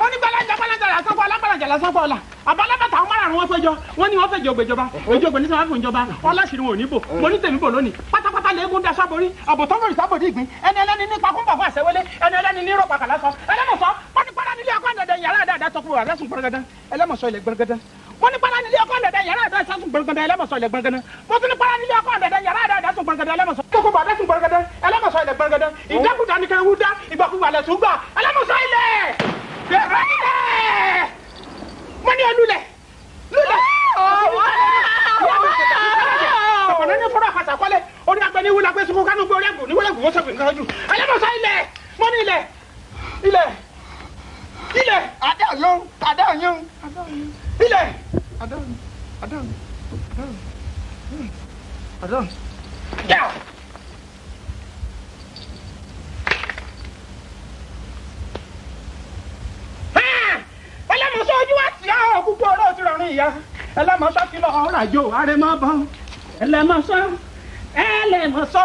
wọ́n ní gbalaja gbalaja lásán kọ́ ọ̀la gbalaja lásán kọ́ ọ̀la abalẹ́bẹ̀ta àwọn márààrún wọn fẹjọ́ wọn ni wọn fẹjọ́ gbẹjọba ẹjọ́ gbẹ nísìnyí wọn fún ìjọba ọlásìrì wọn ò ní bò mo ní tèmi bò lónìí pátápátá lẹ́gùn daṣọ aborí àbòtọ́ mọ̀rì sábòdì ìgbín ẹni ẹlẹ́ni ní pakúńpà fún àṣẹwélé ẹni ẹlẹ́ni ní rọpa sọ ẹlẹ́mọ̀sọ pátápátá nílé ọkọ àdàdà yàrá àdàdà tọkùrọ̀ àdàsùn gbọ̀rọ̀gàdà ẹlẹ́mọ̀sọ mo ní ọ lulẹ̀ lulẹ̀ ọ̀nà ní fọ́nrán àpàtàkọ́lẹ̀ orí agbẹ́ ní wúlò agbésùnkú kánú gbé orí ẹ̀gùn ní wúlò ẹ̀gùn wọ́n sọ̀gbìn kan jù alẹ́mọ̀sá ilẹ̀ mo ní ilẹ̀ ilẹ̀ ilẹ̀ adé ọ̀yún adé ọ̀yún ilẹ̀ adé ọ̀yún adé ọ̀yún adé ọ̀yún. Ah! ẹlẹ́mọ̀ọ́sọ ojú wa ti ọ́ púpọ̀ ọ̀rọ̀ ti rọrùn ìyá ẹlẹ́mọ̀ọ́sọ ti lọ ọ̀rọ̀ àjò àrẹ̀mọ́ ẹlẹ́mọ̀ọ́sọ ẹlẹ́mọ̀ọ́sọ.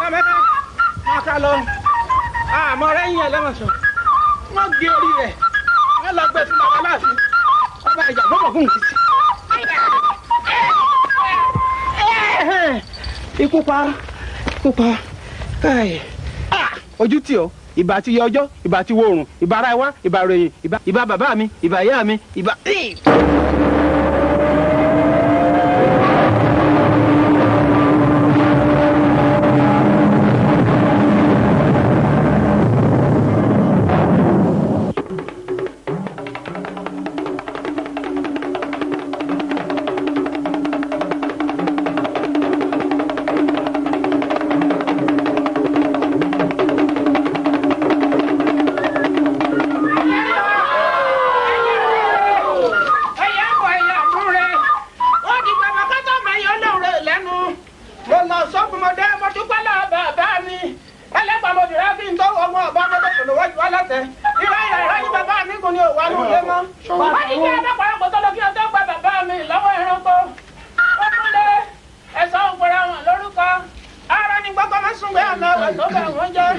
mẹ́mẹ́ká máa ká lọ àmọ́ rẹ́yìn ẹlẹ́mọ̀ọ́sọ wọ́n gé orí rẹ̀ wọ́n lọ gbé fún bàbá láàfin ọba ìjà gbọ́dọ̀ fún ìkìtì. ikú pa ikú pa káyìí ojú tì ọ́ ìbà ti yẹ ọjọ́ ìbà ti wo oòrùn ìbà ara ẹwà ìbà ròyìn ìbà bàbá mi ìbà ìyá mi ìbà. wọ́n ti jẹ́ adáparapọ̀ tó lọ kí ọjọ́ gba bàbá mi lọ́wọ́ ẹranko ó tún lé ẹ̀sọ́ òpòrò àwọn lórúkọ ara ni gbọ́kọ́ máa sún gbé ọ̀nà ọ̀wẹ̀ tó bẹ̀ wọ́n jẹ́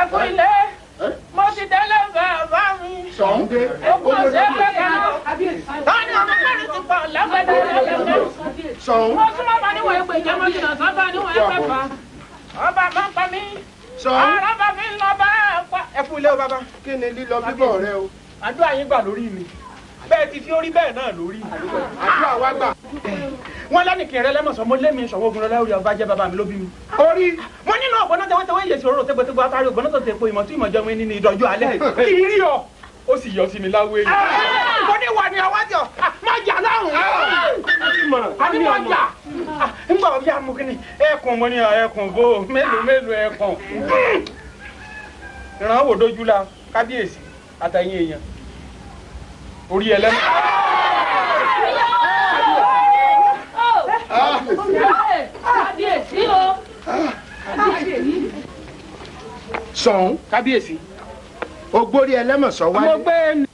ẹkú ilé mo ti délé bàbá mi òkú ọ̀sẹ̀ gbẹ̀gà tọ́ni ọmọ mẹ́rin ti pọ̀ lẹ́gbẹ̀dẹ́ lẹ́gbẹ̀dẹ́ mo súnmọ́ bá níwọ̀n ẹgbẹ̀ jẹ́ mo jìnnà sọ́ bá fà ọba máa ń pa mí ara bá mi ń lọ bá ẹ fún ilé àdúrà yín gbà lórí mi bẹ́ẹ̀ ti fi orí bẹ́ẹ̀ náà lórí àdúrà wa gbà. wọ́n lánìkì rẹ lẹ́mọ̀sán mo lémi ìṣọ̀wọ́ ogun lọ́lá orí ọba jẹ́ bàbá mi ló bí mi. orí. mo nínú ọ̀gbọ́n náà tẹ́wọ́ ìyèsí òróró tégbétégbé atari ọ̀gbọ́n náà tó ti po ìmọ̀ tí ìmọ̀ jẹun ní ní ìdọ̀jú alẹ́ ìrírí ọ ó sì yọ sí mi láwé yìí. Ah! mo ní wà ní ọwájọ ah, má jà láhùn. Ah! àbí má jà ń bọ̀ bí amúkíní ẹkùn mo ní ẹkùn bó mélòó mélòó ẹkùn. Hmm. ìrànwọ́ dojú la kábíyèsí àtàyè èèyàn orí ẹlẹ́nu. kábíyèsí o sọ̀hún. kábíyèsí. ògbórí ẹlẹ́mọ̀sán wáyé. mo gbé ní.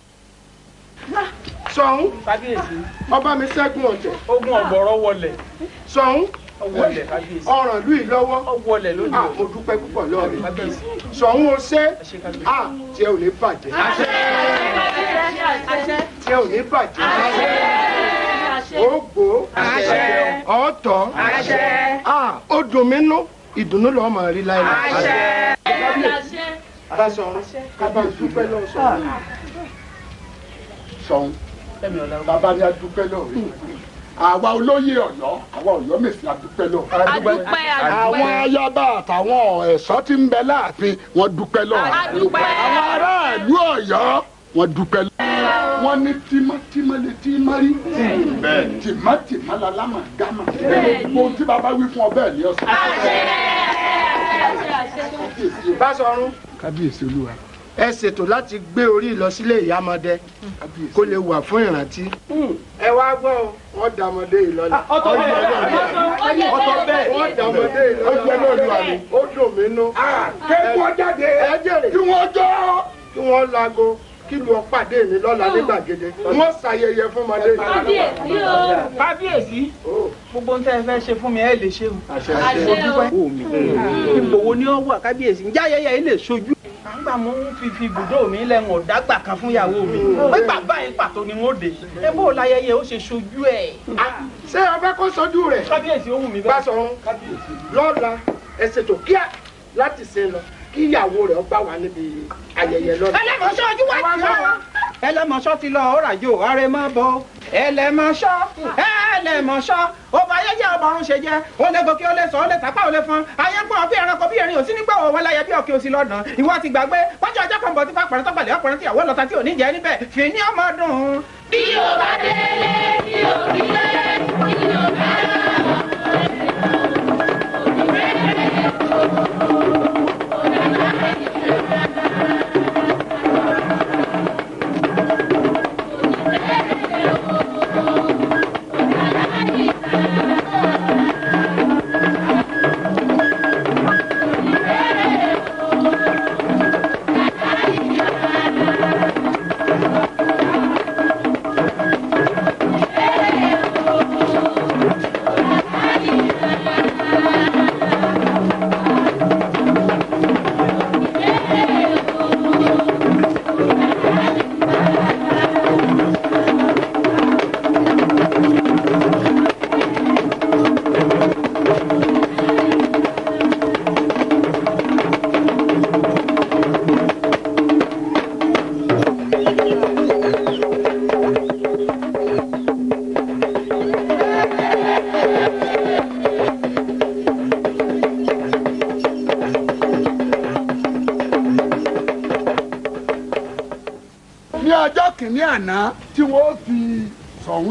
sọ̀hún. kábíyèsí. ọba mi ṣẹ́gun ọ̀jẹ̀. ogun ọ̀gbọ̀rọ̀ wọlé. sọ̀hún ọ̀ràn lù í lọ́wọ́ à mo dúpẹ́ púpọ̀ lọ́ọ̀rẹ́ sọ̀hún o ṣe à tí ẹ ò ní bàjẹ́ tí ẹ ò ní bàjẹ́ ògbó ọ̀tọ̀ a ó dùn mí nú ìdùnnú lọ́ọ́ máa rí láìláì. abasọ̀run bàbá dúpẹ́ lọ́wọ́ sọ̀run sọ̀run bàbá ni a dúpẹ́ lọ́wọ́ rí àwa olóyè Ọ̀yọ́ àwa Ọ̀yọ́ mèsì àdúpẹ́ lọ. àdúpẹ́ àdúpẹ́. àwọn ayaba àtàwọn ẹ̀ṣọ́ tí ń bẹ láàfin wọ́n dúpẹ́ lọ. àdúpẹ́. àwọn aráàlú Ọ̀yọ́ wọ́n dúpẹ́ lọ. wọ́n ní tímọ́tímọ́ lè tí má rí. bẹ́ẹ̀ tìmọ́tìmọ́ la lámà gámà. gbogbo tí baba wí fún ọ bẹ́ẹ̀ ni ọ sọ. àṣẹ àṣẹ àṣẹ. kábíyèsí olúwa ẹ ṣètò láti gbé orí ìlọsílẹ̀ ìyámọdé kó lè wà fún ìrántí. ẹ wá gbọ́ wọn dàmọdé ìlọlẹ. ọ̀tọ̀ bẹ́ẹ̀ ọ̀tọ̀ bẹ́ẹ̀ wọn dàmọdé ìlọlẹ. ó jẹ́ lórí wa ni ó dùn mí nú. Ah, kí wọ́n jọ́ kí wọ́n lago kí ló pàdé mi lọ́la ní gbàgede oh. wọ́n ṣayẹyẹ fún ọmọdé. kábíyèsí o kábíyèsí oh. gbogbo ń tẹ́ ẹ fẹ́ ṣe fún mi ẹ lè ṣe o. àṣẹ àṣẹ o ìgbòho hmm. ni ó wà kábíyèsí ǹjẹ́ ayẹyẹ yìí lè ṣojú. nígbà mo ń fifi ibùdó mi lẹ́wọ̀n ọ̀dàgbà kan fún ìyàwó mi hmm. pé bàbá yìí pàtó ni wọ́n dé ẹ bó o láyẹyẹ ó ṣe ṣojú ẹ̀. Ah, ṣé ọbẹ̀ kó sojú rẹ̀. kábíyèsí ó wù mí bẹ́ẹ̀. bá a sọ̀rọ̀ lọ́la ẹ̀ ṣètò kíá láti ṣe lọ kí ìyàwó rẹ̀ gbà wá níbi ayẹyẹ lọ́dún. ẹlẹ́mọ̀ṣọ́ ojú wa ti lọ. ẹlẹ́mọ̀ṣọ́ ti lọ ọ̀ràjò ààrẹ máa bọ̀ ẹlẹ́mọ̀ṣọ́ ẹlẹ́mọ̀ṣọ́ ọba ayẹyẹ ọba ọrùn ṣe jẹ ó lè gòkè ó lè sọ ó lè tápá ó lè fọn ayé ń pọn bí ẹranko bí erin òsín nígbà wọn láyà bí ọkẹ òsì lọdàn ìwọ ti gbàgbé pọjọ ọjọ́ kan bọ tí fàpẹrẹ tọpàlẹ ọkùnrin tí ìyàwó lọta tí ò ní jẹ níbẹ̀ fi ní ọmọ dùn. bí o bá délé bí o rí lẹ́yìn bí o bá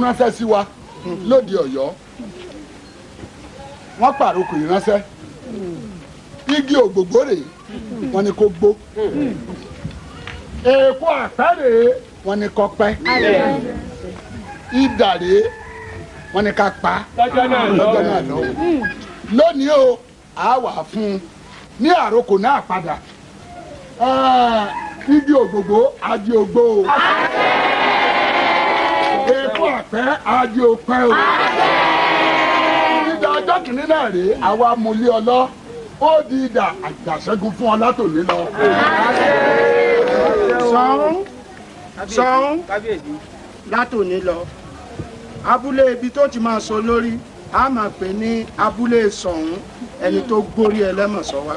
ránṣẹ́ sí wa lóde ọ̀yọ́ wọ́n pàrokò ìránṣẹ́ igi ògbògbò rè wọ́n ni kó gbó èèpo àpẹ́ rèé wọ́n ní kó pẹ́ idà rèé wọ́n ní ká pa lọ́jọ́ náà lọ́wọ́ lónìí o a wà fún un ní àrokò náà padà igi ògbògbò adi ògbó o. pẹ́ ajé ò pẹ́ o. dídá ọjọ́ kìíní náà rèé àwa múlé ọlọ́ ó di ìdà àgbàṣẹ́gun fún ọlá tòní lọ. sọ́hún sọ́hún látòní lọ abúlé ibi tó ti máa sọ lórí a máa pè ní abúlé sọ̀hún ẹni tó gbórí ẹlẹ́mọ̀sọ́ wa.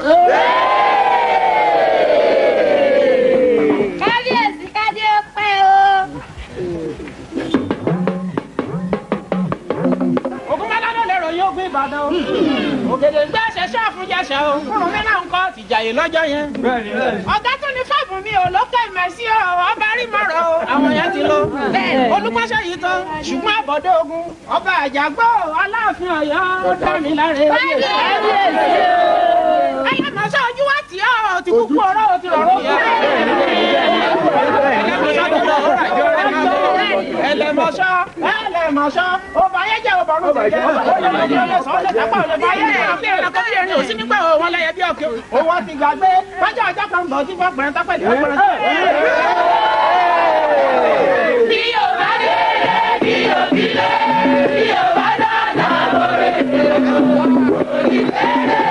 lọ́jà yẹn. ọ̀gá tó ní fáàbù mi ò lókè mẹ́sì o ọba rímọ̀rọ̀ o àwọn yẹn ti lọ. olùpàṣẹ yìí tán ṣùgbọ́n àbọ̀dé ogun ọba àjàgbọ́ aláàfin ọ̀yọ́ dámi láre. ẹyẹ mọ̀ sọ ojú wa tì ọ́ ọ̀ ti kúkú ọ̀rọ̀ ò ti rọ̀rọ̀ fún ẹlẹmọṣọ ẹlẹmọṣọ ọba yẹjẹ ọbọrún tẹ̀lé ọlọ́sọ̀ ọlọ́sàpá ọlọ́sọ̀ ayé ẹ̀rọ bí ẹ̀rọ kọ́bí ẹ̀rọ òsì nígbà wọn lẹ́yẹ bí ọ̀kẹ́ òwò ti gbàgbé bájà ọjọ́ kan bọ̀ sí fọ́pẹ̀rẹ̀ tápẹ̀lẹ̀ ọpẹ̀rẹ̀. bí o bá dé bí o bí lé bí o bá dáná lórí ìlú onílé